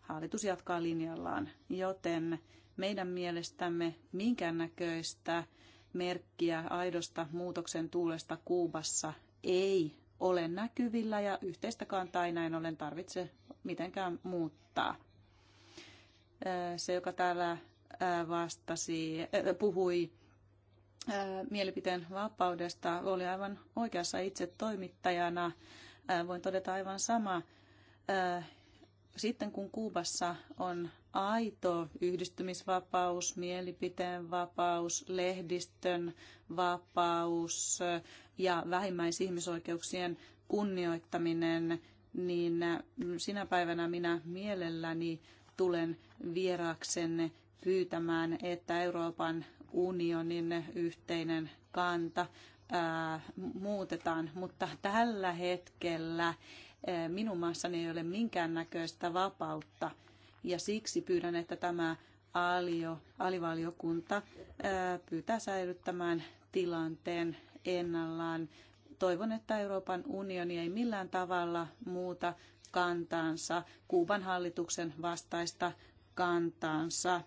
Hallitus jatkaa linjallaan, joten meidän mielestämme minkäännäköistä merkkiä aidosta muutoksen tuulesta Kuubassa ei ole näkyvillä ja yhteistä kantaa ei näin ollen tarvitse mitenkään muuttaa. Se, joka täällä vastasi, puhui mielipiteen vapaudesta, oli aivan oikeassa itse toimittajana. Voin todeta aivan sama. Sitten kun Kuubassa on aito yhdistymisvapaus, mielipiteen vapaus, lehdistön vapaus ja vähimmäisihmisoikeuksien kunnioittaminen, niin sinä päivänä minä mielelläni tulen vieraaksenne pyytämään, että Euroopan unionin yhteinen kanta ää, muutetaan, mutta tällä hetkellä ää, minun maassani ei ole minkäännäköistä vapautta ja siksi pyydän, että tämä alio, alivaliokunta ää, pyytää säilyttämään tilanteen ennallaan. Toivon, että Euroopan unioni ei millään tavalla muuta kantaansa, Kuuban hallituksen vastaista kantaansa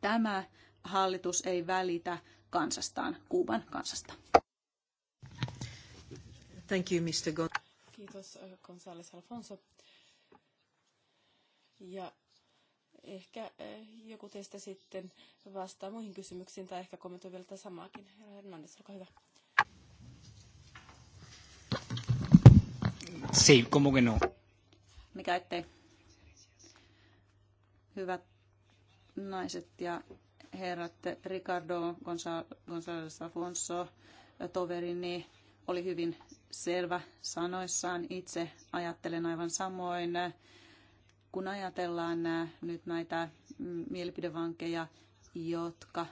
tämä hallitus ei välitä kansastaan, Kuuban kansasta. Thank you, Mr. God. Kiitos, eh, González Alfonso. Ja ehkä eh, joku teistä sitten vastaa muihin kysymyksiin tai ehkä kommentoi vielä tätä samaakin. Herra Hernandez, olkaa hyvä. Sí, como que no. Mikä ettei. Hyvät naiset ja herrat Ricardo González Afonso, toverini, oli hyvin selvä sanoissaan. Itse ajattelen aivan samoin, kun ajatellaan nyt näitä mm, mielipidevankeja, jotka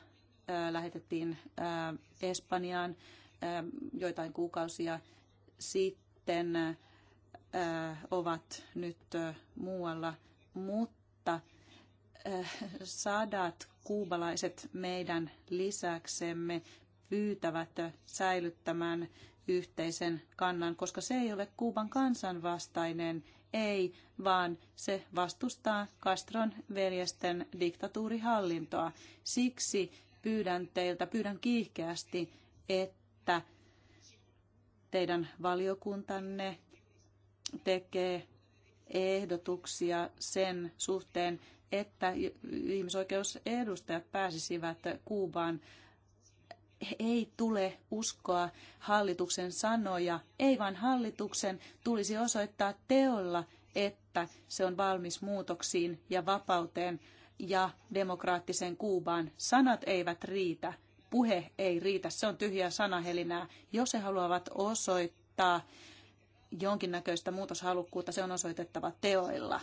lähetettiin Espanjaan joitain kuukausia sitten, ovat nyt muualla, mutta – Eh, sadat kuubalaiset meidän lisäksemme pyytävät säilyttämään yhteisen kannan, koska se ei ole Kuuban kansanvastainen, ei, vaan se vastustaa Castron veljesten diktatuurihallintoa. Siksi pyydän teiltä, pyydän kiihkeästi, että teidän valiokuntanne tekee ehdotuksia sen suhteen, että ihmisoikeusedustajat pääsisivät Kuubaan ei tule uskoa hallituksen sanoja, ei vaan hallituksen tulisi osoittaa teolla, että se on valmis muutoksiin ja vapauteen ja demokraattiseen Kuubaan. Sanat eivät riitä, puhe ei riitä, se on tyhjää sanahelinää. Jos he haluavat osoittaa jonkinnäköistä muutoshalukkuutta, se on osoitettava teoilla.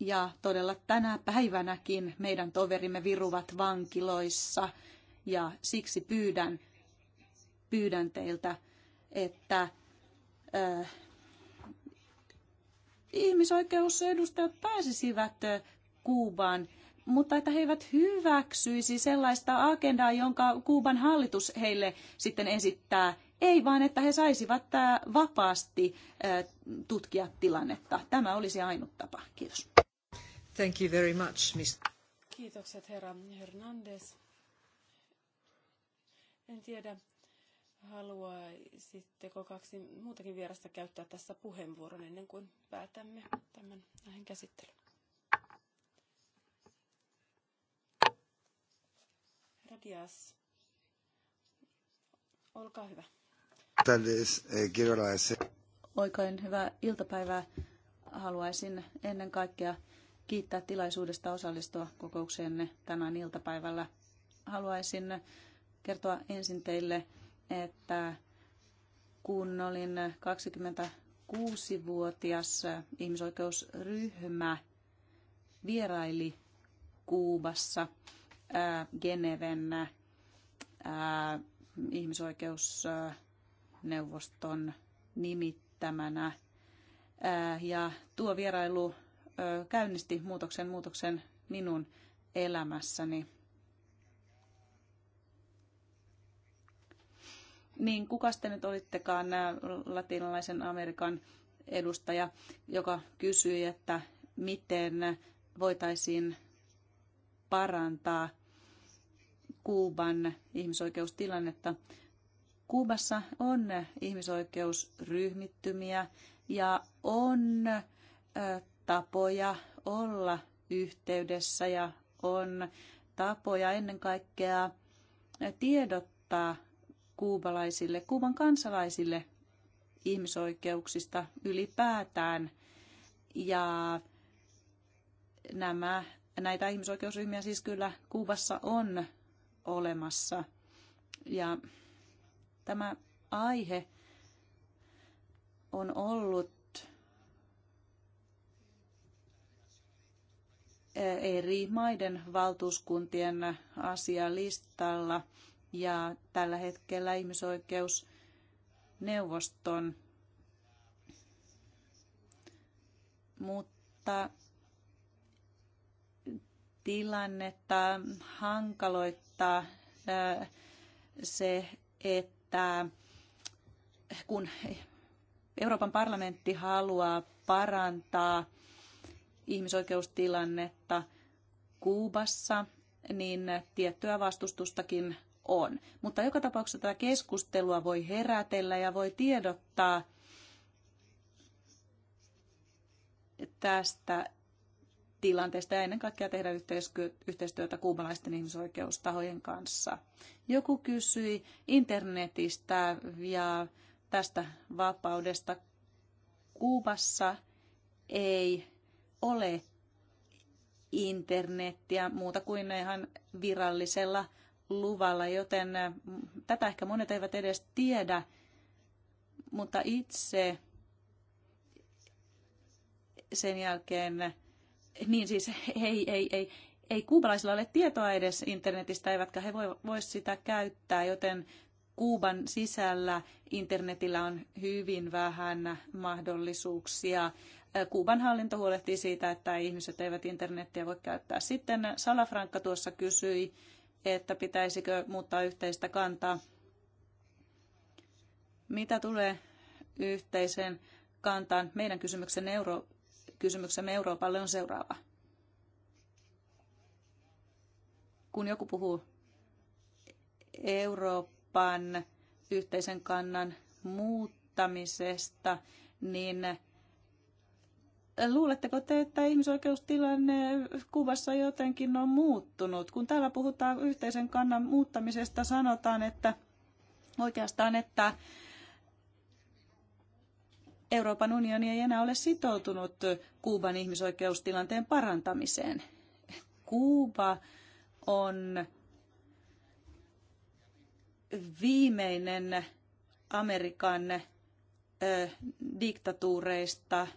Ja todella tänä päivänäkin meidän toverimme viruvat vankiloissa ja siksi pyydän, pyydän teiltä, että ö, ihmisoikeusedustajat pääsisivät Kuubaan, mutta että he eivät hyväksyisi sellaista agendaa, jonka Kuuban hallitus heille sitten esittää. Ei vaan, että he saisivat tämä vapaasti tutkia tilannetta. Tämä olisi ainut tapa. Kiitos. Thank you very much, Mr. Kiitokset herra Hernandez. En tiedä, haluaisitteko kaksi muutakin vierasta käyttää tässä puheenvuoron ennen kuin päätämme tämän näihin käsittelyn. Radias, olkaa hyvä. Eh, Oikein hyvää iltapäivää. Haluaisin ennen kaikkea kiittää tilaisuudesta osallistua kokoukseenne tänään iltapäivällä. Haluaisin kertoa ensin teille, että kun olin 26-vuotias ihmisoikeusryhmä vieraili Kuubassa Geneven ihmisoikeusneuvoston nimittämänä. ja tuo vierailu käynnisti muutoksen muutoksen minun elämässäni. Niin kuka te nyt olittekaan latinalaisen Amerikan edustaja, joka kysyi, että miten voitaisiin parantaa Kuuban ihmisoikeustilannetta. Kuubassa on ihmisoikeusryhmittymiä ja on tapoja olla yhteydessä ja on tapoja ennen kaikkea tiedottaa kuubalaisille, Kuuban kansalaisille ihmisoikeuksista ylipäätään. Ja nämä, näitä ihmisoikeusryhmiä siis kyllä Kuubassa on olemassa. Ja tämä aihe on ollut eri maiden valtuuskuntien asialistalla ja tällä hetkellä ihmisoikeusneuvoston. Mutta tilannetta hankaloittaa äh, se, että kun Euroopan parlamentti haluaa parantaa ihmisoikeustilannetta Kuubassa, niin tiettyä vastustustakin on. Mutta joka tapauksessa tätä keskustelua voi herätellä ja voi tiedottaa tästä tilanteesta ja ennen kaikkea tehdä yhteistyötä kuubalaisten ihmisoikeustahojen kanssa. Joku kysyi internetistä ja tästä vapaudesta Kuubassa ei ole internettiä muuta kuin ihan virallisella luvalla, joten tätä ehkä monet eivät edes tiedä, mutta itse sen jälkeen, niin siis ei, ei, ei, ei kuubalaisilla ole tietoa edes internetistä, eivätkä he voi, voi sitä käyttää, joten Kuuban sisällä internetillä on hyvin vähän mahdollisuuksia Kuuban hallinto huolehtii siitä, että ihmiset eivät internettiä voi käyttää. Sitten Salafrankka tuossa kysyi, että pitäisikö muuttaa yhteistä kantaa. Mitä tulee yhteiseen kantaan? Meidän kysymyksen Euro- kysymyksemme Euroopalle on seuraava. Kun joku puhuu Euroopan yhteisen kannan muuttamisesta, niin Luuletteko te, että ihmisoikeustilanne Kuvassa jotenkin on muuttunut? Kun täällä puhutaan yhteisen kannan muuttamisesta, sanotaan, että oikeastaan, että Euroopan unioni ei enää ole sitoutunut Kuuban ihmisoikeustilanteen parantamiseen. Kuuba on viimeinen Amerikan ö, diktatuureista –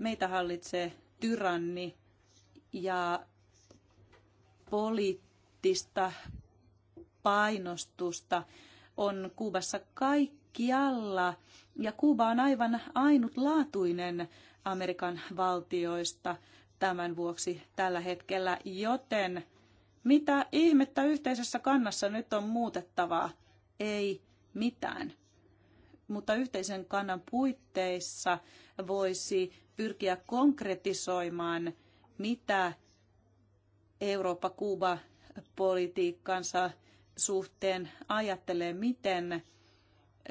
meitä hallitsee tyranni ja poliittista painostusta on Kuubassa kaikkialla. Ja Kuuba on aivan ainutlaatuinen Amerikan valtioista tämän vuoksi tällä hetkellä, joten mitä ihmettä yhteisessä kannassa nyt on muutettavaa? Ei mitään mutta yhteisen kannan puitteissa voisi pyrkiä konkretisoimaan, mitä Eurooppa-Kuuba-politiikkansa suhteen ajattelee, miten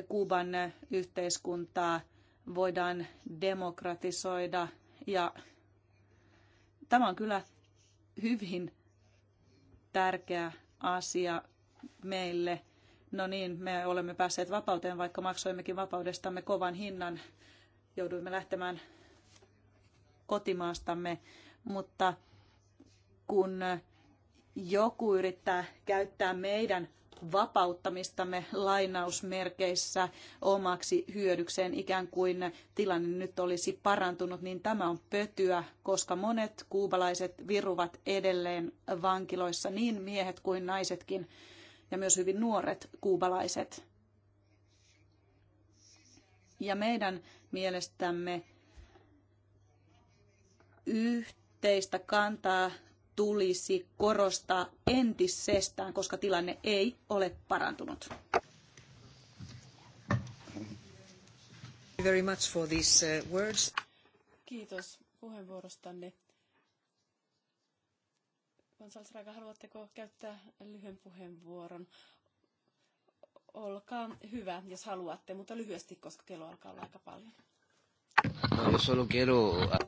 Kuuban yhteiskuntaa voidaan demokratisoida. Ja tämä on kyllä hyvin tärkeä asia meille – no niin, me olemme päässeet vapauteen, vaikka maksoimmekin vapaudestamme kovan hinnan. Jouduimme lähtemään kotimaastamme, mutta kun joku yrittää käyttää meidän vapauttamistamme lainausmerkeissä omaksi hyödykseen, ikään kuin tilanne nyt olisi parantunut, niin tämä on pötyä, koska monet kuubalaiset viruvat edelleen vankiloissa, niin miehet kuin naisetkin ja myös hyvin nuoret kuubalaiset. Ja meidän mielestämme yhteistä kantaa tulisi korostaa entisestään, koska tilanne ei ole parantunut. Very much for these uh, words. Kiitos puheenvuorostanne. Gonzales haluatteko käyttää lyhyen puheenvuoron? Olkaa hyvä, jos haluatte, mutta lyhyesti, koska kello alkaa olla aika paljon. No, on kello. Ah,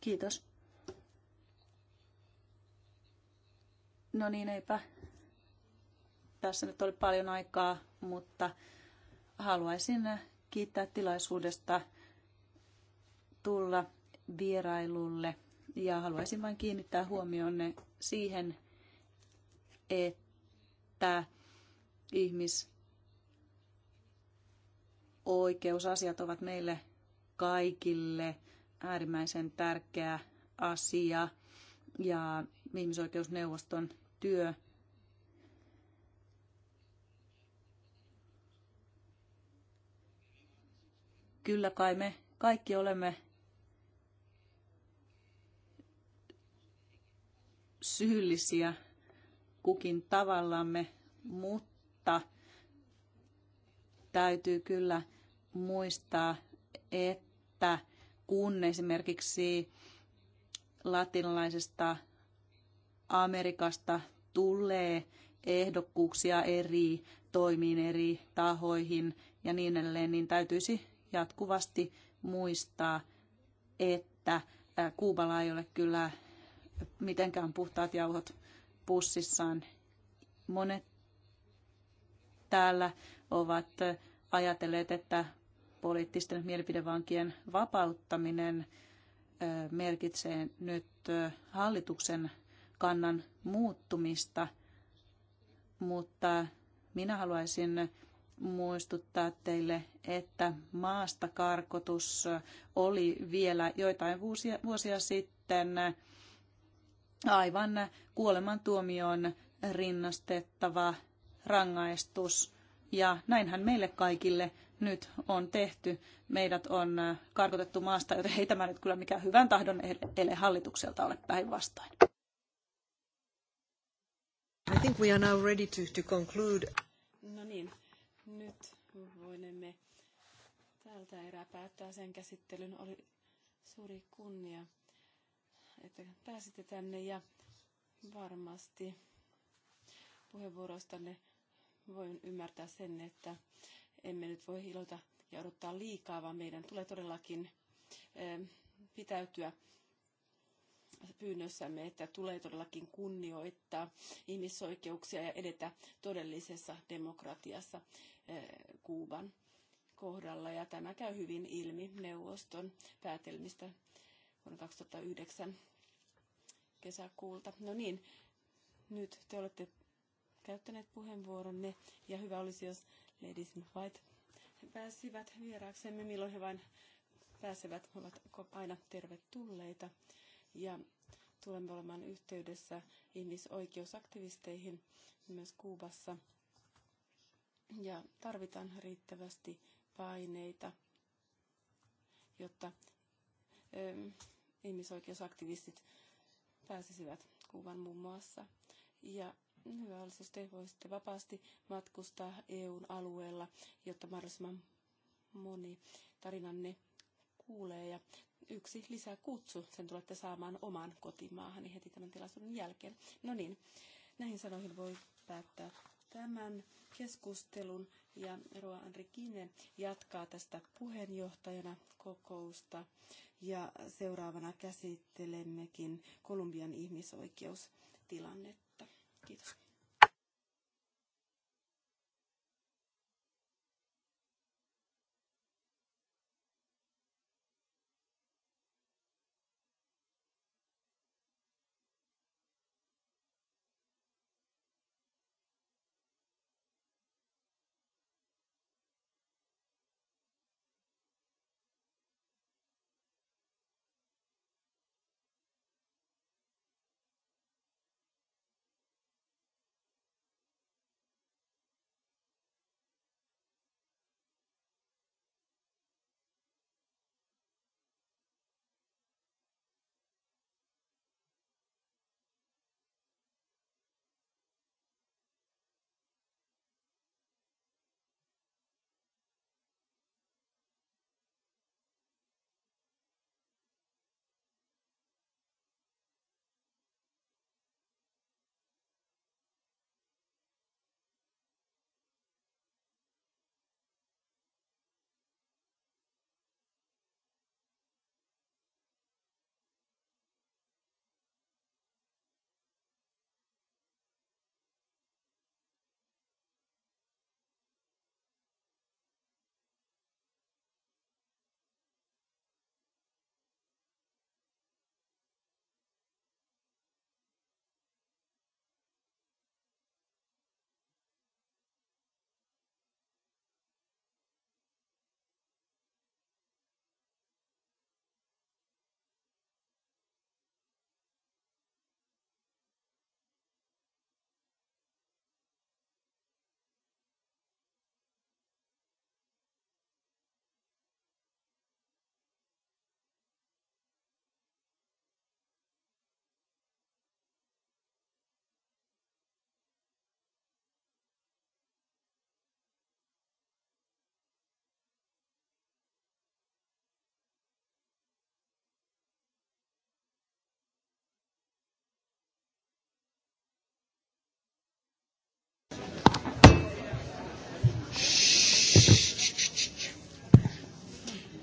Kiitos. No niin, eipä. Tässä nyt oli paljon aikaa, mutta haluaisin kiittää tilaisuudesta tulla vierailulle ja haluaisin vain kiinnittää huomionne siihen, että ihmisoikeusasiat ovat meille kaikille äärimmäisen tärkeä asia ja ihmisoikeusneuvoston työ kyllä kai me kaikki olemme syyllisiä kukin tavallamme, mutta täytyy kyllä muistaa, että kun esimerkiksi latinalaisesta Amerikasta tulee ehdokkuuksia eri toimiin, eri tahoihin ja niin edelleen, niin täytyisi jatkuvasti muistaa, että Kuubala ei ole kyllä mitenkään puhtaat jauhot pussissaan. Monet täällä ovat ajatelleet, että poliittisten mielipidevankien vapauttaminen merkitsee nyt hallituksen kannan muuttumista, mutta minä haluaisin muistuttaa teille, että maasta karkotus oli vielä joitain vuosia, vuosia sitten aivan kuolemantuomioon rinnastettava rangaistus. Ja näinhän meille kaikille nyt on tehty. Meidät on äh, karkotettu maasta, joten ei tämä nyt kyllä mikään hyvän tahdon ele hallitukselta ole päinvastoin. I think we are now ready to, to conclude. No niin, nyt voimme tältä erää päättää sen käsittelyn. Oli suuri kunnia että pääsitte tänne ja varmasti puheenvuoroistanne voin ymmärtää sen, että emme nyt voi iloita ja odottaa liikaa, vaan meidän tulee todellakin eh, pitäytyä pyynnössämme, että tulee todellakin kunnioittaa ihmisoikeuksia ja edetä todellisessa demokratiassa eh, Kuuban kohdalla. Ja tämä käy hyvin ilmi neuvoston päätelmistä vuonna 2009 kesäkuulta. No niin, nyt te olette käyttäneet puheenvuoronne ja hyvä olisi, jos Ladies in White pääsivät vieraaksemme, milloin he vain pääsevät, ovat aina tervetulleita. Ja tulemme olemaan yhteydessä ihmisoikeusaktivisteihin myös Kuubassa. Ja tarvitaan riittävästi paineita, jotta ihmisoikeusaktivistit pääsisivät Kuuban muun muassa. Ja hyvä olisi, jos te voisitte vapaasti matkustaa EUn alueella, jotta mahdollisimman moni tarinanne kuulee. Ja yksi lisää kutsu, sen tulette saamaan oman kotimaahani heti tämän tilaisuuden jälkeen. No niin, näihin sanoihin voi päättää tämän keskustelun ja Roa Andri Kinen jatkaa tästä puheenjohtajana kokousta ja seuraavana käsittelemmekin Kolumbian ihmisoikeustilannetta. Kiitos.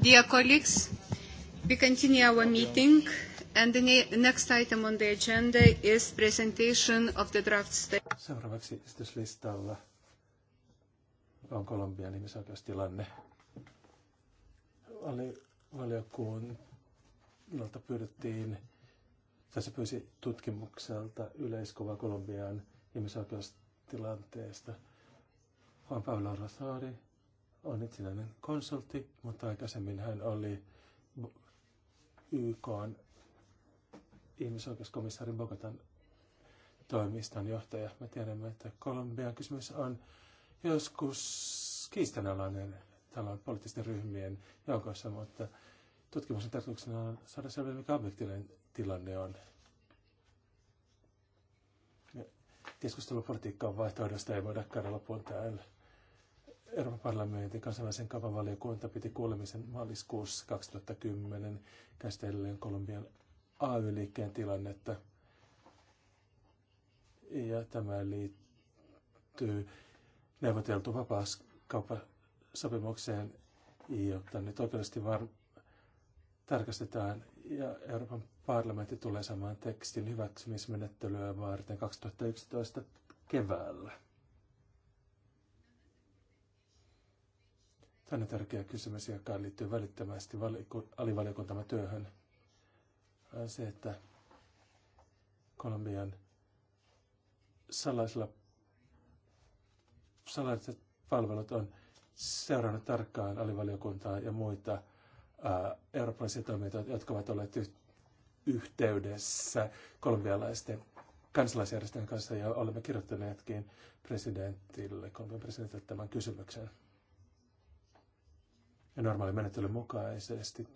Dear colleagues, we continue our meeting, and the next item on the agenda is presentation of the draft statement. Seuraavaksi esityslistalla on Kolumbian ihmisoikeustilanne. valiokunnalta pyydettiin, tässä pyysi tutkimukselta yleiskuvaa Kolumbian ihmisoikeustilanteesta. Juan Pablo Rosari, on itsenäinen konsultti, mutta aikaisemmin hän oli YK ihmisoikeuskomissaarin Bogotan toimiston johtaja. Me tiedämme, että Kolumbian kysymys on joskus kiistanalainen talon poliittisten ryhmien joukossa, mutta tutkimuksen tarkoituksena on saada selville, mikä objektiivinen tilanne on. Keskustelupolitiikka on vaihtoehdosta ei voida käydä loppuun täällä. Euroopan parlamentin kansainvälisen kaupan piti kuulemisen maaliskuussa 2010 käsitellen Kolumbian AY-liikkeen tilannetta. Ja tämä liittyy neuvoteltu vapaaskauppasopimukseen, jota nyt oikeudellisesti var- tarkastetaan. Ja Euroopan parlamentti tulee saamaan tekstin hyväksymismenettelyä varten 2011 keväällä. Tämä on tärkeä kysymys, joka liittyy välittömästi alivaliokuntamme työhön. Äh, se, että Kolumbian salaisilla, salaiset palvelut on seurannut tarkkaan alivaliokuntaa ja muita äh, eurooppalaisia toimijoita, jotka ovat olleet yhteydessä kolumbialaisten kansalaisjärjestöjen kanssa ja olemme kirjoittaneetkin presidentille, Kolumbian presidentille tämän kysymyksen. Ja normaali menettelyn mukaisesti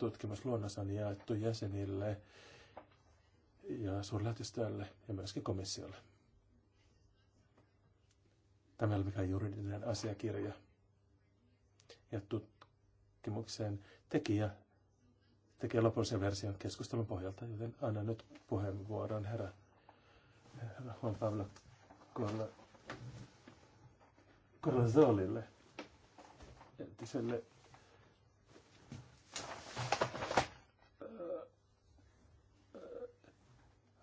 luonnossa on jaettu jäsenille ja suurlähetystölle ja myöskin komissiolle. Tämä ei ole mikään juridinen asiakirja. Ja tutkimuksen tekijä tekee lopullisen version keskustelun pohjalta, joten annan nyt puheenvuoron herra, herra Juan Pablo Corazolille, entiselle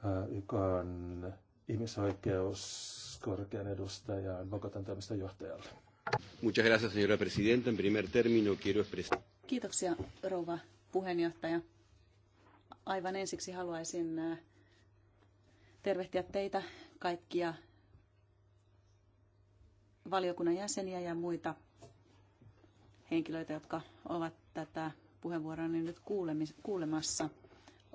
Äh, YK on korkean edustajan Bogotan toimiston johtajalle. Muchas gracias, señora presidenta. En primer término quiero expresar... Kiitoksia, rouva puheenjohtaja. Aivan ensiksi haluaisin äh, tervehtiä teitä kaikkia valiokunnan jäseniä ja muita henkilöitä, jotka ovat tätä puheenvuoroa nyt kuulemassa.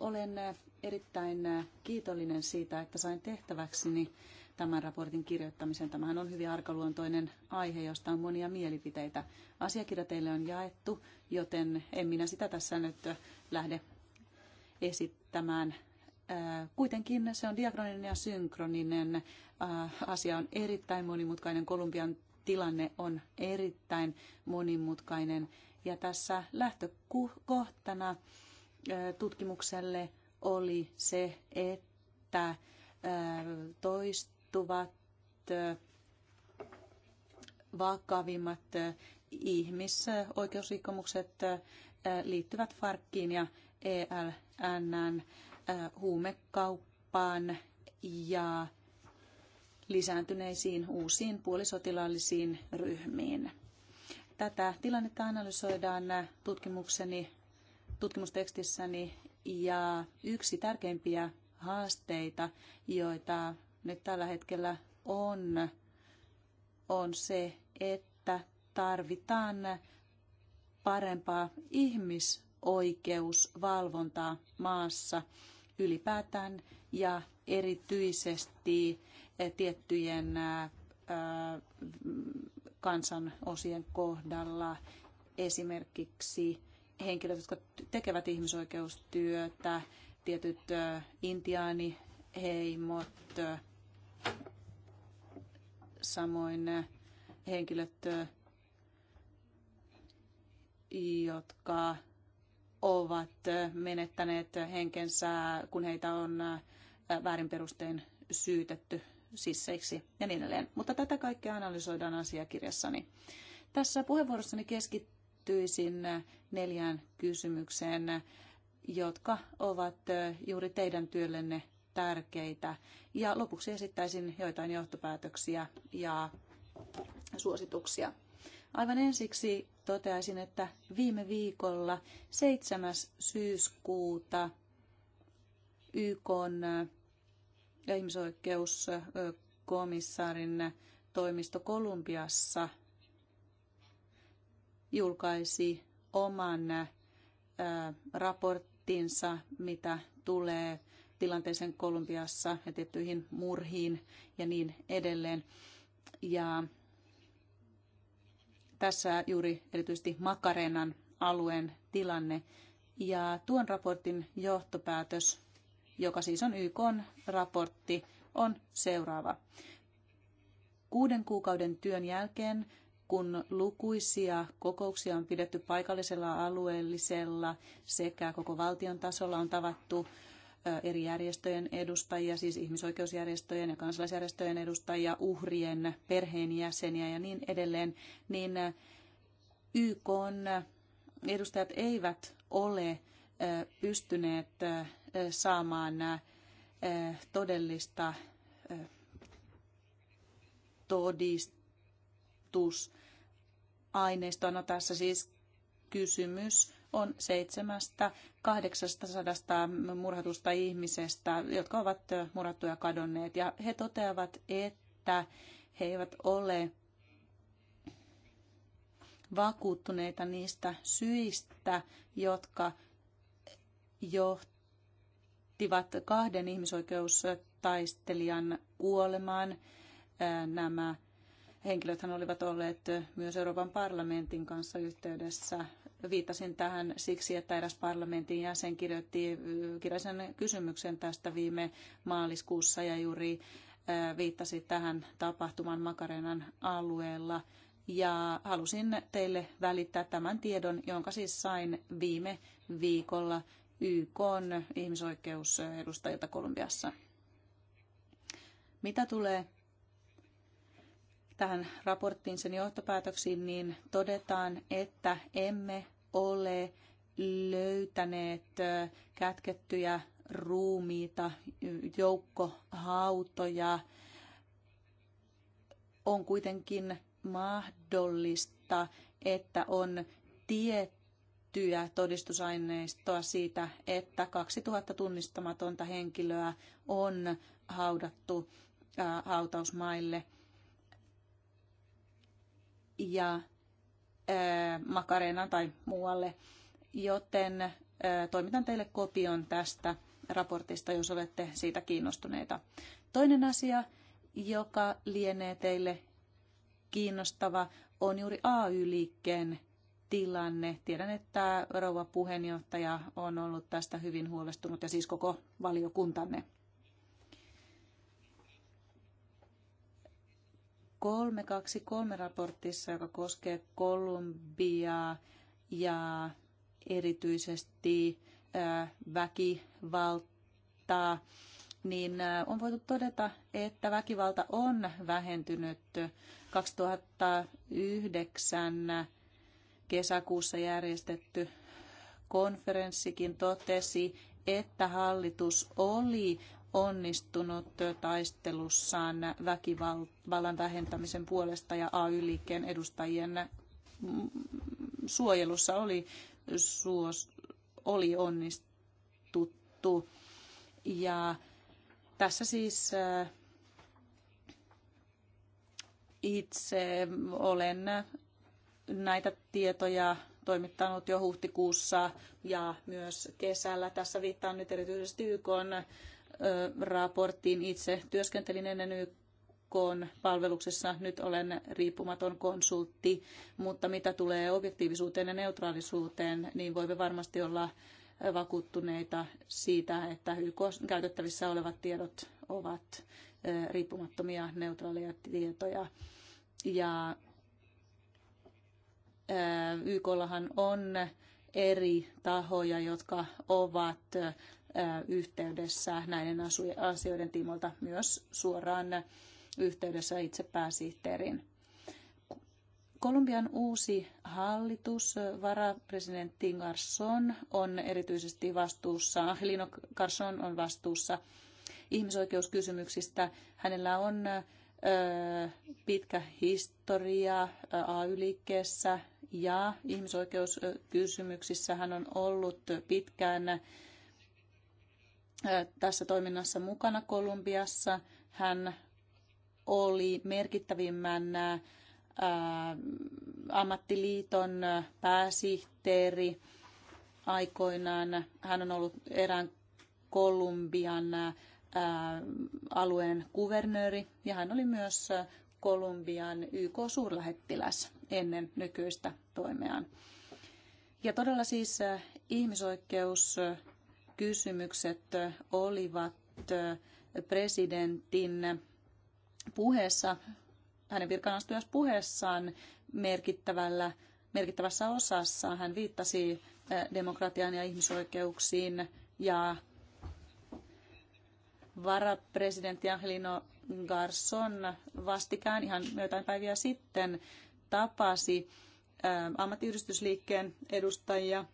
Olen erittäin kiitollinen siitä, että sain tehtäväkseni tämän raportin kirjoittamisen. Tämähän on hyvin arkaluontoinen aihe, josta on monia mielipiteitä. Asiakirja teille on jaettu, joten en minä sitä tässä nyt lähde esittämään. Kuitenkin se on diakroninen ja synkroninen. Asia on erittäin monimutkainen. Kolumbian tilanne on erittäin monimutkainen. Ja tässä lähtökohtana tutkimukselle oli se, että toistuvat vakavimmat ihmisoikeusrikkomukset liittyvät Farkkiin ja ELNn huumekauppaan ja lisääntyneisiin uusiin puolisotilaallisiin ryhmiin. Tätä tilannetta analysoidaan tutkimukseni tutkimustekstissäni ja yksi tärkeimpiä haasteita, joita nyt tällä hetkellä on, on se, että tarvitaan parempaa ihmisoikeusvalvontaa maassa ylipäätään ja erityisesti eh, tiettyjen eh, eh, kansanosien kohdalla esimerkiksi henkilöt, jotka tekevät ihmisoikeustyötä, tietyt intiaaniheimot, samoin henkilöt, jotka ovat menettäneet henkensä, kun heitä on väärin perustein syytetty sisseiksi ja niin edelleen. Mutta tätä kaikkea analysoidaan asiakirjassani. Tässä puheenvuorossani keskittyy keskittyisin neljään kysymykseen, jotka ovat juuri teidän työllenne tärkeitä. Ja lopuksi esittäisin joitain johtopäätöksiä ja suosituksia. Aivan ensiksi toteaisin, että viime viikolla 7. syyskuuta YK ja ihmisoikeuskomissaarin toimisto Kolumbiassa – julkaisi oman raporttinsa, mitä tulee tilanteeseen Kolumbiassa ja tiettyihin murhiin ja niin edelleen. Ja tässä juuri erityisesti Makarenan alueen tilanne. Ja tuon raportin johtopäätös, joka siis on YK raportti, on seuraava. Kuuden kuukauden työn jälkeen kun lukuisia kokouksia on pidetty paikallisella, alueellisella sekä koko valtion tasolla on tavattu eri järjestöjen edustajia, siis ihmisoikeusjärjestöjen ja kansalaisjärjestöjen edustajia, uhrien, perheenjäseniä ja niin edelleen, niin YK edustajat eivät ole pystyneet saamaan todellista todista todistusaineistoina. Tässä siis kysymys on seitsemästä 800 murhatusta ihmisestä, jotka ovat murhattuja kadonneet. Ja he toteavat, että he eivät ole vakuuttuneita niistä syistä, jotka johtivat kahden ihmisoikeustaistelijan kuolemaan. Nämä henkilöthän olivat olleet myös Euroopan parlamentin kanssa yhteydessä. Viittasin tähän siksi, että eräs parlamentin jäsen kirjoitti kirjallisen kysymyksen tästä viime maaliskuussa ja juuri viittasi tähän tapahtuman Makarenan alueella. Ja halusin teille välittää tämän tiedon, jonka siis sain viime viikolla YK ihmisoikeusedustajilta Kolumbiassa. Mitä tulee tähän raporttiin sen johtopäätöksiin, niin todetaan, että emme ole löytäneet kätkettyjä ruumiita, joukkohautoja. On kuitenkin mahdollista, että on tiettyä todistusaineistoa siitä, että 2000 tunnistamatonta henkilöä on haudattu hautausmaille ja makarena tai muualle, joten toimitan teille kopion tästä raportista, jos olette siitä kiinnostuneita. Toinen asia, joka lienee teille kiinnostava, on juuri AY-liikkeen tilanne. Tiedän, että rouva puheenjohtaja on ollut tästä hyvin huolestunut ja siis koko valiokuntanne. 323 raportissa, joka koskee Kolumbiaa ja erityisesti väkivaltaa, niin on voitu todeta, että väkivalta on vähentynyt 2009 kesäkuussa järjestetty konferenssikin totesi, että hallitus oli onnistunut taistelussaan väkivallan vähentämisen puolesta ja AY-liikkeen edustajien suojelussa oli, suos, oli onnistuttu. Ja tässä siis äh, itse olen näitä tietoja toimittanut jo huhtikuussa ja myös kesällä. Tässä viittaan nyt erityisesti YK raporttiin. Itse työskentelin ennen YK palveluksessa, nyt olen riippumaton konsultti, mutta mitä tulee objektiivisuuteen ja neutraalisuuteen, niin voimme varmasti olla vakuuttuneita siitä, että YK käytettävissä olevat tiedot ovat riippumattomia, neutraaleja tietoja. Ja YKllahan on eri tahoja, jotka ovat yhteydessä näiden asioiden tiimolta myös suoraan yhteydessä itse pääsihteerin. Kolumbian uusi hallitus, varapresidentti Garson on erityisesti vastuussa, Angelino Garson on vastuussa ihmisoikeuskysymyksistä. Hänellä on pitkä historia AY-liikkeessä ja ihmisoikeuskysymyksissä hän on ollut pitkään tässä toiminnassa mukana Kolumbiassa. Hän oli merkittävimmän ammattiliiton pääsihteeri aikoinaan. Hän on ollut erään Kolumbian alueen kuvernööri ja hän oli myös Kolumbian YK-suurlähettiläs ennen nykyistä toimeaan. Ja todella siis ihmisoikeus kysymykset olivat presidentin puheessa, hänen puheessaan merkittävällä, merkittävässä osassa. Hän viittasi eh, demokratian ja ihmisoikeuksiin ja varapresidentti Angelino Garson vastikään ihan joitain päiviä sitten tapasi eh, ammattiyhdistysliikkeen edustajia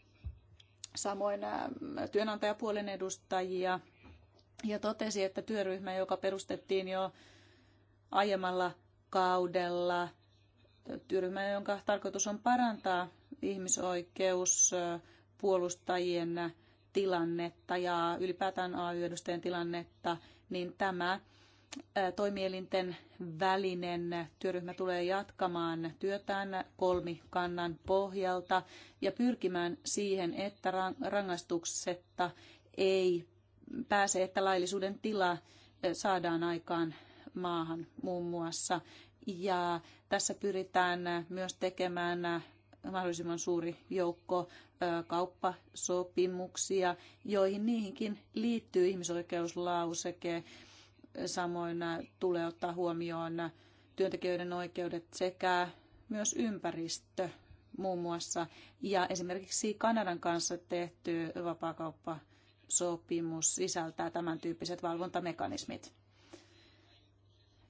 samoin ähm, työnantajapuolen edustajia ja totesi, että työryhmä, joka perustettiin jo aiemmalla kaudella, työryhmä, jonka tarkoitus on parantaa ihmisoikeuspuolustajien tilannetta ja ylipäätään AY-edustajien tilannetta, niin tämä toimielinten välinen työryhmä tulee jatkamaan työtään kolmikannan pohjalta ja pyrkimään siihen, että rangaistuksetta ei pääse, että laillisuuden tila saadaan aikaan maahan muun muassa. Ja tässä pyritään myös tekemään mahdollisimman suuri joukko kauppasopimuksia, joihin niihinkin liittyy ihmisoikeuslauseke Samoin tulee ottaa huomioon työntekijöiden oikeudet sekä myös ympäristö muun muassa. Ja esimerkiksi Kanadan kanssa tehty vapaakauppasopimus sisältää tämän tyyppiset valvontamekanismit.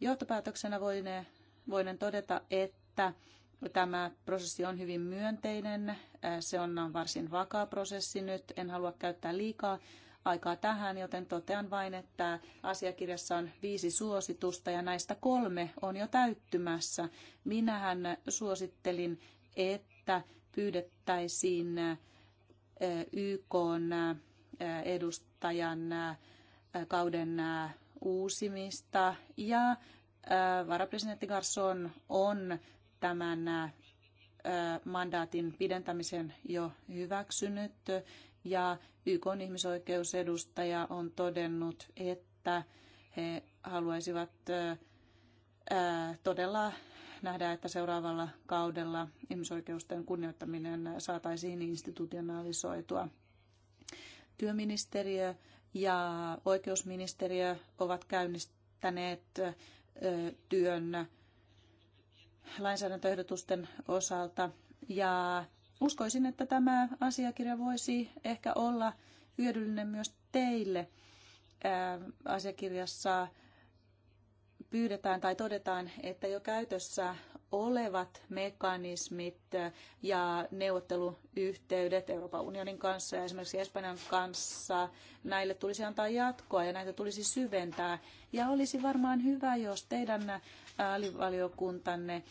Johtopäätöksenä voinen, voinen todeta, että tämä prosessi on hyvin myönteinen. Se on varsin vakaa prosessi nyt. En halua käyttää liikaa aikaa tähän, joten totean vain, että asiakirjassa on viisi suositusta ja näistä kolme on jo täyttymässä. Minähän suosittelin, että pyydettäisiin YK edustajan kauden uusimista ja varapresidentti Garson on tämän mandaatin pidentämisen jo hyväksynyt ja YK on ihmisoikeusedustaja on todennut, että he haluaisivat todella nähdä, että seuraavalla kaudella ihmisoikeusten kunnioittaminen saataisiin institutionalisoitua. Työministeriö ja oikeusministeriö ovat käynnistäneet työn lainsäädäntöehdotusten osalta ja uskoisin, että tämä asiakirja voisi ehkä olla hyödyllinen myös teille. Asiakirjassa pyydetään tai todetaan, että jo käytössä olevat mekanismit ja neuvotteluyhteydet Euroopan unionin kanssa ja esimerkiksi Espanjan kanssa, näille tulisi antaa jatkoa ja näitä tulisi syventää. Ja olisi varmaan hyvä, jos teidän alivaliokuntanne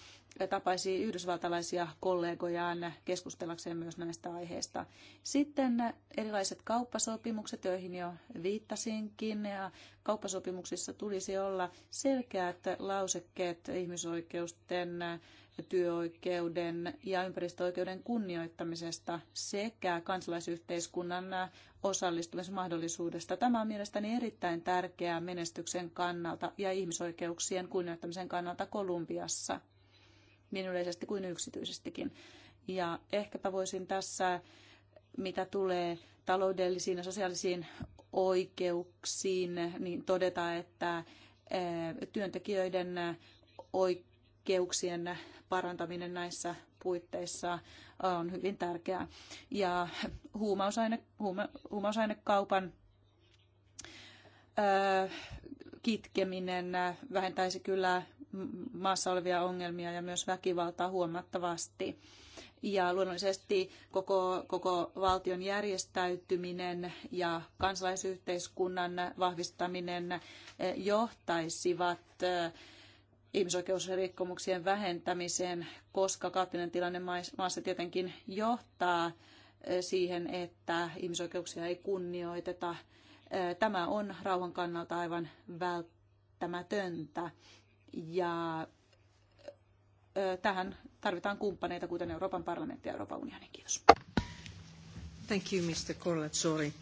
tapaisi yhdysvaltalaisia kollegojaan keskustellakseen myös näistä aiheista. Sitten erilaiset kauppasopimukset, joihin jo viittasinkin, ja kauppasopimuksissa tulisi olla selkeät lausekkeet ihmisoikeusten, työoikeuden ja ympäristöoikeuden kunnioittamisesta sekä kansalaisyhteiskunnan osallistumismahdollisuudesta. Tämä on mielestäni erittäin tärkeää menestyksen kannalta ja ihmisoikeuksien kunnioittamisen kannalta Kolumbiassa niin yleisesti kuin yksityisestikin. Ja ehkäpä voisin tässä, mitä tulee taloudellisiin ja sosiaalisiin oikeuksiin, niin todeta, että eh, työntekijöiden oikeuksien parantaminen näissä puitteissa on hyvin tärkeää. Ja huumausaine, huuma, huumausainekaupan öö, eh, kitkeminen vähentäisi kyllä maassa olevia ongelmia ja myös väkivaltaa huomattavasti. Ja luonnollisesti koko, koko valtion järjestäytyminen ja kansalaisyhteiskunnan vahvistaminen eh, johtaisivat eh, ihmisoikeusrikkomuksien vähentämiseen, koska kaattinen tilanne maassa tietenkin johtaa eh, siihen, että ihmisoikeuksia ei kunnioiteta. Tämä on rauhan kannalta aivan välttämätöntä. Ja tähän tarvitaan kumppaneita, kuten Euroopan parlamentti ja Euroopan unioni. Kiitos. Thank you, Mr. Corlett. Sorry.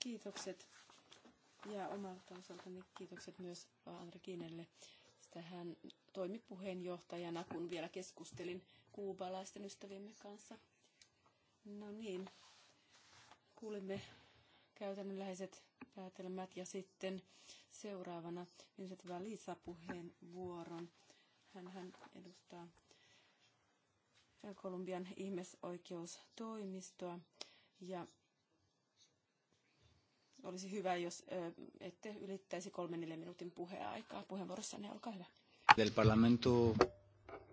Kiitokset. Ja omalta osaltani kiitokset myös Andre Kinelle. Hän toimi puheenjohtajana, kun vielä keskustelin kuubalaisten ystäviemme kanssa. No niin, kuulimme käytännönläheiset päätelmät ja sitten seuraavana ensin Liisa vuoron. Hän edustaa Kolumbian ihmisoikeustoimistoa ja olisi hyvä, jos ette ylittäisi kolmen neljä minuutin puheaikaa puheenvuorossanne. Olkaa hyvä. Del Parlamento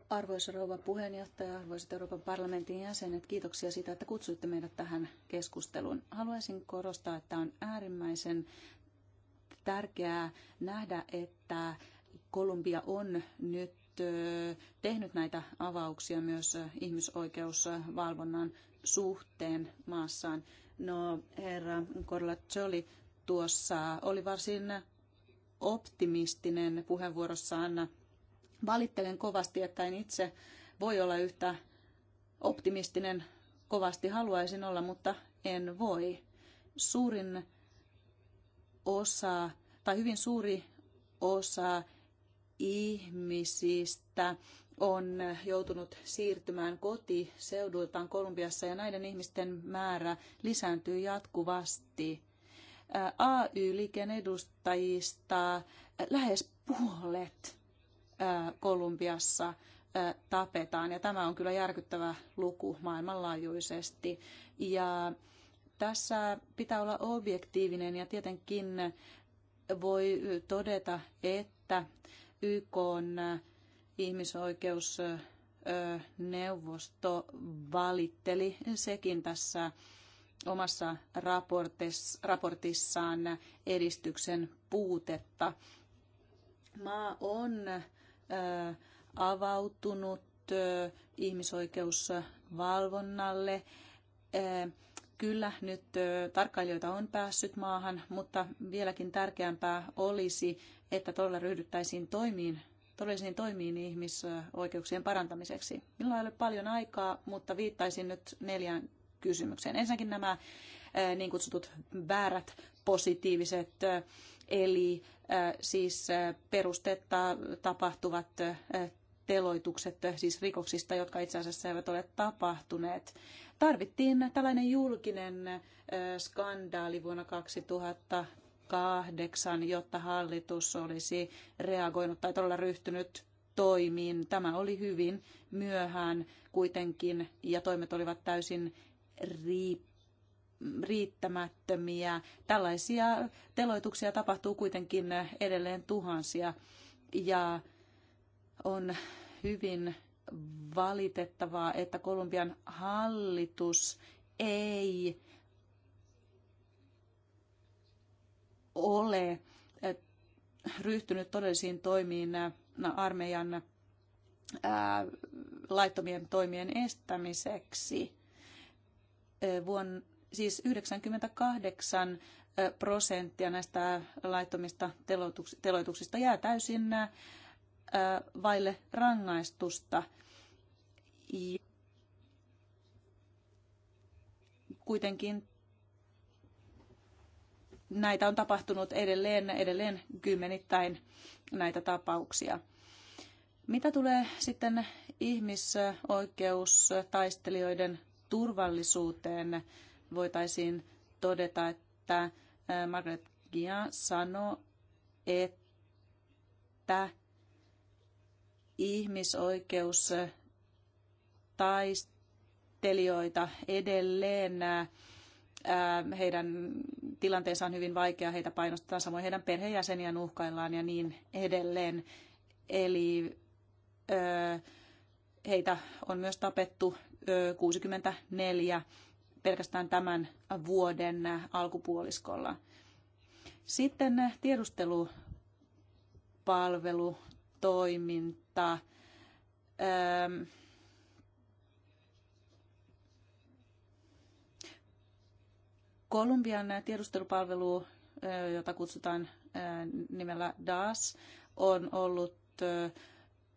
Arvoisa rouva puheenjohtaja, arvoisat Euroopan parlamentin jäsenet, kiitoksia siitä, että kutsuitte meidät tähän keskusteluun. Haluaisin korostaa, että on äärimmäisen tärkeää nähdä, että Kolumbia on nyt tehnyt näitä avauksia myös ihmisoikeusvalvonnan suhteen maassaan. No, herra Corlaccioli tuossa oli varsin optimistinen puheenvuorossaan Valittelen kovasti, että en itse voi olla yhtä optimistinen kovasti haluaisin olla, mutta en voi. Suurin osa, tai hyvin suuri osa ihmisistä on joutunut siirtymään kotiseuduiltaan Kolumbiassa ja näiden ihmisten määrä lisääntyy jatkuvasti. ay liikeen edustajista lähes puolet Kolumbiassa tapetaan. Ja tämä on kyllä järkyttävä luku maailmanlaajuisesti. Ja tässä pitää olla objektiivinen ja tietenkin voi todeta, että YK on ihmisoikeusneuvosto valitteli sekin tässä omassa raportissaan edistyksen puutetta. Maa on avautunut ihmisoikeusvalvonnalle. Kyllä nyt tarkkailijoita on päässyt maahan, mutta vieläkin tärkeämpää olisi, että todella ryhdyttäisiin toimiin todellisiin toimiin ihmisoikeuksien parantamiseksi. Minulla ei ole paljon aikaa, mutta viittaisin nyt neljään kysymykseen. Ensinnäkin nämä niin kutsutut väärät positiiviset, eli siis perustetta tapahtuvat teloitukset, siis rikoksista, jotka itse asiassa eivät ole tapahtuneet. Tarvittiin tällainen julkinen skandaali vuonna 2008, jotta hallitus olisi reagoinut tai todella ryhtynyt toimiin. Tämä oli hyvin myöhään kuitenkin ja toimet olivat täysin riippuvaisia riittämättömiä. Tällaisia teloituksia tapahtuu kuitenkin edelleen tuhansia ja on hyvin valitettavaa, että Kolumbian hallitus ei ole ryhtynyt todellisiin toimiin armeijan laittomien toimien estämiseksi. Vuonna siis 98 prosenttia näistä laittomista teloituksista jää täysin vaille rangaistusta. Kuitenkin näitä on tapahtunut edelleen, edelleen kymmenittäin näitä tapauksia. Mitä tulee sitten ihmisoikeustaistelijoiden turvallisuuteen, voitaisiin todeta, että Margaret Gia sanoi, että ihmisoikeus taistelijoita edelleen heidän tilanteensa on hyvin vaikea, heitä painostetaan, samoin heidän perheenjäseniään uhkaillaan ja niin edelleen. Eli heitä on myös tapettu 64 pelkästään tämän vuoden alkupuoliskolla. Sitten tiedustelupalvelutoiminta. Kolumbian tiedustelupalvelu, jota kutsutaan nimellä DAS, on ollut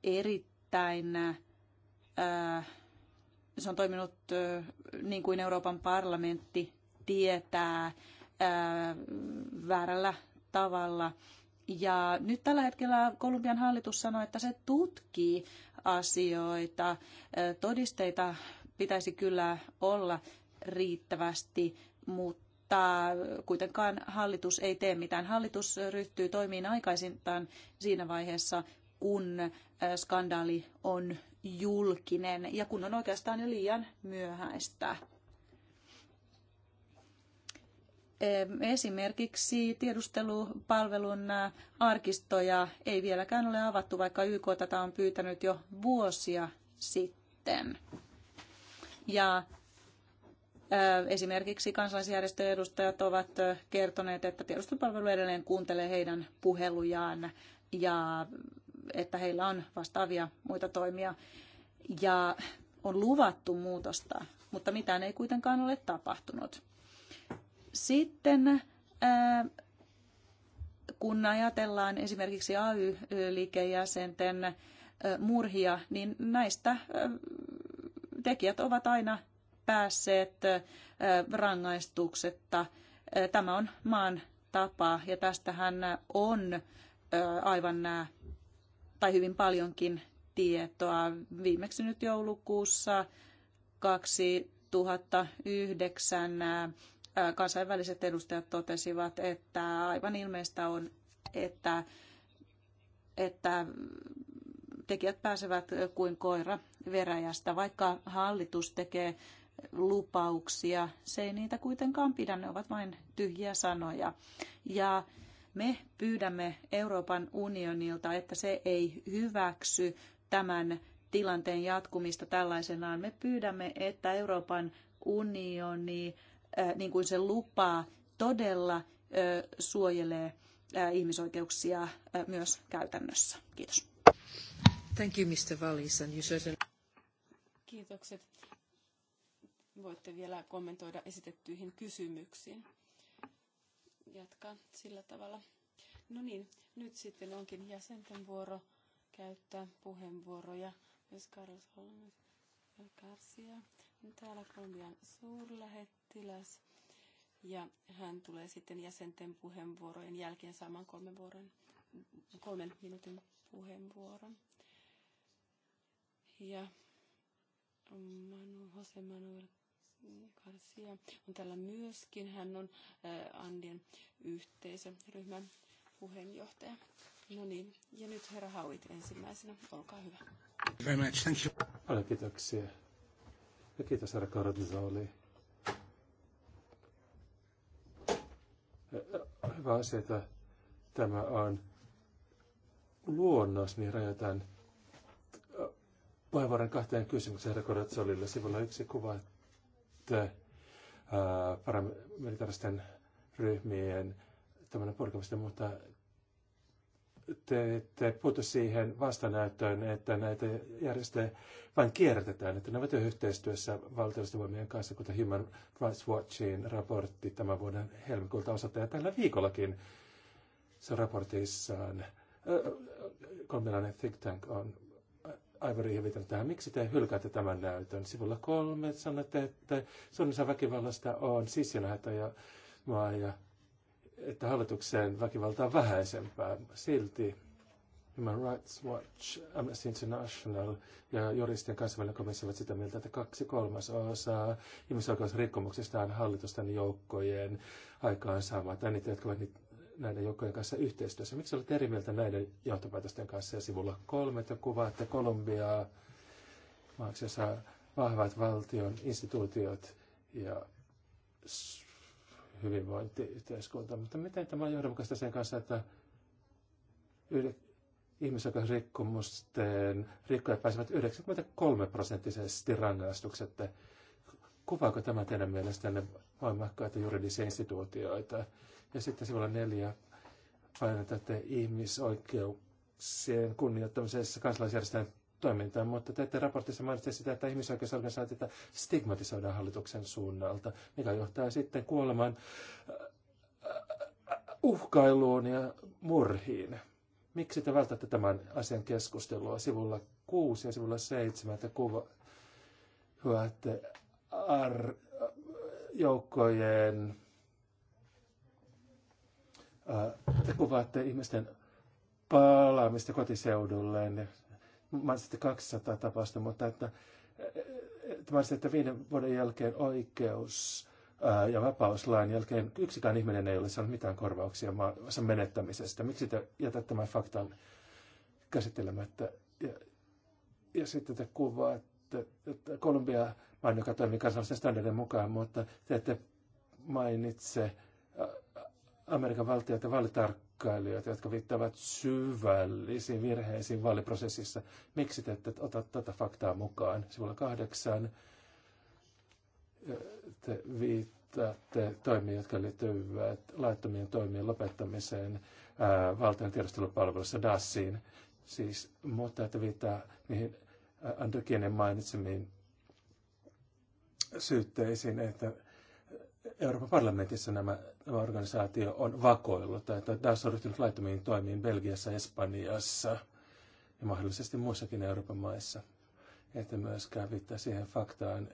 erittäin se on toiminut niin kuin Euroopan parlamentti tietää väärällä tavalla. Ja nyt tällä hetkellä Kolumbian hallitus sanoi, että se tutkii asioita. Todisteita pitäisi kyllä olla riittävästi, mutta kuitenkaan hallitus ei tee mitään. Hallitus ryhtyy toimiin aikaisintaan siinä vaiheessa, kun skandaali on julkinen ja kun on oikeastaan jo liian myöhäistä. Esimerkiksi tiedustelupalvelun arkistoja ei vieläkään ole avattu, vaikka YK tätä on pyytänyt jo vuosia sitten. Ja Esimerkiksi kansalaisjärjestöjen edustajat ovat kertoneet, että tiedustelupalvelu edelleen kuuntelee heidän puhelujaan ja että heillä on vastaavia muita toimia. Ja on luvattu muutosta, mutta mitään ei kuitenkaan ole tapahtunut. Sitten äh, kun ajatellaan esimerkiksi AY-liikejäsenten äh, murhia, niin näistä äh, tekijät ovat aina päässeet rangaistuksetta. Tämä on maan tapa ja tästähän on aivan tai hyvin paljonkin tietoa. Viimeksi nyt joulukuussa 2009 kansainväliset edustajat totesivat, että aivan ilmeistä on, että, että tekijät pääsevät kuin koira veräjästä. Vaikka hallitus tekee lupauksia, se ei niitä kuitenkaan pidä, ne ovat vain tyhjiä sanoja. Ja me pyydämme Euroopan unionilta, että se ei hyväksy tämän tilanteen jatkumista tällaisenaan. Me pyydämme, että Euroopan unioni, äh, niin kuin se lupaa, todella äh, suojelee äh, ihmisoikeuksia myös käytännössä. Kiitos. Thank you, Mr. Wallis, and you certainly... Kiitokset. Voitte vielä kommentoida esitettyihin kysymyksiin jatkaa sillä tavalla. No niin, nyt sitten onkin jäsenten vuoro käyttää puheenvuoroja. Myös Carlos Holmes Garcia, niin täällä Kolumbian suurlähettiläs. Ja hän tulee sitten jäsenten puheenvuorojen jälkeen saamaan kolmen, vuoron, kolmen minuutin puheenvuoron. Ja Manu, Jose Manuel Garcia on täällä myöskin. Hän on äh, Andien yhteisöryhmän puheenjohtaja. No niin, ja nyt herra Hauit ensimmäisenä. Olkaa hyvä. Very much, thank you. Paljon kiitoksia. Ja kiitos herra Kardzoli. Äh, hyvä asia, että tämä on luonnos, niin rajataan äh, puheenvuoron kahteen kysymykseen herra Sivulla yksi kuva, paramilitaristen ryhmien tämmöinen purkamista, mutta te, te puutu siihen vastanäyttöön, että näitä järjestöjä vain kierrätetään, että ne ovat jo yhteistyössä valtiollisten voimien kanssa, kuten Human Rights Watchin raportti tämän vuoden helmikuulta osoittaa, ja tällä viikollakin se raportissaan kolmilainen think tank on Aivan riihevitän tähän, miksi te hylkäätte tämän näytön? Sivulla kolme sanotte, että Suomessa väkivallasta on sisjonhätäjä maa ja että hallitukseen väkivalta on vähäisempää. Silti Human Rights Watch, Amnesty International ja juristien kansainvälinen komissio ovat sitä mieltä, että kaksi kolmasosaa ihmisoikeusrikkomuksista on hallitusten joukkojen aikaansaamaa, Tänne niitä, jotka ovat niitä näiden joukkojen kanssa yhteistyössä. Miksi olet eri mieltä näiden johtopäätösten kanssa? Ja sivulla kolme että kuvaatte Kolumbiaa maaksi, jossa vahvat valtion instituutiot ja hyvinvointiyhteiskunta. Mutta miten tämä on johdonmukaista sen kanssa, että ihmisoikeusrikkomusten rikkojat pääsevät 93 prosenttisesti rangaistukset. Kuvaako tämä teidän mielestänne voimakkaita juridisia instituutioita? Ja sitten sivulla neljä painotatte ihmisoikeuksien kunnioittamisessa kansalaisjärjestöjen toimintaa, mutta te ette raportissa mainitsee sitä, että ihmisoikeusorganisaatioita stigmatisoidaan hallituksen suunnalta, mikä johtaa sitten kuoleman äh, äh, uhkailuun ja murhiin. Miksi te vältätte tämän asian keskustelua sivulla 6 ja sivulla 7, että kuvaatte ar- joukkojen te kuvaatte ihmisten palaamista kotiseudulleen. sitten 200 tapausta, mutta että, että mainitsitte, että viiden vuoden jälkeen oikeus ja vapauslain jälkeen yksikään ihminen ei ole saanut mitään korvauksia sen menettämisestä. Miksi te jätätte tämän faktan käsittelemättä? Ja, ja sitten te kuvaatte, että Kolumbia maan, joka toimii kansallisen standardin mukaan, mutta te ette mainitse Amerikan ja vaalitarkkailijoita, jotka viittaavat syvällisiin virheisiin vaaliprosessissa. Miksi te ette ota tätä faktaa mukaan? Sivulla kahdeksan te viittaatte toimiin, jotka liittyvät laittomien toimien lopettamiseen ää, valtion tiedostelupalvelussa DASiin. Siis, mutta että viittaa niihin Andrikinen mainitsemiin syytteisiin, että Euroopan parlamentissa nämä organisaatio on vakoillut tai että taas on ryhtynyt laittomiin toimiin Belgiassa, Espanjassa ja mahdollisesti muissakin Euroopan maissa. Että myöskään viittaa siihen faktaan,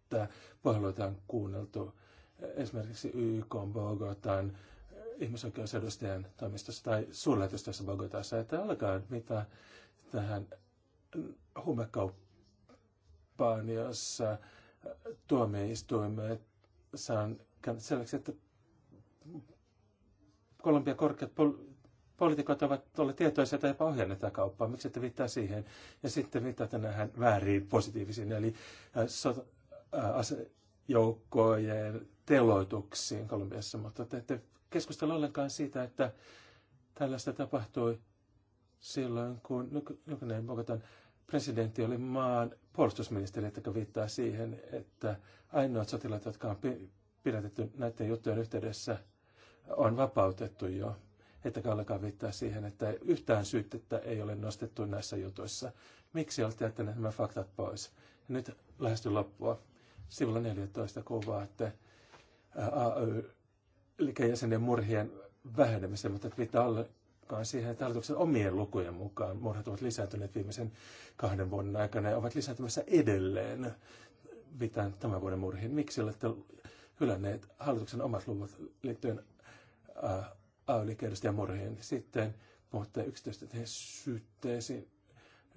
että puheluita on kuunneltu esimerkiksi YK Bogotan ihmisoikeusedustajan toimistossa tai suurlähetystössä Bogotassa, että alkaa mitä tähän huumekauppaan, jossa tuomioistuimet saan selväksi, että Kolumbian korkeat pol- poliitikot ovat olleet tietoisia tai jopa ohjanneet tätä kauppaa. Miksi ette viittaa siihen? Ja sitten viittaatte näihin väärin positiivisiin, eli äh, sota, äh, asejoukkojen teloituksiin Kolumbiassa, mutta te ette keskustella ollenkaan siitä, että tällaista tapahtui silloin, kun nykyinen Bogotan presidentti oli maan puolustusministeri, joka viittaa siihen, että ainoat sotilaat, jotka on pidätetty näiden juttujen yhteydessä – on vapautettu jo. että ollenkaan viittaa siihen, että yhtään syytettä ei ole nostettu näissä jutuissa. Miksi olette jättäneet nämä faktat pois? Ja nyt lähesty loppua. Sivulla 14 että AY, eli jäsenen murhien vähenemisen, mutta viittaa ollenkaan siihen, että hallituksen omien lukujen mukaan murhat ovat lisääntyneet viimeisen kahden vuoden aikana ja ovat lisääntymässä edelleen viittaan tämän vuoden murhiin. Miksi olette hylänneet hallituksen omat luvut liittyen ay ja murhiin. Sitten puhutte yksityistä syytteisiin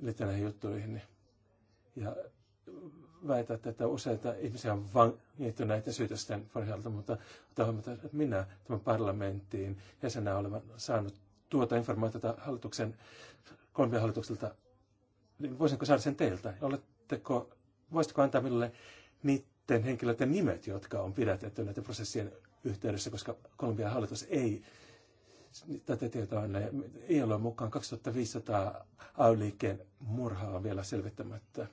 liittyen näihin juttuihin. Ja väität, että useita ihmisiä on vangittu näiden syytösten pohjalta, mutta huomata, että minä tämän parlamenttiin jäsenä olevan saanut tuota informaatiota hallituksen kolmihallitukselta, niin voisinko saada sen teiltä? Oletteko, voisitko antaa minulle niiden henkilöiden nimet, jotka on pidätetty näiden prosessien yhteydessä, koska Kolumbian hallitus ei tätä tietoa anna. Ei ole mukaan 2500 AY-liikkeen murhaa on vielä selvittämättä.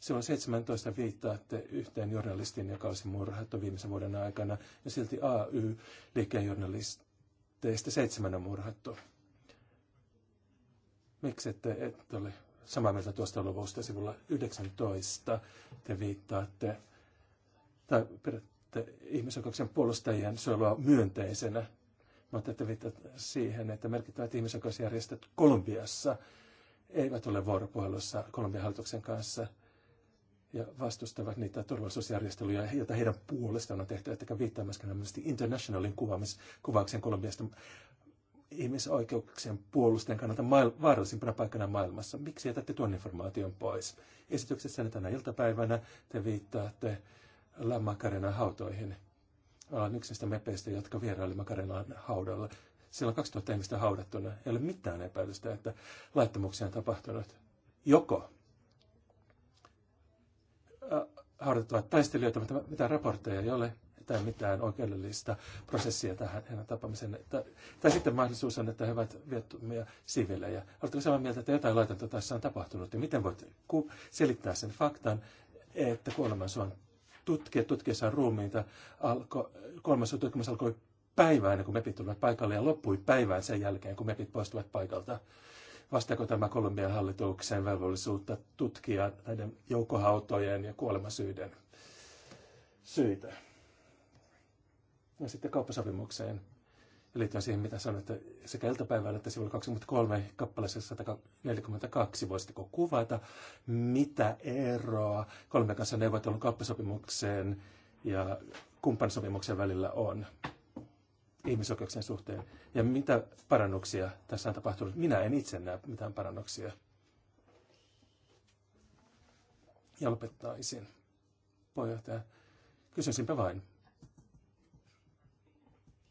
Se on 17 viittaatte yhteen journalistin, joka olisi murhattu viimeisen vuoden aikana, ja silti AY-liikkeen journalisteista seitsemän on murhattu. Miksi ette, et ole samaa mieltä tuosta luvusta sivulla 19? Te viittaatte, tai pidätte ihmisoikeuksien puolustajien suojelua myönteisenä. Mutta että viittat siihen, että merkittävät ihmisoikeusjärjestöt Kolumbiassa eivät ole vuoropuhelussa Kolumbian hallituksen kanssa ja vastustavat niitä turvallisuusjärjestelyjä, joita heidän puolestaan on tehty, ettekä viittaa myöskään Internationalin kuvaamis, kuvauksen Kolumbiasta ihmisoikeuksien puolusten kannalta maail- vaarallisimpana paikkana maailmassa. Miksi jätätte tuon informaation pois? Esityksessä tänä iltapäivänä te viittaatte Macarena hautoihin. Olen yksi niistä mepeistä, jotka vieraili Macarenaan haudalla. Siellä on 2000 ihmistä haudattuna. Ei ole mitään epäilystä, että laittomuuksia on tapahtunut. Joko haudattavat taistelijoita, mutta mitään raportteja ei ole tai mitään oikeudellista prosessia tähän heidän tapaamiseen. Tai, tai sitten mahdollisuus on, että he ovat viettumia sivilejä. Oletteko samaa mieltä, että jotain laitonta tässä on tapahtunut? Ja miten voit selittää sen faktan, että kuolemansuon tutkia tutkiessaan ruumiita. Alko, kolmas tutkimus alkoi päivään, kun mepit tulivat paikalle ja loppui päivään sen jälkeen, kun mepit poistuvat paikalta. Vastaako tämä Kolumbian hallituksen velvollisuutta tutkia näiden joukkohautojen ja kuolemasyiden syitä? Ja no sitten kauppasopimukseen liittyen siihen, mitä että sekä iltapäivällä että sivulla 23 kappaleessa 142. Voisitteko kuvata, mitä eroa kolmen kanssa neuvottelun kauppasopimukseen ja kumppanisopimuksen välillä on ihmisoikeuksien suhteen? Ja mitä parannuksia tässä on tapahtunut? Minä en itse näe mitään parannuksia. Ja lopettaisin, puheenjohtaja. Kysyisinpä vain.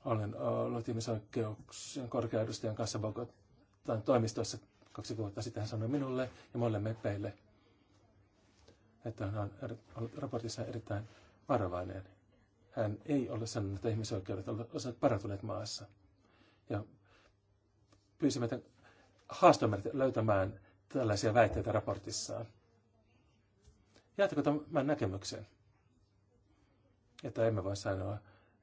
Olen ollut ihmisoikeuksien korkean edustajan kanssa Bogotan toimistossa kaksi vuotta sitten. Hän sanoi minulle ja muille meppeille, että hän on ollut raportissa erittäin varovainen. Hän ei ole sanonut, että ihmisoikeudet ovat parantuneet maassa. Ja pyysimme haastamme löytämään tällaisia väitteitä raportissaan. Jaatteko tämän näkemyksen? Että emme voi sanoa,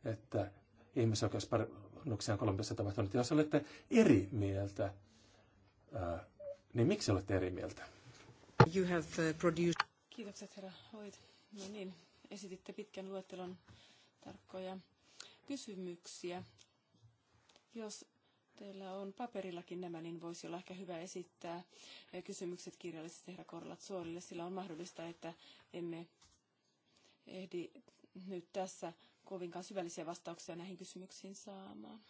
että ihmisoikeusparannuksia Kolumbiassa tapahtunut. Jos olette eri mieltä, niin miksi olette eri mieltä? You have uh, produced... Kiitokset herra Hoit. No niin, esititte pitkän luettelon tarkkoja kysymyksiä. Jos teillä on paperillakin nämä, niin voisi olla ehkä hyvä esittää kysymykset kirjallisesti herra Korlat Suorille. Sillä on mahdollista, että emme ehdi nyt tässä kovinkaan syvällisiä vastauksia näihin kysymyksiin saamaan.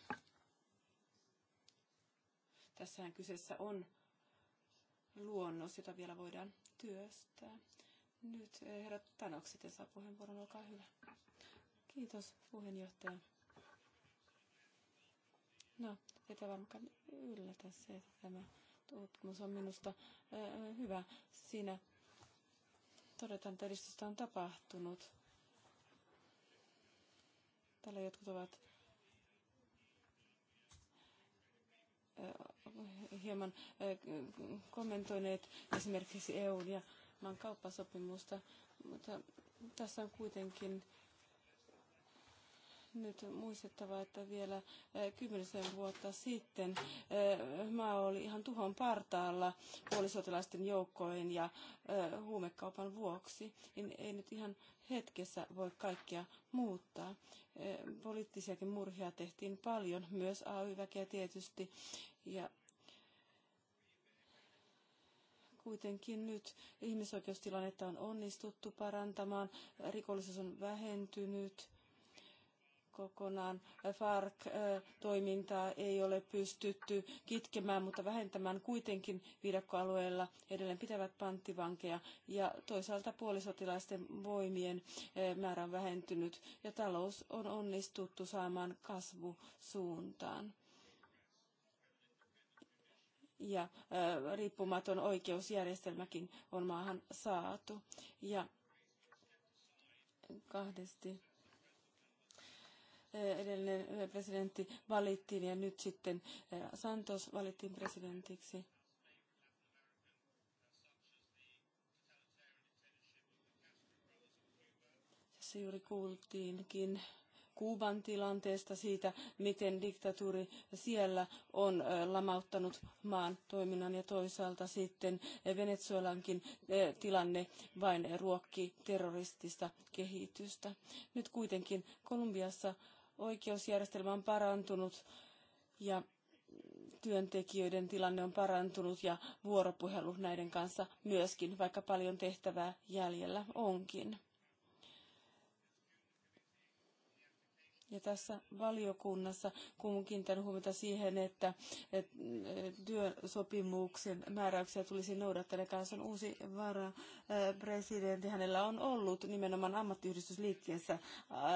Tässähän kyseessä on luonnos, jota vielä voidaan työstää. Nyt eh, herra Tanok sitten saa puheenvuoron, olkaa hyvä. Kiitos puheenjohtaja. No, teitä varmaan yllätä se, että tämä tutkimus on minusta eh, hyvä. Siinä todetaan, että edistystä on tapahtunut Täällä jotkut ovat hieman kommentoineet esimerkiksi EUn ja maan kauppasopimusta, mutta tässä on kuitenkin nyt muistettava, että vielä eh, kymmenisen vuotta sitten eh, maa oli ihan tuhon partaalla puolisotilaisten joukkojen ja eh, huumekaupan vuoksi, niin ei nyt ihan hetkessä voi kaikkia muuttaa. Poliittisiakin murhia tehtiin paljon, myös AY-väkeä tietysti, ja kuitenkin nyt ihmisoikeustilannetta on onnistuttu parantamaan, rikollisuus on vähentynyt kokonaan FARC-toimintaa ei ole pystytty kitkemään, mutta vähentämään kuitenkin viidakkoalueella edelleen pitävät panttivankeja ja toisaalta puolisotilaisten voimien määrä on vähentynyt ja talous on onnistuttu saamaan kasvusuuntaan. Ja riippumaton oikeusjärjestelmäkin on maahan saatu. Ja kahdesti Eh, edellinen eh, presidentti valittiin ja nyt sitten eh, Santos valittiin presidentiksi. Se juuri kuultiinkin Kuuban tilanteesta, siitä miten diktatuuri siellä on lamauttanut maan toiminnan ja toisaalta sitten Venezuelankin tilanne vain ruokki terroristista kehitystä. Nyt kuitenkin Kolumbiassa Oikeusjärjestelmä on parantunut ja työntekijöiden tilanne on parantunut ja vuoropuhelu näiden kanssa myöskin, vaikka paljon tehtävää jäljellä onkin. Ja tässä valiokunnassa kumminkin tämän huomiota siihen, että, että työsopimuksen määräyksiä tulisi noudattaa, ja tässä on uusi varapresidentti, hänellä on ollut nimenomaan ammattiyhdistysliikkeessä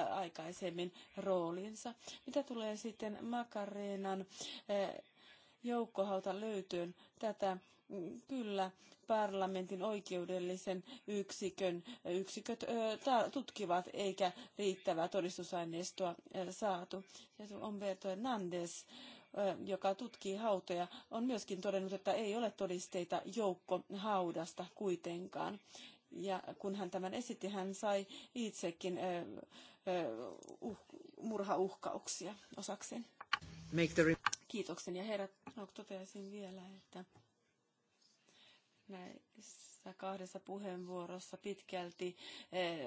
aikaisemmin roolinsa. Mitä tulee sitten Makareenan joukkohauta löytyyn, tätä kyllä parlamentin oikeudellisen yksikön yksiköt ö, tutkivat eikä riittävää todistusaineistoa ö, saatu. Ja Umberto Hernandez joka tutkii hautoja, on myöskin todennut, että ei ole todisteita haudasta kuitenkaan. Ja kun hän tämän esitti, hän sai itsekin ö, ö, uh, murhauhkauksia osakseen. Kiitoksen ja herrat, no, toteaisin vielä, että näissä kahdessa puheenvuorossa pitkälti eh,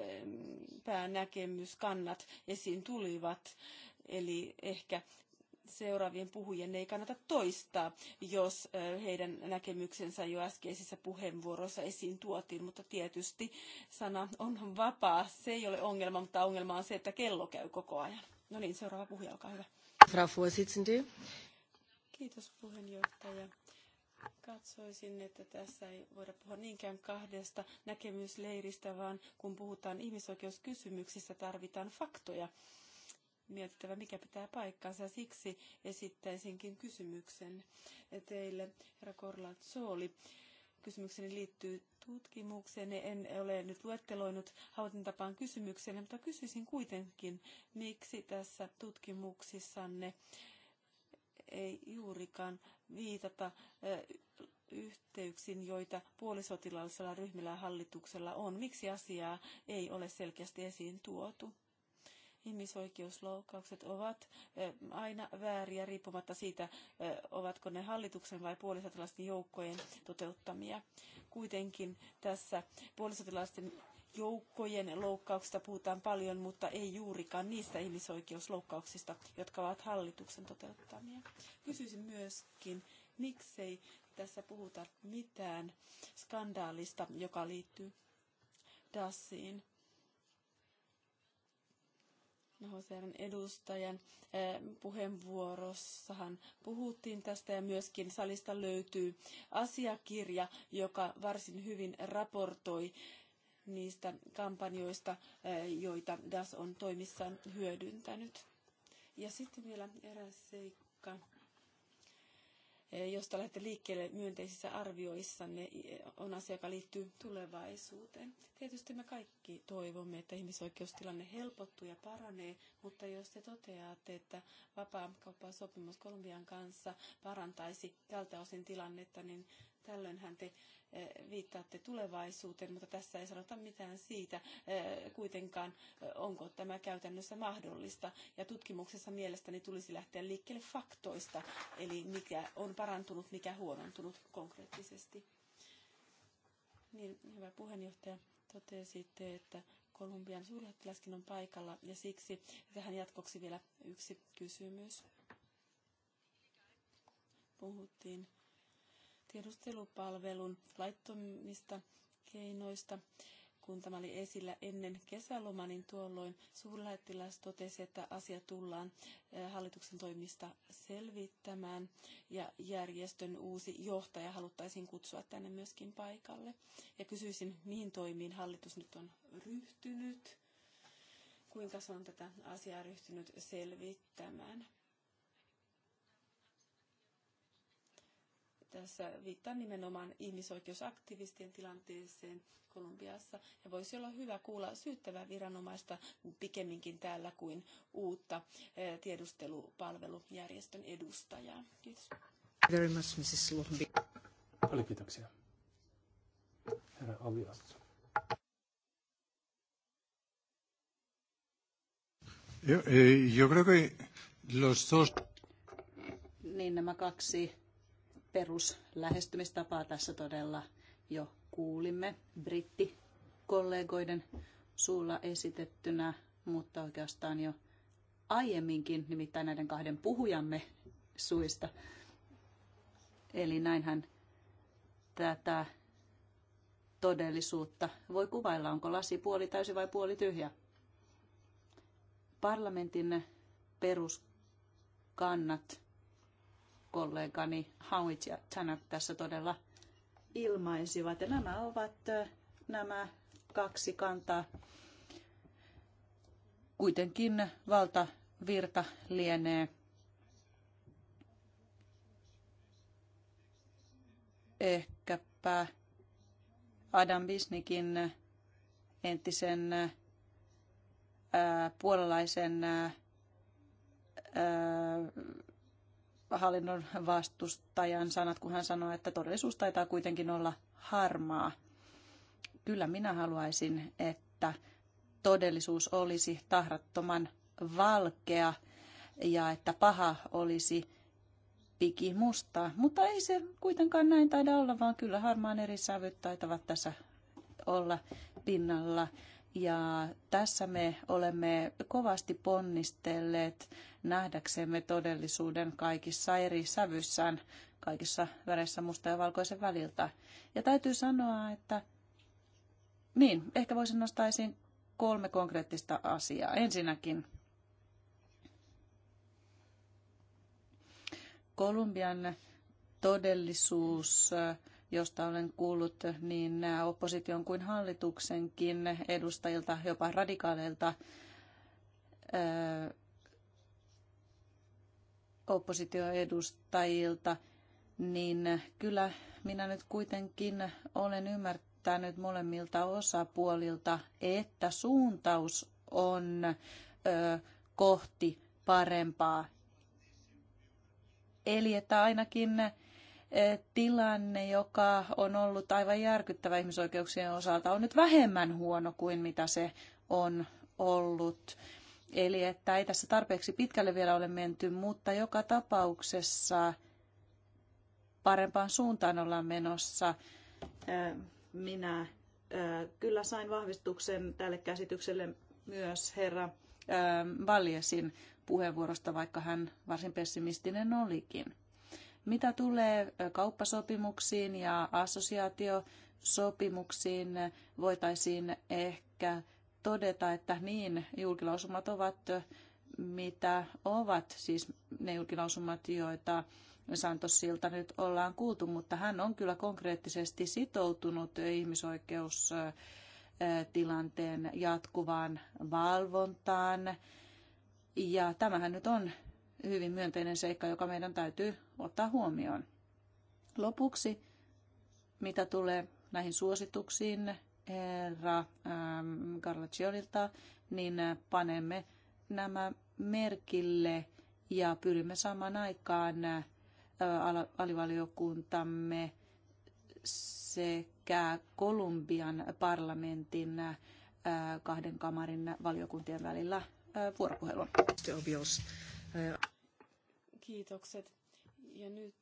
päänäkemyskannat esiin tulivat. Eli ehkä seuraavien puhujien ei kannata toistaa, jos eh, heidän näkemyksensä jo äskeisissä puheenvuoroissa esiin tuotiin, mutta tietysti sana on vapaa. Se ei ole ongelma, mutta ongelma on se, että kello käy koko ajan. No niin, seuraava puhuja, olkaa hyvä. Frau Vorsitzende. Kiitos puheenjohtaja. Katsoisin, että tässä ei voida puhua niinkään kahdesta näkemysleiristä, vaan kun puhutaan ihmisoikeuskysymyksistä, tarvitaan faktoja mietittävä, mikä pitää paikkansa. Siksi esittäisinkin kysymyksen teille, herra Korlatsoli. Kysymykseni liittyy tutkimukseen. En ole nyt luetteloinut hautin tapaan kysymykseen, mutta kysyisin kuitenkin, miksi tässä tutkimuksissanne ei juurikaan viitata yhteyksiin, joita puolisotilaallisella ryhmillä ja hallituksella on. Miksi asiaa ei ole selkeästi esiin tuotu? Ihmisoikeusloukkaukset ovat aina vääriä riippumatta siitä, ovatko ne hallituksen vai puolisotilaisten joukkojen toteuttamia. Kuitenkin tässä puolisotilaisten joukkojen loukkauksista puhutaan paljon, mutta ei juurikaan niistä ihmisoikeusloukkauksista, jotka ovat hallituksen toteuttamia. Kysyisin myöskin, miksei tässä puhuta mitään skandaalista, joka liittyy DASiin. HCRn edustajan eh, puheenvuorossahan puhuttiin tästä ja myöskin salista löytyy asiakirja, joka varsin hyvin raportoi niistä kampanjoista, eh, joita DAS on toimissaan hyödyntänyt. Ja sitten vielä eräs seikka eh, josta lähdette liikkeelle myönteisissä arvioissanne, eh, on asia, joka liittyy tulevaisuuteen. Tietysti me kaikki toivomme, että ihmisoikeustilanne helpottuu ja paranee, mutta jos te toteatte, että vapaa sopimus Kolumbian kanssa parantaisi tältä osin tilannetta, niin tällöin hän te eh, viittaatte tulevaisuuteen, mutta tässä ei sanota mitään siitä eh, kuitenkaan, eh, onko tämä käytännössä mahdollista. Ja tutkimuksessa mielestäni tulisi lähteä liikkeelle faktoista, eli mikä on parantunut, mikä huonontunut konkreettisesti. Niin, hyvä puheenjohtaja, totesitte, että Kolumbian suurlähettiläskin on paikalla ja siksi tähän jatkoksi vielä yksi kysymys. Puhuttiin tiedustelupalvelun laittomista keinoista. Kun tämä oli esillä ennen kesäloma, niin tuolloin suurlähettiläs totesi, että asia tullaan eh, hallituksen toimista selvittämään ja järjestön uusi johtaja haluttaisiin kutsua tänne myöskin paikalle. Ja kysyisin, mihin toimiin hallitus nyt on ryhtynyt, kuinka se on tätä asiaa ryhtynyt selvittämään. Tässä viittaan nimenomaan ihmisoikeusaktivistien tilanteeseen Kolumbiassa. Ja voisi olla hyvä kuulla syyttävää viranomaista pikemminkin täällä kuin uutta eh, tiedustelupalvelujärjestön edustajaa. Kiitos. Very much, Mrs. Paljon kiitoksia. Herra Avias. Yo, eh, yo creo que los dos... Niin nämä kaksi peruslähestymistapaa tässä todella jo kuulimme brittikollegoiden suulla esitettynä, mutta oikeastaan jo aiemminkin, nimittäin näiden kahden puhujamme suista. Eli näinhän tätä todellisuutta voi kuvailla, onko lasi puoli täysi vai puoli tyhjä. Parlamentin peruskannat kollegani Hauit ja Tanak tässä todella ilmaisivat. Ja nämä ovat nämä kaksi kantaa. Kuitenkin valtavirta lienee ehkäpä Adam Bisnikin entisen ää, puolalaisen ää, hallinnon vastustajan sanat, kun hän sanoi, että todellisuus taitaa kuitenkin olla harmaa. Kyllä minä haluaisin, että todellisuus olisi tahrattoman valkea ja että paha olisi pikimusta. Mutta ei se kuitenkaan näin taida olla, vaan kyllä harmaan eri sävyt taitavat tässä olla pinnalla. Ja tässä me olemme kovasti ponnistelleet nähdäksemme todellisuuden kaikissa eri sävyissään, kaikissa väreissä musta ja valkoisen väliltä. Ja täytyy sanoa, että niin, ehkä voisin nostaa esiin kolme konkreettista asiaa. Ensinnäkin Kolumbian todellisuus josta olen kuullut niin opposition kuin hallituksenkin edustajilta, jopa radikaaleilta oppositioedustajilta, niin kyllä minä nyt kuitenkin olen ymmärtänyt molemmilta osapuolilta, että suuntaus on ö, kohti parempaa. Eli että ainakin tilanne, joka on ollut aivan järkyttävä ihmisoikeuksien osalta, on nyt vähemmän huono kuin mitä se on ollut. Eli että ei tässä tarpeeksi pitkälle vielä ole menty, mutta joka tapauksessa parempaan suuntaan ollaan menossa. Minä kyllä sain vahvistuksen tälle käsitykselle myös herra Valjesin puheenvuorosta, vaikka hän varsin pessimistinen olikin. Mitä tulee kauppasopimuksiin ja assosiaatiosopimuksiin, voitaisiin ehkä todeta, että niin, julkilausumat ovat mitä ovat, siis ne julkilausumat, joita Santosilta nyt ollaan kuultu, mutta hän on kyllä konkreettisesti sitoutunut ihmisoikeustilanteen jatkuvaan valvontaan. Ja tämähän nyt on hyvin myönteinen seikka, joka meidän täytyy ottaa huomioon. Lopuksi, mitä tulee näihin suosituksiin herra ähm, Garlacionilta, niin äh, panemme nämä merkille ja pyrimme samaan aikaan äh, alivaliokuntamme sekä Kolumbian parlamentin äh, kahden kamarin valiokuntien välillä vuoropuhelua. Kiitokset. Ja nyt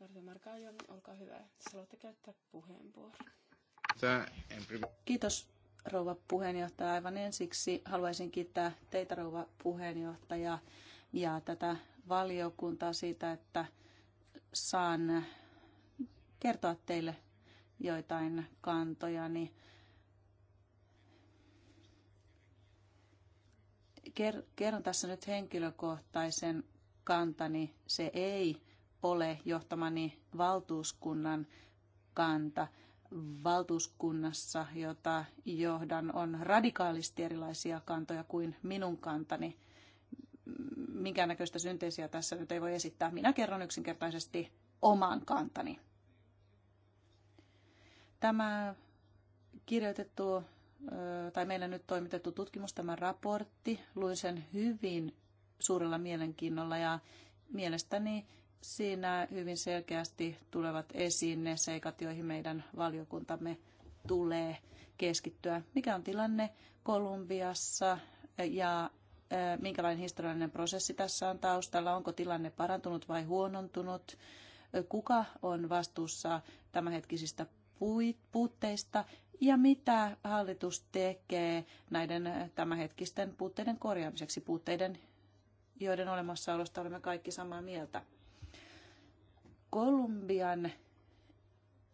Varjo Markaajo, olkaa hyvä. Jos haluatte käyttää puheenvuoron. Kiitos rouva puheenjohtaja. Aivan ensiksi haluaisin kiittää teitä rouva puheenjohtaja ja tätä valiokuntaa siitä, että saan kertoa teille joitain kantojani kerron tässä nyt henkilökohtaisen kantani. Se ei ole johtamani valtuuskunnan kanta. Valtuuskunnassa, jota johdan, on radikaalisti erilaisia kantoja kuin minun kantani. Minkäännäköistä synteesiä tässä nyt ei voi esittää. Minä kerron yksinkertaisesti oman kantani. Tämä kirjoitettu tai meillä nyt toimitettu tutkimus, tämä raportti, luin sen hyvin suurella mielenkiinnolla ja mielestäni siinä hyvin selkeästi tulevat esiin ne seikat, joihin meidän valiokuntamme tulee keskittyä. Mikä on tilanne Kolumbiassa ja minkälainen historiallinen prosessi tässä on taustalla, onko tilanne parantunut vai huonontunut, kuka on vastuussa tämänhetkisistä puutteista ja mitä hallitus tekee näiden äh, tämänhetkisten puutteiden korjaamiseksi, puutteiden, joiden olemassaolosta olemme kaikki samaa mieltä? Kolumbian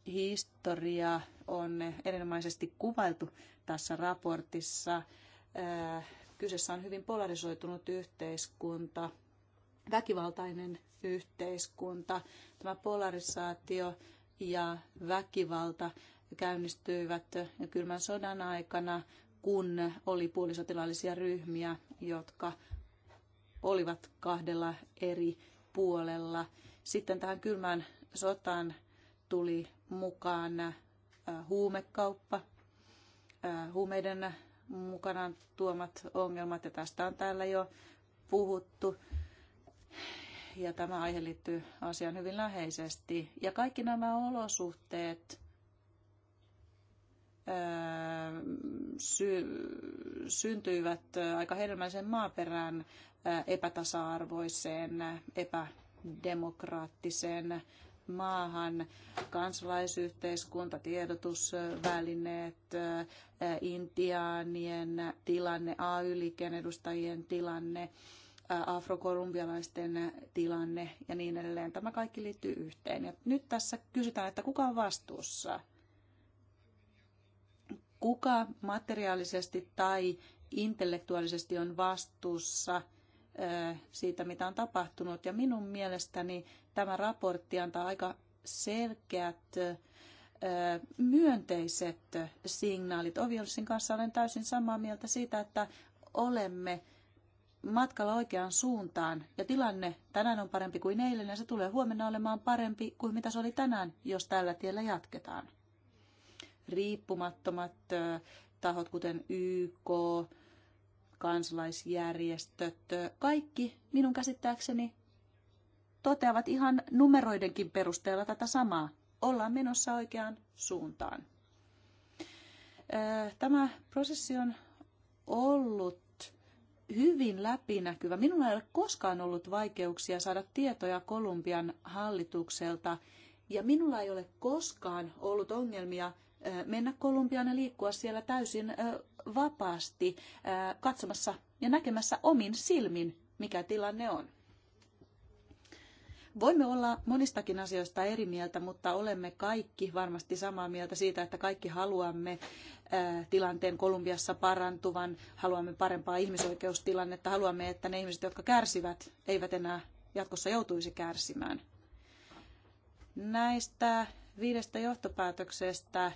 historia on erinomaisesti kuvailtu tässä raportissa. Äh, kyseessä on hyvin polarisoitunut yhteiskunta, väkivaltainen yhteiskunta. Tämä polarisaatio ja väkivalta käynnistyivät kylmän sodan aikana, kun oli puolisotilaallisia ryhmiä, jotka olivat kahdella eri puolella. Sitten tähän kylmän sotaan tuli mukaan äh, huumekauppa, äh, huumeiden mukanaan tuomat ongelmat, ja tästä on täällä jo puhuttu. Ja tämä aihe liittyy asiaan hyvin läheisesti. Ja kaikki nämä olosuhteet sy- syntyivät aika hedelmäisen maaperään epätasa-arvoiseen, epädemokraattiseen maahan kansalaisyhteiskunta, tiedotusvälineet, intiaanien tilanne, AY-liikkeen edustajien tilanne, afrokolumbialaisten tilanne ja niin edelleen. Tämä kaikki liittyy yhteen. Ja nyt tässä kysytään, että kuka on vastuussa? kuka materiaalisesti tai intellektuaalisesti on vastuussa siitä, mitä on tapahtunut. Ja minun mielestäni tämä raportti antaa aika selkeät myönteiset signaalit. Oviolsin kanssa olen täysin samaa mieltä siitä, että olemme matkalla oikeaan suuntaan ja tilanne tänään on parempi kuin eilen ja se tulee huomenna olemaan parempi kuin mitä se oli tänään, jos tällä tiellä jatketaan riippumattomat tahot, kuten YK, kansalaisjärjestöt, kaikki minun käsittääkseni toteavat ihan numeroidenkin perusteella tätä samaa. Ollaan menossa oikeaan suuntaan. Tämä prosessi on ollut hyvin läpinäkyvä. Minulla ei ole koskaan ollut vaikeuksia saada tietoja Kolumbian hallitukselta ja minulla ei ole koskaan ollut ongelmia mennä Kolumbiaan ja liikkua siellä täysin vapaasti katsomassa ja näkemässä omin silmin, mikä tilanne on. Voimme olla monistakin asioista eri mieltä, mutta olemme kaikki varmasti samaa mieltä siitä, että kaikki haluamme tilanteen Kolumbiassa parantuvan, haluamme parempaa ihmisoikeustilannetta, haluamme, että ne ihmiset, jotka kärsivät, eivät enää jatkossa joutuisi kärsimään. Näistä viidestä johtopäätöksestä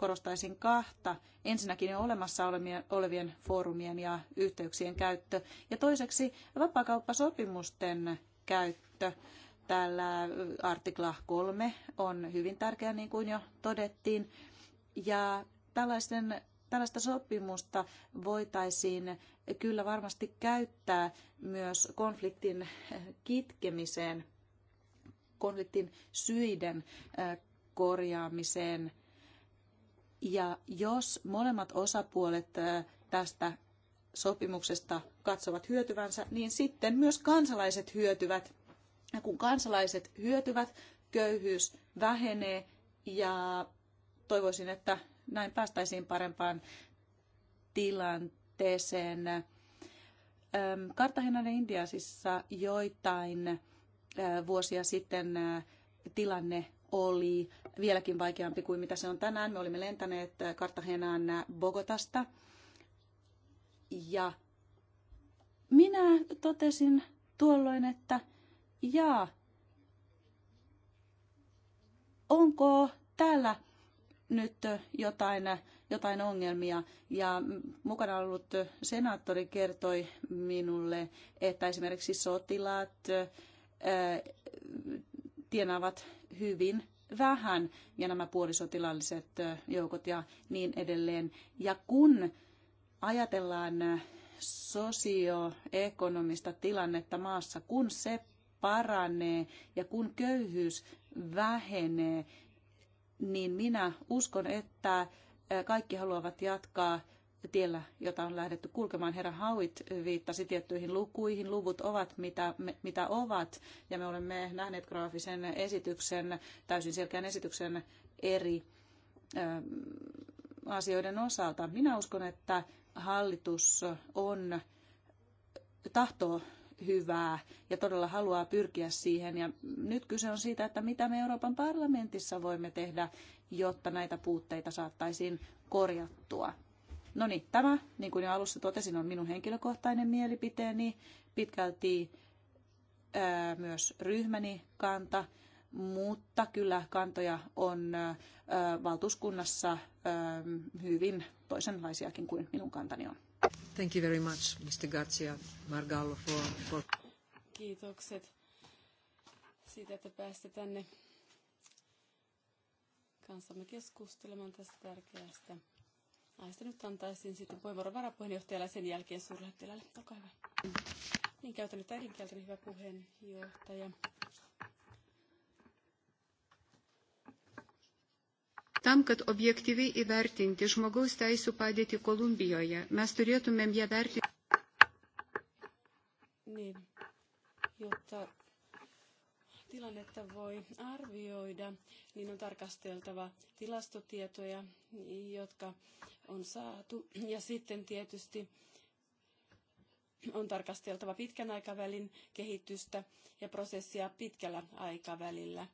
korostaisin kahta. Ensinnäkin jo olemassa olevien foorumien ja yhteyksien käyttö ja toiseksi vapaakauppasopimusten käyttö. Täällä artikla 3 on hyvin tärkeä, niin kuin jo todettiin. Ja tällaisten tällaista sopimusta voitaisiin kyllä varmasti käyttää myös konfliktin kitkemiseen, konfliktin syiden korjaamiseen ja jos molemmat osapuolet tästä sopimuksesta katsovat hyötyvänsä, niin sitten myös kansalaiset hyötyvät. Ja kun kansalaiset hyötyvät, köyhyys vähenee ja toivoisin, että näin päästäisiin parempaan tilanteeseen. Kartahenan Indiasissa joitain vuosia sitten tilanne oli vieläkin vaikeampi kuin mitä se on tänään. Me olimme lentäneet Kartahenaan äh, äh, Bogotasta ja minä totesin tuolloin, että jaa, onko täällä nyt äh, jotain, jotain ongelmia. Ja mm, mukana ollut senaattori kertoi minulle, että esimerkiksi sotilaat tienaavat hyvin vähän ja nämä puolisotilalliset joukot ja niin edelleen. Ja kun ajatellaan sosioekonomista tilannetta maassa, kun se paranee ja kun köyhyys vähenee, niin minä uskon, että kaikki haluavat jatkaa tiellä, jota on lähdetty kulkemaan. Herra Hauit viittasi tiettyihin lukuihin. Luvut ovat mitä, mitä ovat ja me olemme nähneet graafisen esityksen, täysin selkeän esityksen eri ö, ähm, asioiden osalta. Minä uskon, että hallitus on tahto hyvää ja todella haluaa pyrkiä siihen. Ja nyt kyse on siitä, että mitä me Euroopan parlamentissa voimme tehdä, jotta näitä puutteita saattaisiin korjattua. No niin, tämä, niin kuin jo alussa totesin, on minun henkilökohtainen mielipiteeni, pitkälti ää, myös ryhmäni kanta, mutta kyllä kantoja on ää, valtuuskunnassa ää, hyvin toisenlaisiakin kuin minun kantani on. Thank you very much, Mr. Garcia Margallo, for, for... Kiitokset siitä, että pääsitte tänne kanssamme keskustelemaan tästä tärkeästä Näistä nyt antaisin sitten puheenvuoron varapuheenjohtajalle ja sen jälkeen suurlähettilälle. Olkaa hyvä. Niin käytän nyt äidinkieltäni, hyvä puheenjohtaja. Tam, kad objektyviai įvertinti žmogaus teisų padėti Kolumbijoje, mes turėtumėm ją vertinti. Niin, jotta tilannetta voi arvioida, niin on tarkasteltava tilastotietoja, jotka on saatu. Ja sitten tietysti on tarkasteltava pitkän aikavälin kehitystä ja prosessia pitkällä aikavälillä,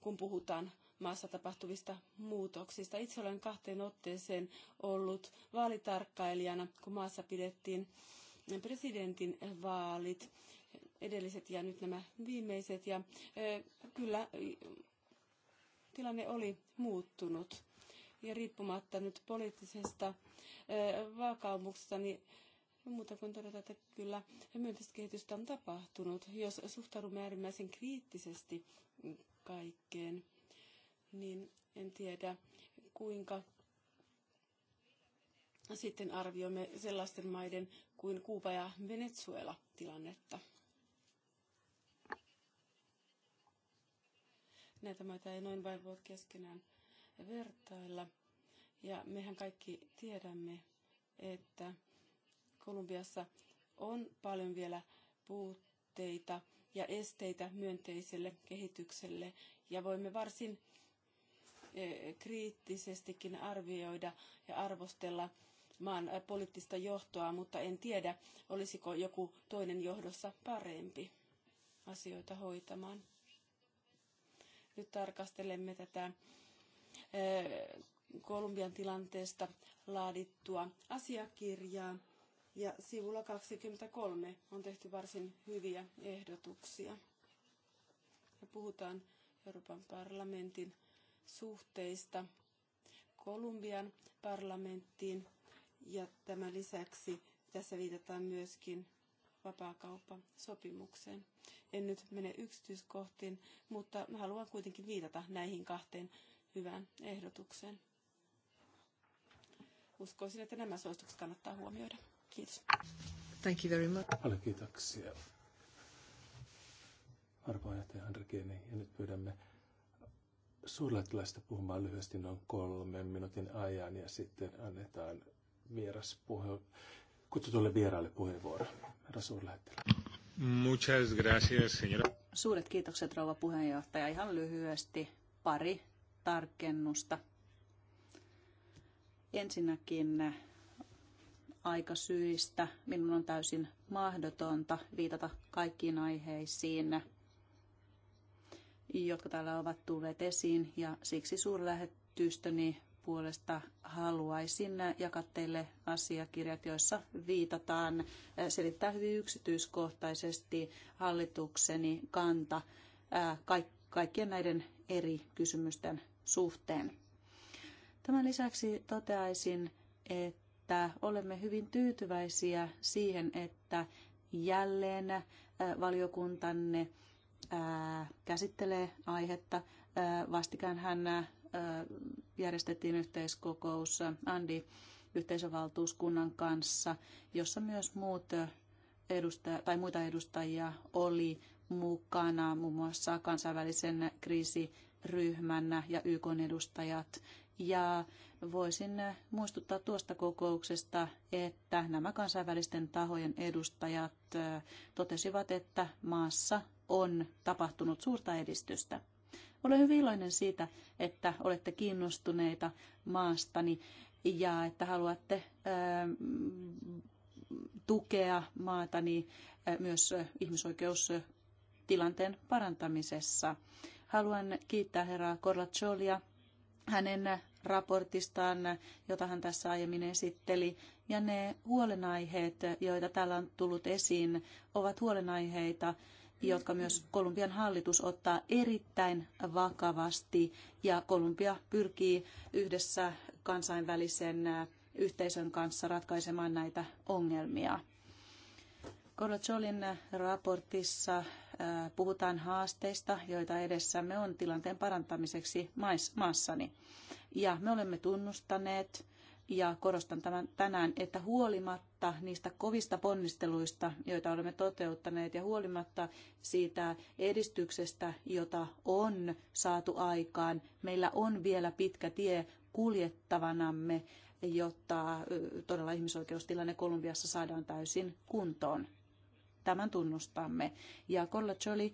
kun puhutaan maassa tapahtuvista muutoksista. Itse olen kahteen otteeseen ollut vaalitarkkailijana, kun maassa pidettiin presidentin vaalit edelliset ja nyt nämä viimeiset. Ja kyllä tilanne oli muuttunut. Ja riippumatta nyt poliittisesta vakaumuksesta, niin muuta kuin todeta, että kyllä myönteistä kehitystä on tapahtunut. Jos suhtaudumme äärimmäisen kriittisesti kaikkeen, niin en tiedä kuinka sitten arvioimme sellaisten maiden kuin Kuuba ja Venezuela tilannetta. Näitä maita ei noin vain voi keskenään vertailla. Ja mehän kaikki tiedämme, että Kolumbiassa on paljon vielä puutteita ja esteitä myönteiselle kehitykselle ja voimme varsin e, kriittisestikin arvioida ja arvostella maan poliittista johtoa, mutta en tiedä, olisiko joku toinen johdossa parempi asioita hoitamaan. Nyt tarkastelemme tätä Kolumbian tilanteesta laadittua asiakirjaa. Ja sivulla 23 on tehty varsin hyviä ehdotuksia. Ja puhutaan Euroopan parlamentin suhteista Kolumbian parlamenttiin. Ja tämän lisäksi tässä viitataan myöskin vapaakauppasopimukseen. En nyt mene yksityiskohtiin, mutta haluan kuitenkin viitata näihin kahteen hyvään ehdotukseen. Uskoisin, että nämä suositukset kannattaa huomioida. Kiitos. Thank you very much. Paljon kiitoksia. Arvoajatteja Andrikieni, ja nyt pyydämme suurlähettiläistä puhumaan lyhyesti noin kolmen minuutin ajan ja sitten annetaan vieras puhe, kutsutulle vieraalle puheenvuoro. Herra suurlähettilä. Muchas gracias, señora. Suuret kiitokset, rouva puheenjohtaja. Ihan lyhyesti pari tarkennusta. Ensinnäkin aikasyistä minun on täysin mahdotonta viitata kaikkiin aiheisiin, jotka täällä ovat tulleet esiin, ja siksi suurlähetystöni puolesta haluaisin jakaa teille asiakirjat, joissa viitataan, selittää hyvin yksityiskohtaisesti hallitukseni kanta kaikkien näiden eri kysymysten suhteen. Tämän lisäksi toteaisin, että olemme hyvin tyytyväisiä siihen, että jälleen valiokuntanne käsittelee aihetta. Vastikään hän järjestettiin yhteiskokous Andi yhteisövaltuuskunnan kanssa, jossa myös muut edustaja, tai muita edustajia oli mukana, muun muassa kansainvälisen kriisiryhmän ja YK edustajat. Ja voisin muistuttaa tuosta kokouksesta, että nämä kansainvälisten tahojen edustajat totesivat, että maassa on tapahtunut suurta edistystä. Olen hyvin iloinen siitä, että olette kiinnostuneita maastani ja että haluatte ähm, tukea maatani äh, myös äh, ihmisoikeustilanteen parantamisessa. Haluan kiittää herra Korlacholia hänen raportistaan, jota hän tässä aiemmin esitteli. Ja ne huolenaiheet, joita täällä on tullut esiin, ovat huolenaiheita, jotka myös Kolumbian hallitus ottaa erittäin vakavasti ja Kolumbia pyrkii yhdessä kansainvälisen äh, yhteisön kanssa ratkaisemaan näitä ongelmia. Korocholin äh, raportissa äh, puhutaan haasteista, joita edessämme on tilanteen parantamiseksi maassani. Ja me olemme tunnustaneet ja korostan tämän tänään, että huolimatta niistä kovista ponnisteluista, joita olemme toteuttaneet ja huolimatta siitä edistyksestä, jota on saatu aikaan, meillä on vielä pitkä tie kuljettavanamme, jotta todella ihmisoikeustilanne Kolumbiassa saadaan täysin kuntoon. Tämän tunnustamme. Ja Kolla Jolie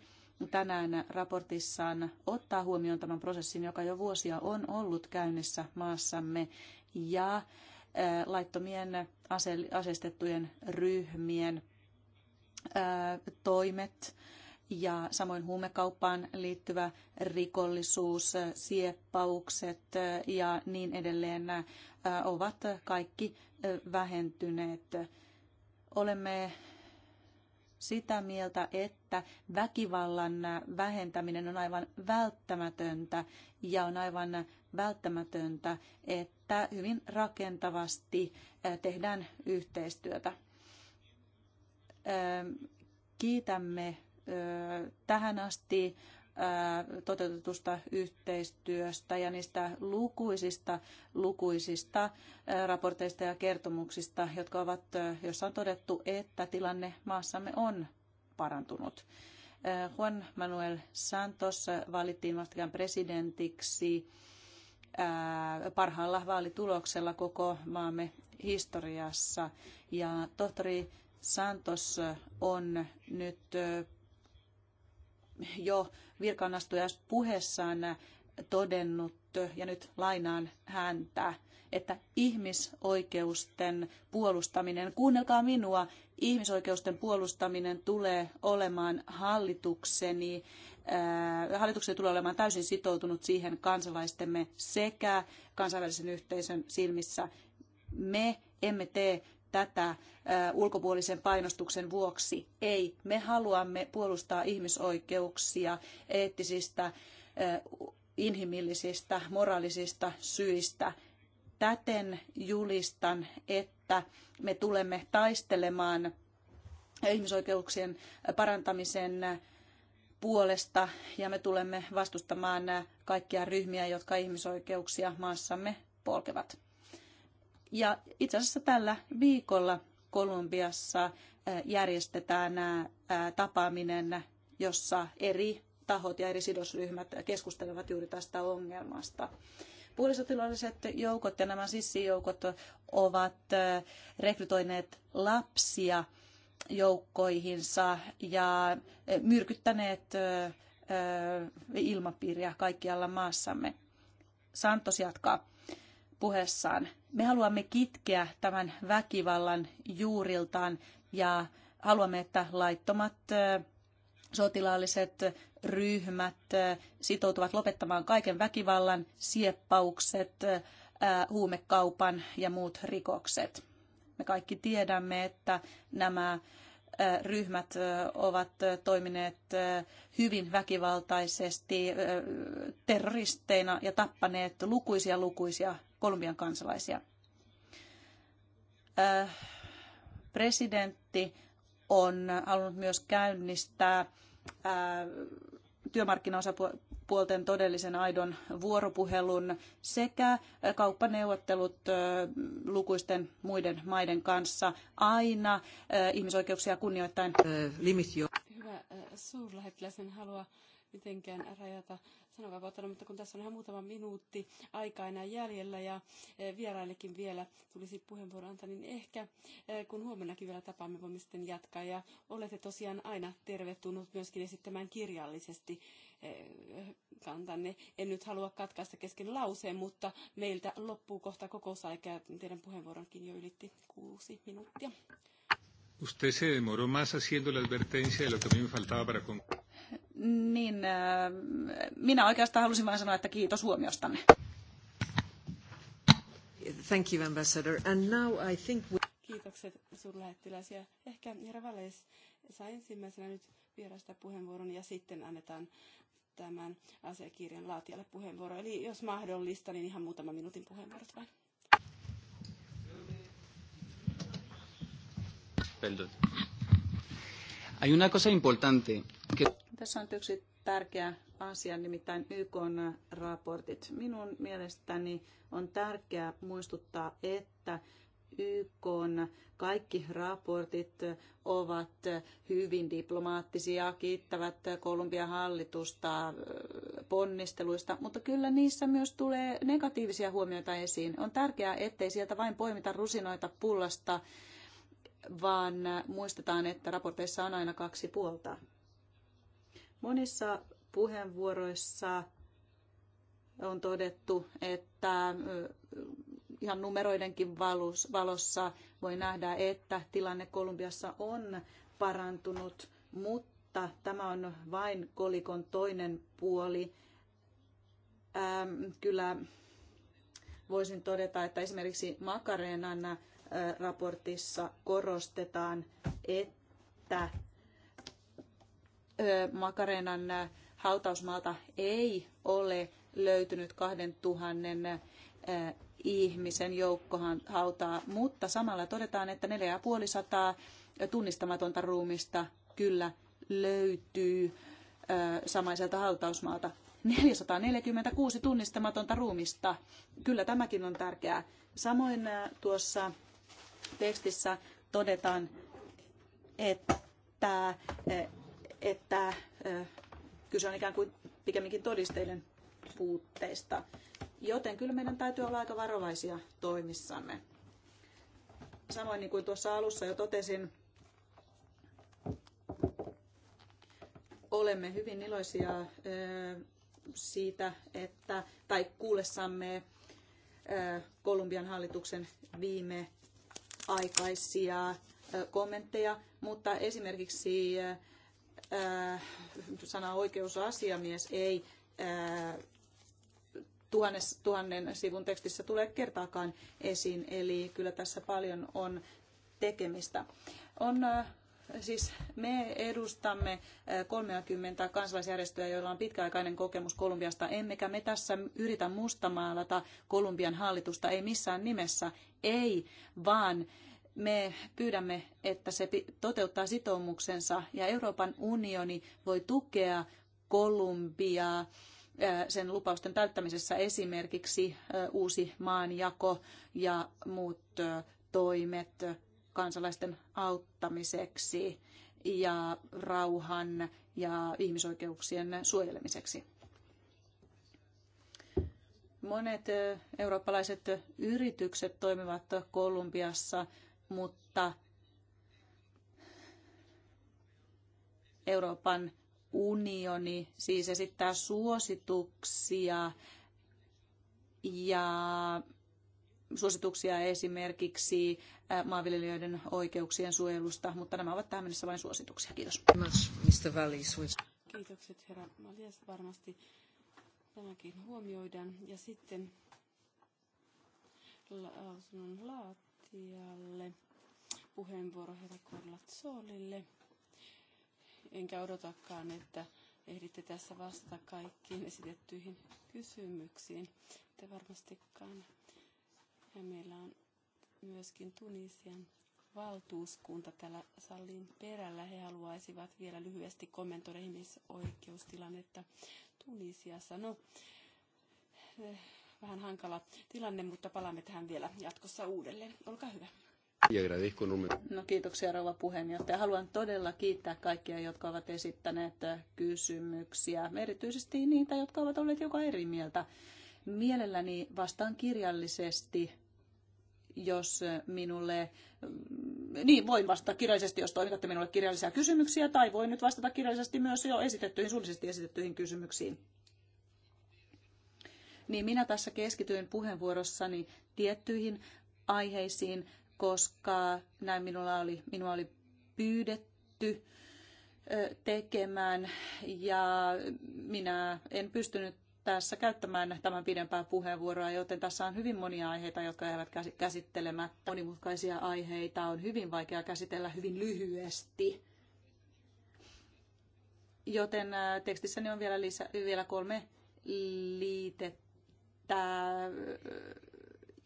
tänään raportissaan ottaa huomioon tämän prosessin, joka jo vuosia on ollut käynnissä maassamme ja laittomien aseistettujen ryhmien toimet ja samoin huumekauppaan liittyvä rikollisuus, sieppaukset ja niin edelleen ovat kaikki vähentyneet. Olemme sitä mieltä, että väkivallan vähentäminen on aivan välttämätöntä ja on aivan välttämätöntä, että hyvin rakentavasti tehdään yhteistyötä. Kiitämme tähän asti toteutetusta yhteistyöstä ja niistä lukuisista, lukuisista raporteista ja kertomuksista, jotka ovat, joissa on todettu, että tilanne maassamme on parantunut. Juan Manuel Santos valittiin vastikään presidentiksi parhaalla vaalituloksella koko maamme historiassa. Ja tohtori Santos on nyt jo virkaanastujas puheessaan todennut, ja nyt lainaan häntä, että ihmisoikeusten puolustaminen, kuunnelkaa minua, ihmisoikeusten puolustaminen tulee olemaan hallitukseni, ää, äh, hallitukseni tulee olemaan täysin sitoutunut siihen kansalaistemme sekä kansainvälisen yhteisön silmissä. Me emme tee tätä ulkopuolisen painostuksen vuoksi. Ei, me haluamme puolustaa ihmisoikeuksia eettisistä, inhimillisistä, moraalisista syistä. Täten julistan, että me tulemme taistelemaan ihmisoikeuksien parantamisen puolesta ja me tulemme vastustamaan kaikkia ryhmiä, jotka ihmisoikeuksia maassamme polkevat. Ja itse asiassa tällä viikolla Kolumbiassa järjestetään tapaaminen, jossa eri tahot ja eri sidosryhmät keskustelevat juuri tästä ongelmasta. Puolisotilaalliset joukot ja nämä sissijoukot ovat rekrytoineet lapsia joukkoihinsa ja myrkyttäneet ilmapiiriä kaikkialla maassamme. Santos jatkaa puheessaan. Me haluamme kitkeä tämän väkivallan juuriltaan ja haluamme, että laittomat sotilaalliset ryhmät sitoutuvat lopettamaan kaiken väkivallan, sieppaukset, huumekaupan ja muut rikokset. Me kaikki tiedämme, että nämä ryhmät ovat toimineet hyvin väkivaltaisesti terroristeina ja tappaneet lukuisia lukuisia Kolumbian kansalaisia. Presidentti on halunnut myös käynnistää työmarkkinaosapuolten todellisen aidon vuoropuhelun sekä kauppaneuvottelut lukuisten muiden maiden kanssa aina ihmisoikeuksia kunnioittain. Hyvä suurlähettiläs en halua mitenkään rajata no, mutta kun tässä on ihan muutama minuutti aikaa enää jäljellä ja eh, vieraillekin vielä tulisi puheenvuoro antaa, niin ehkä eh, kun huomennakin vielä tapaamme, voimme sitten jatkaa. Ja olette tosiaan aina tervetullut myöskin esittämään kirjallisesti eh, kantanne. En nyt halua katkaista kesken lauseen, mutta meiltä loppuu kohta kokousaika ja teidän puheenvuoronkin jo ylitti kuusi minuuttia. Usted se demoró más haciendo la advertencia de lo que a mí me faltaba para concluir. Niin, äh, minä oikeastaan halusin vain sanoa, että kiitos huomiostanne. Thank you, Ambassador. And now I think we... Kiitokset suurlähettiläs ja ehkä herra Vales saa ensimmäisenä nyt vierasta puheenvuoron ja sitten annetaan tämän asiakirjan laatijalle puheenvuoro. Eli jos mahdollista, niin ihan muutama minuutin puheenvuorot vain. Hay una cosa importante que tässä on yksi tärkeä asia, nimittäin YK-raportit. Minun mielestäni on tärkeää muistuttaa, että YK kaikki raportit ovat hyvin diplomaattisia, kiittävät Kolumbian hallitusta äh, ponnisteluista, mutta kyllä niissä myös tulee negatiivisia huomioita esiin. On tärkeää, ettei sieltä vain poimita rusinoita pullasta, vaan muistetaan, että raporteissa on aina kaksi puolta. Monissa puheenvuoroissa on todettu, että ihan numeroidenkin valossa voi nähdä, että tilanne Kolumbiassa on parantunut, mutta tämä on vain kolikon toinen puoli. Ähm, kyllä voisin todeta, että esimerkiksi Makareenan äh, raportissa korostetaan, että Makarenan hautausmaalta ei ole löytynyt 2000 ihmisen joukkohan hautaa, mutta samalla todetaan, että 4500 tunnistamatonta ruumista kyllä löytyy samaiselta hautausmaalta. 446 tunnistamatonta ruumista. Kyllä tämäkin on tärkeää. Samoin tuossa tekstissä todetaan, että että kyse on ikään kuin pikemminkin todisteiden puutteista. Joten kyllä meidän täytyy olla aika varovaisia toimissamme. Samoin niin kuin tuossa alussa jo totesin, olemme hyvin iloisia siitä, että, tai kuullessamme Kolumbian hallituksen viime aikaisia kommentteja, mutta esimerkiksi Äh, sana oikeusasiamies ei äh, tuhannes, tuhannen sivun tekstissä tule kertaakaan esiin, eli kyllä tässä paljon on tekemistä. On äh, Siis me edustamme 30 kansalaisjärjestöä, joilla on pitkäaikainen kokemus Kolumbiasta, emmekä me tässä yritä mustamaalata Kolumbian hallitusta, ei missään nimessä, ei, vaan me pyydämme, että se toteuttaa sitoumuksensa ja Euroopan unioni voi tukea Kolumbiaa sen lupausten täyttämisessä esimerkiksi uusi maanjako ja muut toimet kansalaisten auttamiseksi ja rauhan ja ihmisoikeuksien suojelemiseksi. Monet eurooppalaiset yritykset toimivat Kolumbiassa mutta Euroopan unioni siis esittää suosituksia ja suosituksia esimerkiksi maanviljelijöiden oikeuksien suojelusta, mutta nämä ovat tähän mennessä vain suosituksia. Kiitos. Kiitokset herra Malias Varmasti tämäkin huomioidaan. Ja sitten lausunnon laat asialle. puheenvuoro herra Korlatsoolille. Enkä odotakaan, että ehditte tässä vastata kaikkiin esitettyihin kysymyksiin. Te varmastikaan. Ja meillä on myöskin Tunisian valtuuskunta täällä salin perällä. He haluaisivat vielä lyhyesti kommentoida ihmisoikeustilannetta Tunisiassa. No, vähän hankala tilanne, mutta palaamme tähän vielä jatkossa uudelleen. Olkaa hyvä. No kiitoksia rouva puheenjohtaja. Haluan todella kiittää kaikkia, jotka ovat esittäneet äh, kysymyksiä, erityisesti niitä, jotka ovat olleet joka eri mieltä. Mielelläni vastaan kirjallisesti, jos äh, minulle, mm, niin voin vastata kirjallisesti, jos toimitatte minulle kirjallisia kysymyksiä, tai voin nyt vastata kirjallisesti myös jo esitettyihin, suullisesti esitettyihin kysymyksiin niin minä tässä keskityin puheenvuorossani tiettyihin aiheisiin, koska näin minulla oli, minua oli pyydetty tekemään ja minä en pystynyt tässä käyttämään tämän pidempää puheenvuoroa, joten tässä on hyvin monia aiheita, jotka jäävät käsittelemättä. Monimutkaisia aiheita on hyvin vaikea käsitellä hyvin lyhyesti. Joten tekstissäni on vielä, lisä, vielä kolme liitettä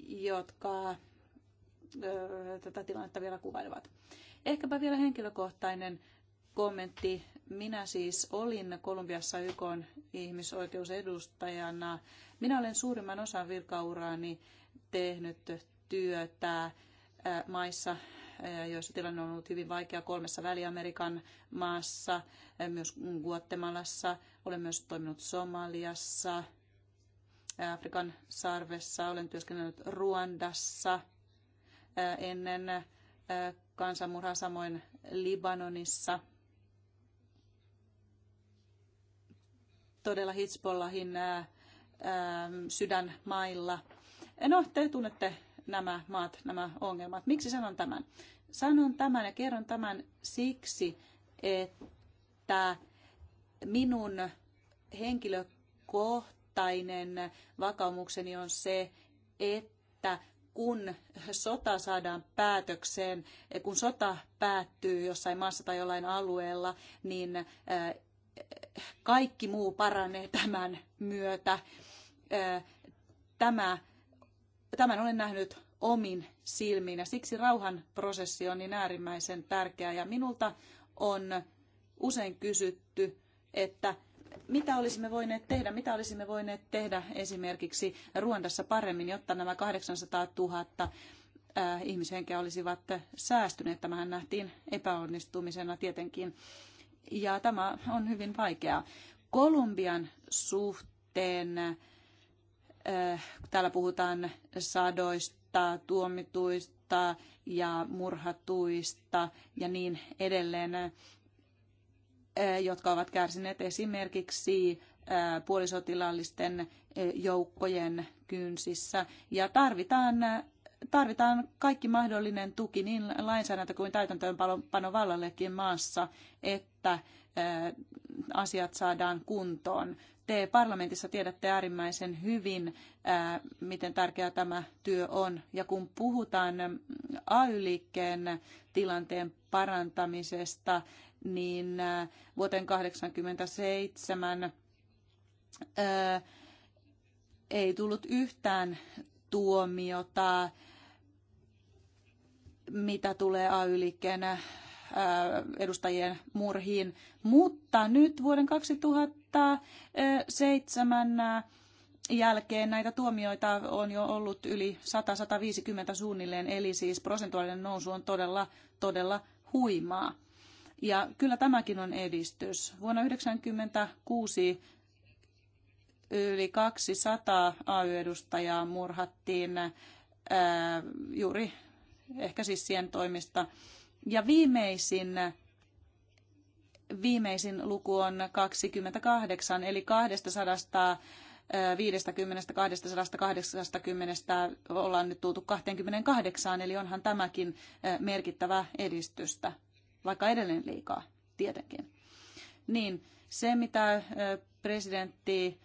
jotka tätä tilannetta vielä kuvailevat. Ehkäpä vielä henkilökohtainen kommentti. Minä siis olin Kolumbiassa YK ihmisoikeusedustajana. Minä olen suurimman osan virkauraani tehnyt työtä maissa, joissa tilanne on ollut hyvin vaikea, kolmessa Väli-Amerikan maassa, myös Guatemalassa. Olen myös toiminut Somaliassa, Afrikan sarvessa, olen työskennellyt Ruandassa eh, ennen eh, kansanmurhaa, samoin Libanonissa. Todella Hitsbollahin eh, sydänmailla. No, te tunnette nämä maat, nämä ongelmat. Miksi sanon tämän? Sanon tämän ja kerron tämän siksi, että minun henkilökohtaisesti vastainen vakaumukseni on se, että kun sota saadaan päätökseen, kun sota päättyy jossain maassa tai jollain alueella, niin äh, kaikki muu paranee tämän myötä. Äh, tämä, tämän olen nähnyt omin silmiin ja siksi rauhan prosessi on niin äärimmäisen tärkeä ja minulta on usein kysytty, että mitä olisimme voineet tehdä, mitä olisimme voineet tehdä esimerkiksi Ruandassa paremmin, jotta nämä 800 000 ihmishenkeä olisivat säästyneet. Tämähän nähtiin epäonnistumisena tietenkin. Ja tämä on hyvin vaikeaa. Kolumbian suhteen täällä puhutaan sadoista tuomituista ja murhatuista ja niin edelleen jotka ovat kärsineet esimerkiksi puolisotilaallisten joukkojen kynsissä. Ja tarvitaan, tarvitaan kaikki mahdollinen tuki niin lainsäädäntö kuin täytäntöönpano vallallekin maassa, että asiat saadaan kuntoon. Te parlamentissa tiedätte äärimmäisen hyvin, miten tärkeää tämä työ on. Ja kun puhutaan AY-liikkeen tilanteen parantamisesta, niin äh, vuoteen 1987 äh, ei tullut yhtään tuomiota, mitä tulee ay äh, edustajien murhiin. Mutta nyt vuoden 2007 jälkeen näitä tuomioita on jo ollut yli 100-150 suunnilleen, eli siis prosentuaalinen nousu on todella, todella huimaa. Ja kyllä tämäkin on edistys. Vuonna 1996 yli 200 AY-edustajaa murhattiin ää, juuri ehkä siis sien toimista. Ja viimeisin, viimeisin luku on 28, eli 200 50-280 ollaan nyt tultu 28, eli onhan tämäkin merkittävä edistystä vaikka edelleen liikaa, tietenkin. Niin se, mitä presidentti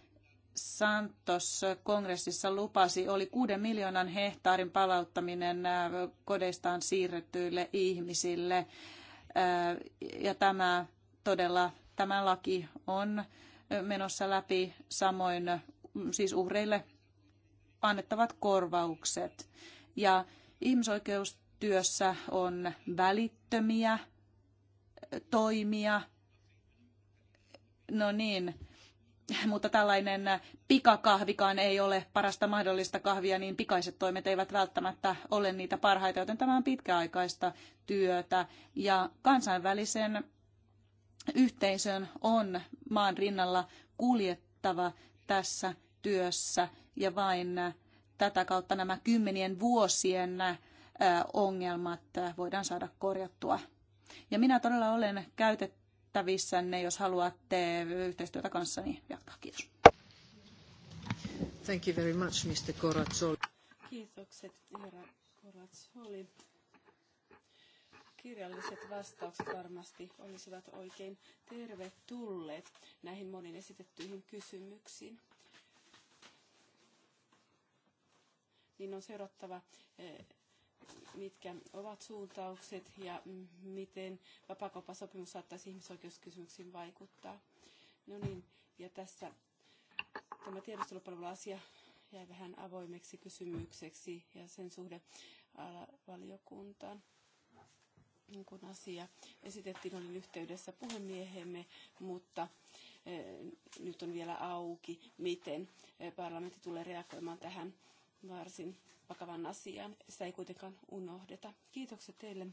Santos kongressissa lupasi, oli kuuden miljoonan hehtaarin palauttaminen kodeistaan siirrettyille ihmisille. Ja tämä todella, tämä laki on menossa läpi samoin mm, siis uhreille annettavat korvaukset. Ja ihmisoikeustyössä on välittömiä toimia. No niin, mutta tällainen pikakahvikaan ei ole parasta mahdollista kahvia, niin pikaiset toimet eivät välttämättä ole niitä parhaita, joten tämä on pitkäaikaista työtä. Ja kansainvälisen yhteisön on maan rinnalla kuljettava tässä työssä ja vain tätä kautta nämä kymmenien vuosien ongelmat voidaan saada korjattua. Ja minä todella olen käytettävissänne, jos haluatte yhteistyötä kanssani jatkaa. Kiitos. Thank you very much, Mr. Corazzoli. Kiitokset, herra Corazzoli. Kirjalliset vastaukset varmasti olisivat oikein tervetulleet näihin moniin esitettyihin kysymyksiin. Niin on seurattava eh, mitkä ovat suuntaukset ja miten vapakauppasopimus saattaisi ihmisoikeuskysymyksiin vaikuttaa. No niin, ja tässä tämä tiedustelupalveluasia jäi vähän avoimeksi kysymykseksi ja sen suhde valiokuntaan. Kun asia esitettiin, olin yhteydessä puhemiehemme, mutta eh, nyt on vielä auki, miten eh, parlamentti tulee reagoimaan tähän varsin vakavan asian. Sitä ei kuitenkaan unohdeta. Kiitokset teille,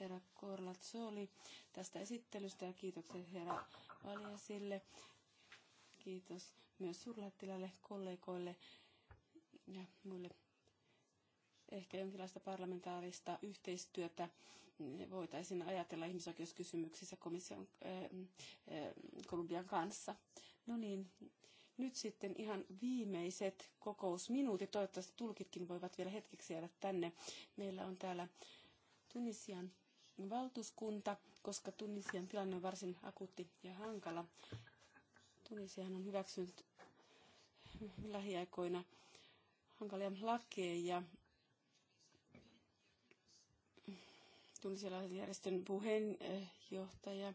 herra Korlatsoli, tästä esittelystä ja kiitokset herra Valjasille. Kiitos myös suurlähettiläille, kollegoille ja muille ehkä jonkinlaista parlamentaarista yhteistyötä voitaisiin ajatella ihmisoikeuskysymyksissä komission, äh, äh Kolumbian kanssa. No niin, nyt sitten ihan viimeiset kokousminuutit. Toivottavasti tulkitkin voivat vielä hetkeksi jäädä tänne. Meillä on täällä Tunisian valtuuskunta, koska Tunisian tilanne on varsin akuutti ja hankala. Tunisiahan on hyväksynyt lähiaikoina hankalia lakeja. Tunisialaisen järjestön puheenjohtaja,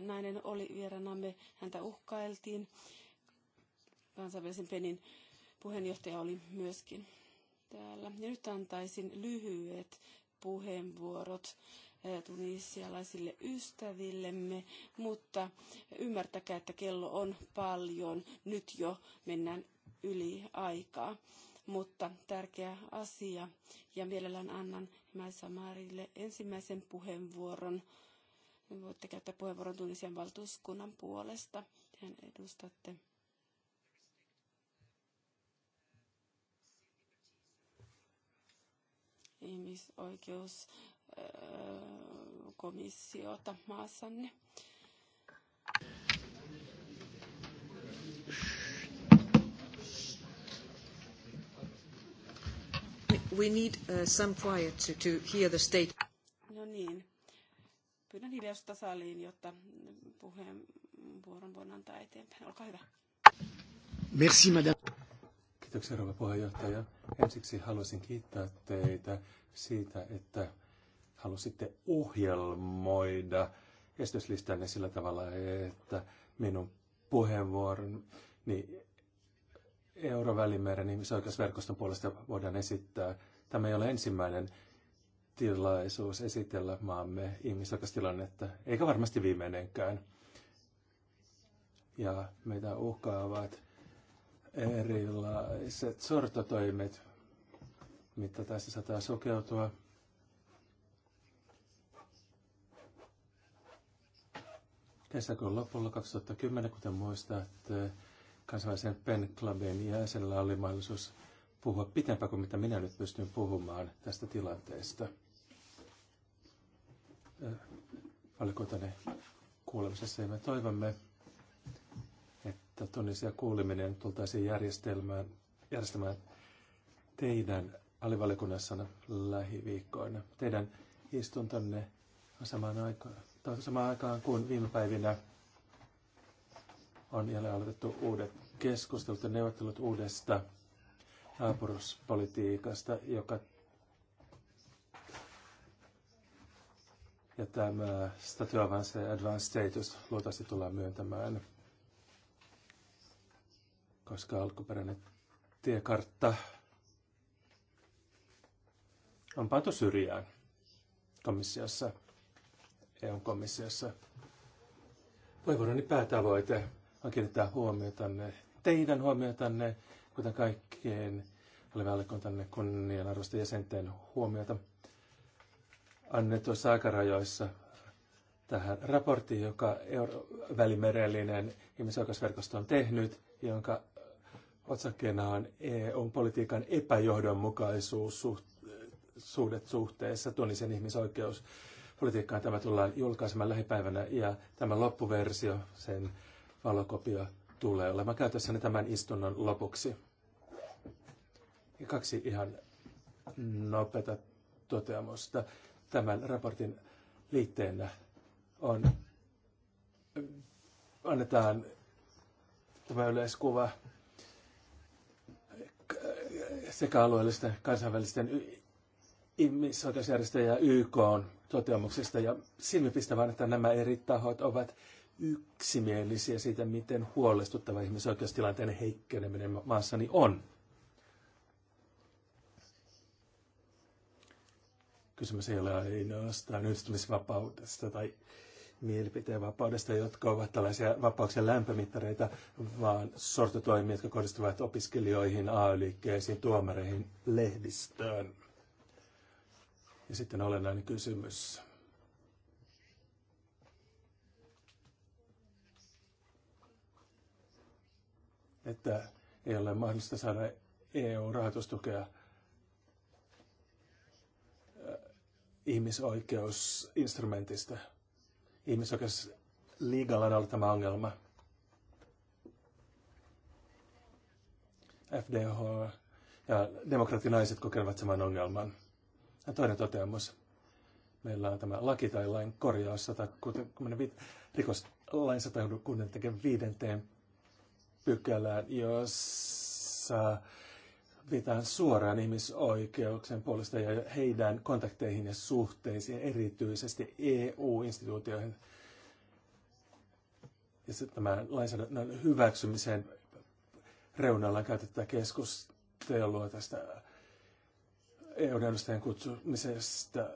nainen oli vieraanamme, häntä uhkailtiin kansainvälisen penin puheenjohtaja oli myöskin täällä. Ja nyt antaisin lyhyet puheenvuorot tunisialaisille ystävillemme, mutta ymmärtäkää, että kello on paljon. Nyt jo mennään yli aikaa, mutta tärkeä asia. Ja mielellään annan Maisa Marille ensimmäisen puheenvuoron. Voitte käyttää puheenvuoron Tunisian valtuuskunnan puolesta. Hän edustatte ihmisoikeuskomissiota maassanne? We need uh, some quiet to, to hear the state. No niin. Pyydän hiljaisuutta saliin, jotta puheenvuoron voin antaa eteenpäin. Olkaa hyvä. Merci, madame. Kiitoksia, rouva puheenjohtaja. Ensiksi haluaisin kiittää teitä siitä, että halusitte ohjelmoida esityslistanne sillä tavalla, että minun puheenvuoron niin Eurovälimeren ihmisoikeusverkoston puolesta voidaan esittää. Tämä ei ole ensimmäinen tilaisuus esitellä maamme ihmisoikeustilannetta, eikä varmasti viimeinenkään. Ja meitä uhkaavat erilaiset sortotoimet, mitä tässä saattaa sokeutua. Kesäkuun lopulla 2010, kuten muistatte, kansainvälisen Pen Clubin jäsenellä oli mahdollisuus puhua pitempään kuin mitä minä nyt pystyn puhumaan tästä tilanteesta. Äh, valiokuntani kuulemisessa ja me toivomme, että kuuleminen tultaisiin järjestelmään, järjestämään teidän alivalikunnassanne lähiviikkoina. Teidän istuntonne samaan aikaan, tai samaan aikaan kuin viime päivinä on jälleen aloitettu uudet keskustelut ja neuvottelut uudesta naapuruspolitiikasta, joka ja tämä Statue Advanced Advanced Status luultavasti tullaan myöntämään – koska alkuperäinen tiekartta on pantu syrjään komissiossa, EU-komissiossa. Puheenvuoroni päätavoite on kiinnittää huomiotanne, teidän huomiotanne, kuten kaikkien valiokuntanne kunnianarvoisten jäsenten huomiota annetuissa aikarajoissa tähän raporttiin, joka Euro- välimerellinen ihmisoikeusverkosto on tehnyt, jonka otsakkeena on EU-politiikan epäjohdonmukaisuus suht, suhdet suhteessa ihmisoikeus. Politiikkaan Tämä tullaan julkaisemaan lähipäivänä ja tämä loppuversio, sen valokopio, tulee olemaan käytössäni tämän istunnon lopuksi. Ja kaksi ihan nopeata toteamusta. Tämän raportin liitteenä on, annetaan tämä yleiskuva sekä alueellisten kansainvälisten ihmisoikeusjärjestöjen ja YK on toteamuksesta. Ja silmipistävän, että nämä eri tahot ovat yksimielisiä siitä, miten huolestuttava ihmisoikeustilanteen heikkeneminen maassani on. Kysymys ei ole ainoastaan yhdistymisvapaudesta tai vapaudesta jotka ovat tällaisia vapauksen lämpömittareita, vaan sortotoimia, jotka kohdistuvat opiskelijoihin, AY-liikkeisiin, tuomareihin, lehdistöön. Ja sitten olennainen kysymys. Että ei ole mahdollista saada EU-rahoitustukea äh, ihmisoikeusinstrumentista – ihmisoikeusliigalla on ollut tämä ongelma. FDH ja demokratinaiset kokevat saman ongelman. Ja toinen toteamus. Meillä on tämä laki tai lain korjaus 165, rikoslain 165 pykälään, jossa viitaan suoraan ihmisoikeuksien puolesta ja heidän kontakteihin ja suhteisiin, erityisesti EU-instituutioihin. Ja sitten tämä lainsäädännön hyväksymisen reunalla käytetään keskustelua tästä eu edustajien kutsumisesta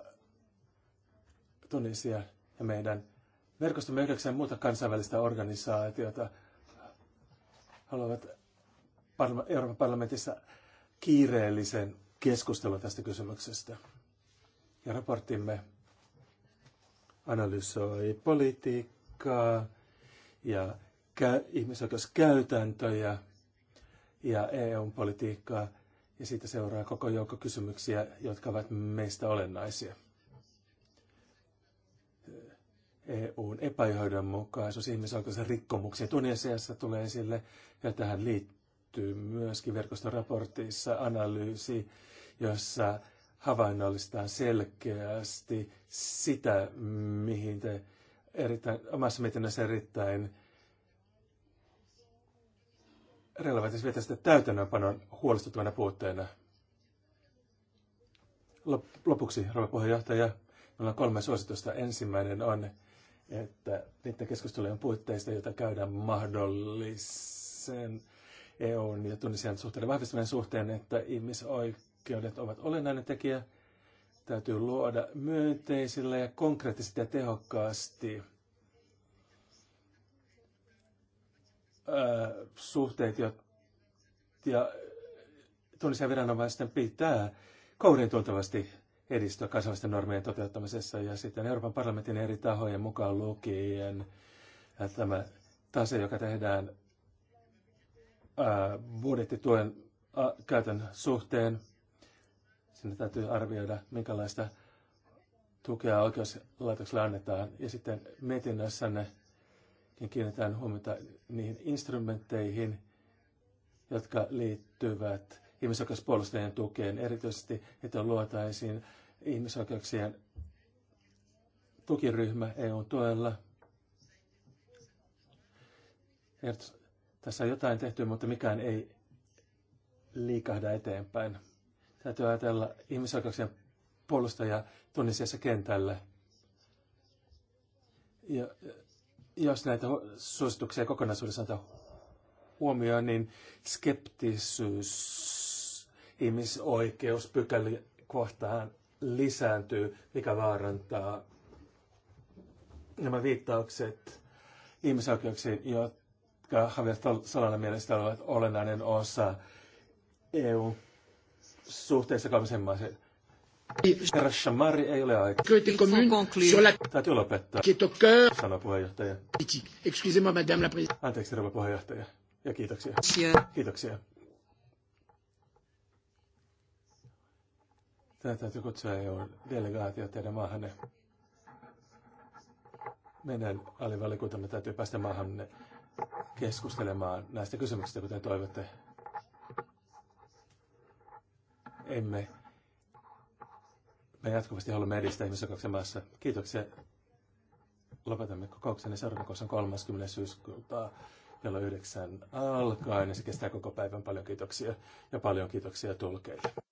Tunisia ja meidän verkostomme yhdeksän muuta kansainvälistä organisaatiota haluavat Euroopan parlamentissa kiireellisen keskustelun tästä kysymyksestä. Ja raporttimme analysoi politiikkaa ja ihmisoikeuskäytäntöjä ja EU-politiikkaa, ja siitä seuraa koko joukko kysymyksiä, jotka ovat meistä olennaisia. EUn epäjohdonmukaisuus ihmisoikeusrikkomukset Tunisiassa tulee esille, ja tähän liittyy löytyy myöskin verkostoraportissa analyysi, jossa havainnollistaan selkeästi sitä, mihin te erittäin, omassa mietinnässä erittäin relevantissa vietä täytännönpanon huolestuttavana puutteena. Lopuksi, rouva puheenjohtaja, meillä on kolme suositusta. Ensimmäinen on, että niiden keskustelujen puitteista, joita käydään mahdollisen EUn ja Tunisian suhteiden vahvistaminen suhteen, että ihmisoikeudet ovat olennainen tekijä. Täytyy luoda myönteisillä ja konkreettisesti ja tehokkaasti suhteet, ja Tunisian viranomaisten pitää kourin tuntavasti edistyä kansainvälisten normien toteuttamisessa ja sitten Euroopan parlamentin eri tahojen mukaan lukien tämä tase, joka tehdään budjettituen käytön suhteen. Sinne täytyy arvioida, minkälaista tukea oikeuslaitokselle annetaan. Ja sitten mietinnössänne niin kiinnitetään huomiota niihin instrumentteihin, jotka liittyvät ihmisoikeuspuolustajien tukeen, erityisesti, että luotaisiin ihmisoikeuksien tukiryhmä eu tuella. Ehdotus tässä on jotain tehty, mutta mikään ei liikahda eteenpäin. Täytyy ajatella ihmisoikeuksien puolustajia Tunisiassa kentällä. Ja, jos näitä suosituksia kokonaisuudessaan huomioon, niin skeptisyys ihmisoikeuspykäli kohtaan lisääntyy, mikä vaarantaa nämä viittaukset ihmisoikeuksiin, jo, jotka Javier Solana mielestä ovat olennainen osa EU suhteessa kolmisen maaseen. Herra Shamari ei ole aika. Täytyy lopettaa, sanoi puheenjohtaja. Anteeksi, rouva puheenjohtaja. Ja kiitoksia. Kiitoksia. Tämä täytyy kutsua EU-delegaatio teidän maahanne. Meidän alivalikuntamme täytyy päästä maahanne keskustelemaan näistä kysymyksistä, kuten toivotte. Emme. Me jatkuvasti haluamme edistää ihmisoikeuksien maassa. Kiitoksia. Lopetamme kokouksen ja seuraavaksi on 30. syyskuuta kello yhdeksän alkaen ja se kestää koko päivän. Paljon kiitoksia ja paljon kiitoksia tulkeille.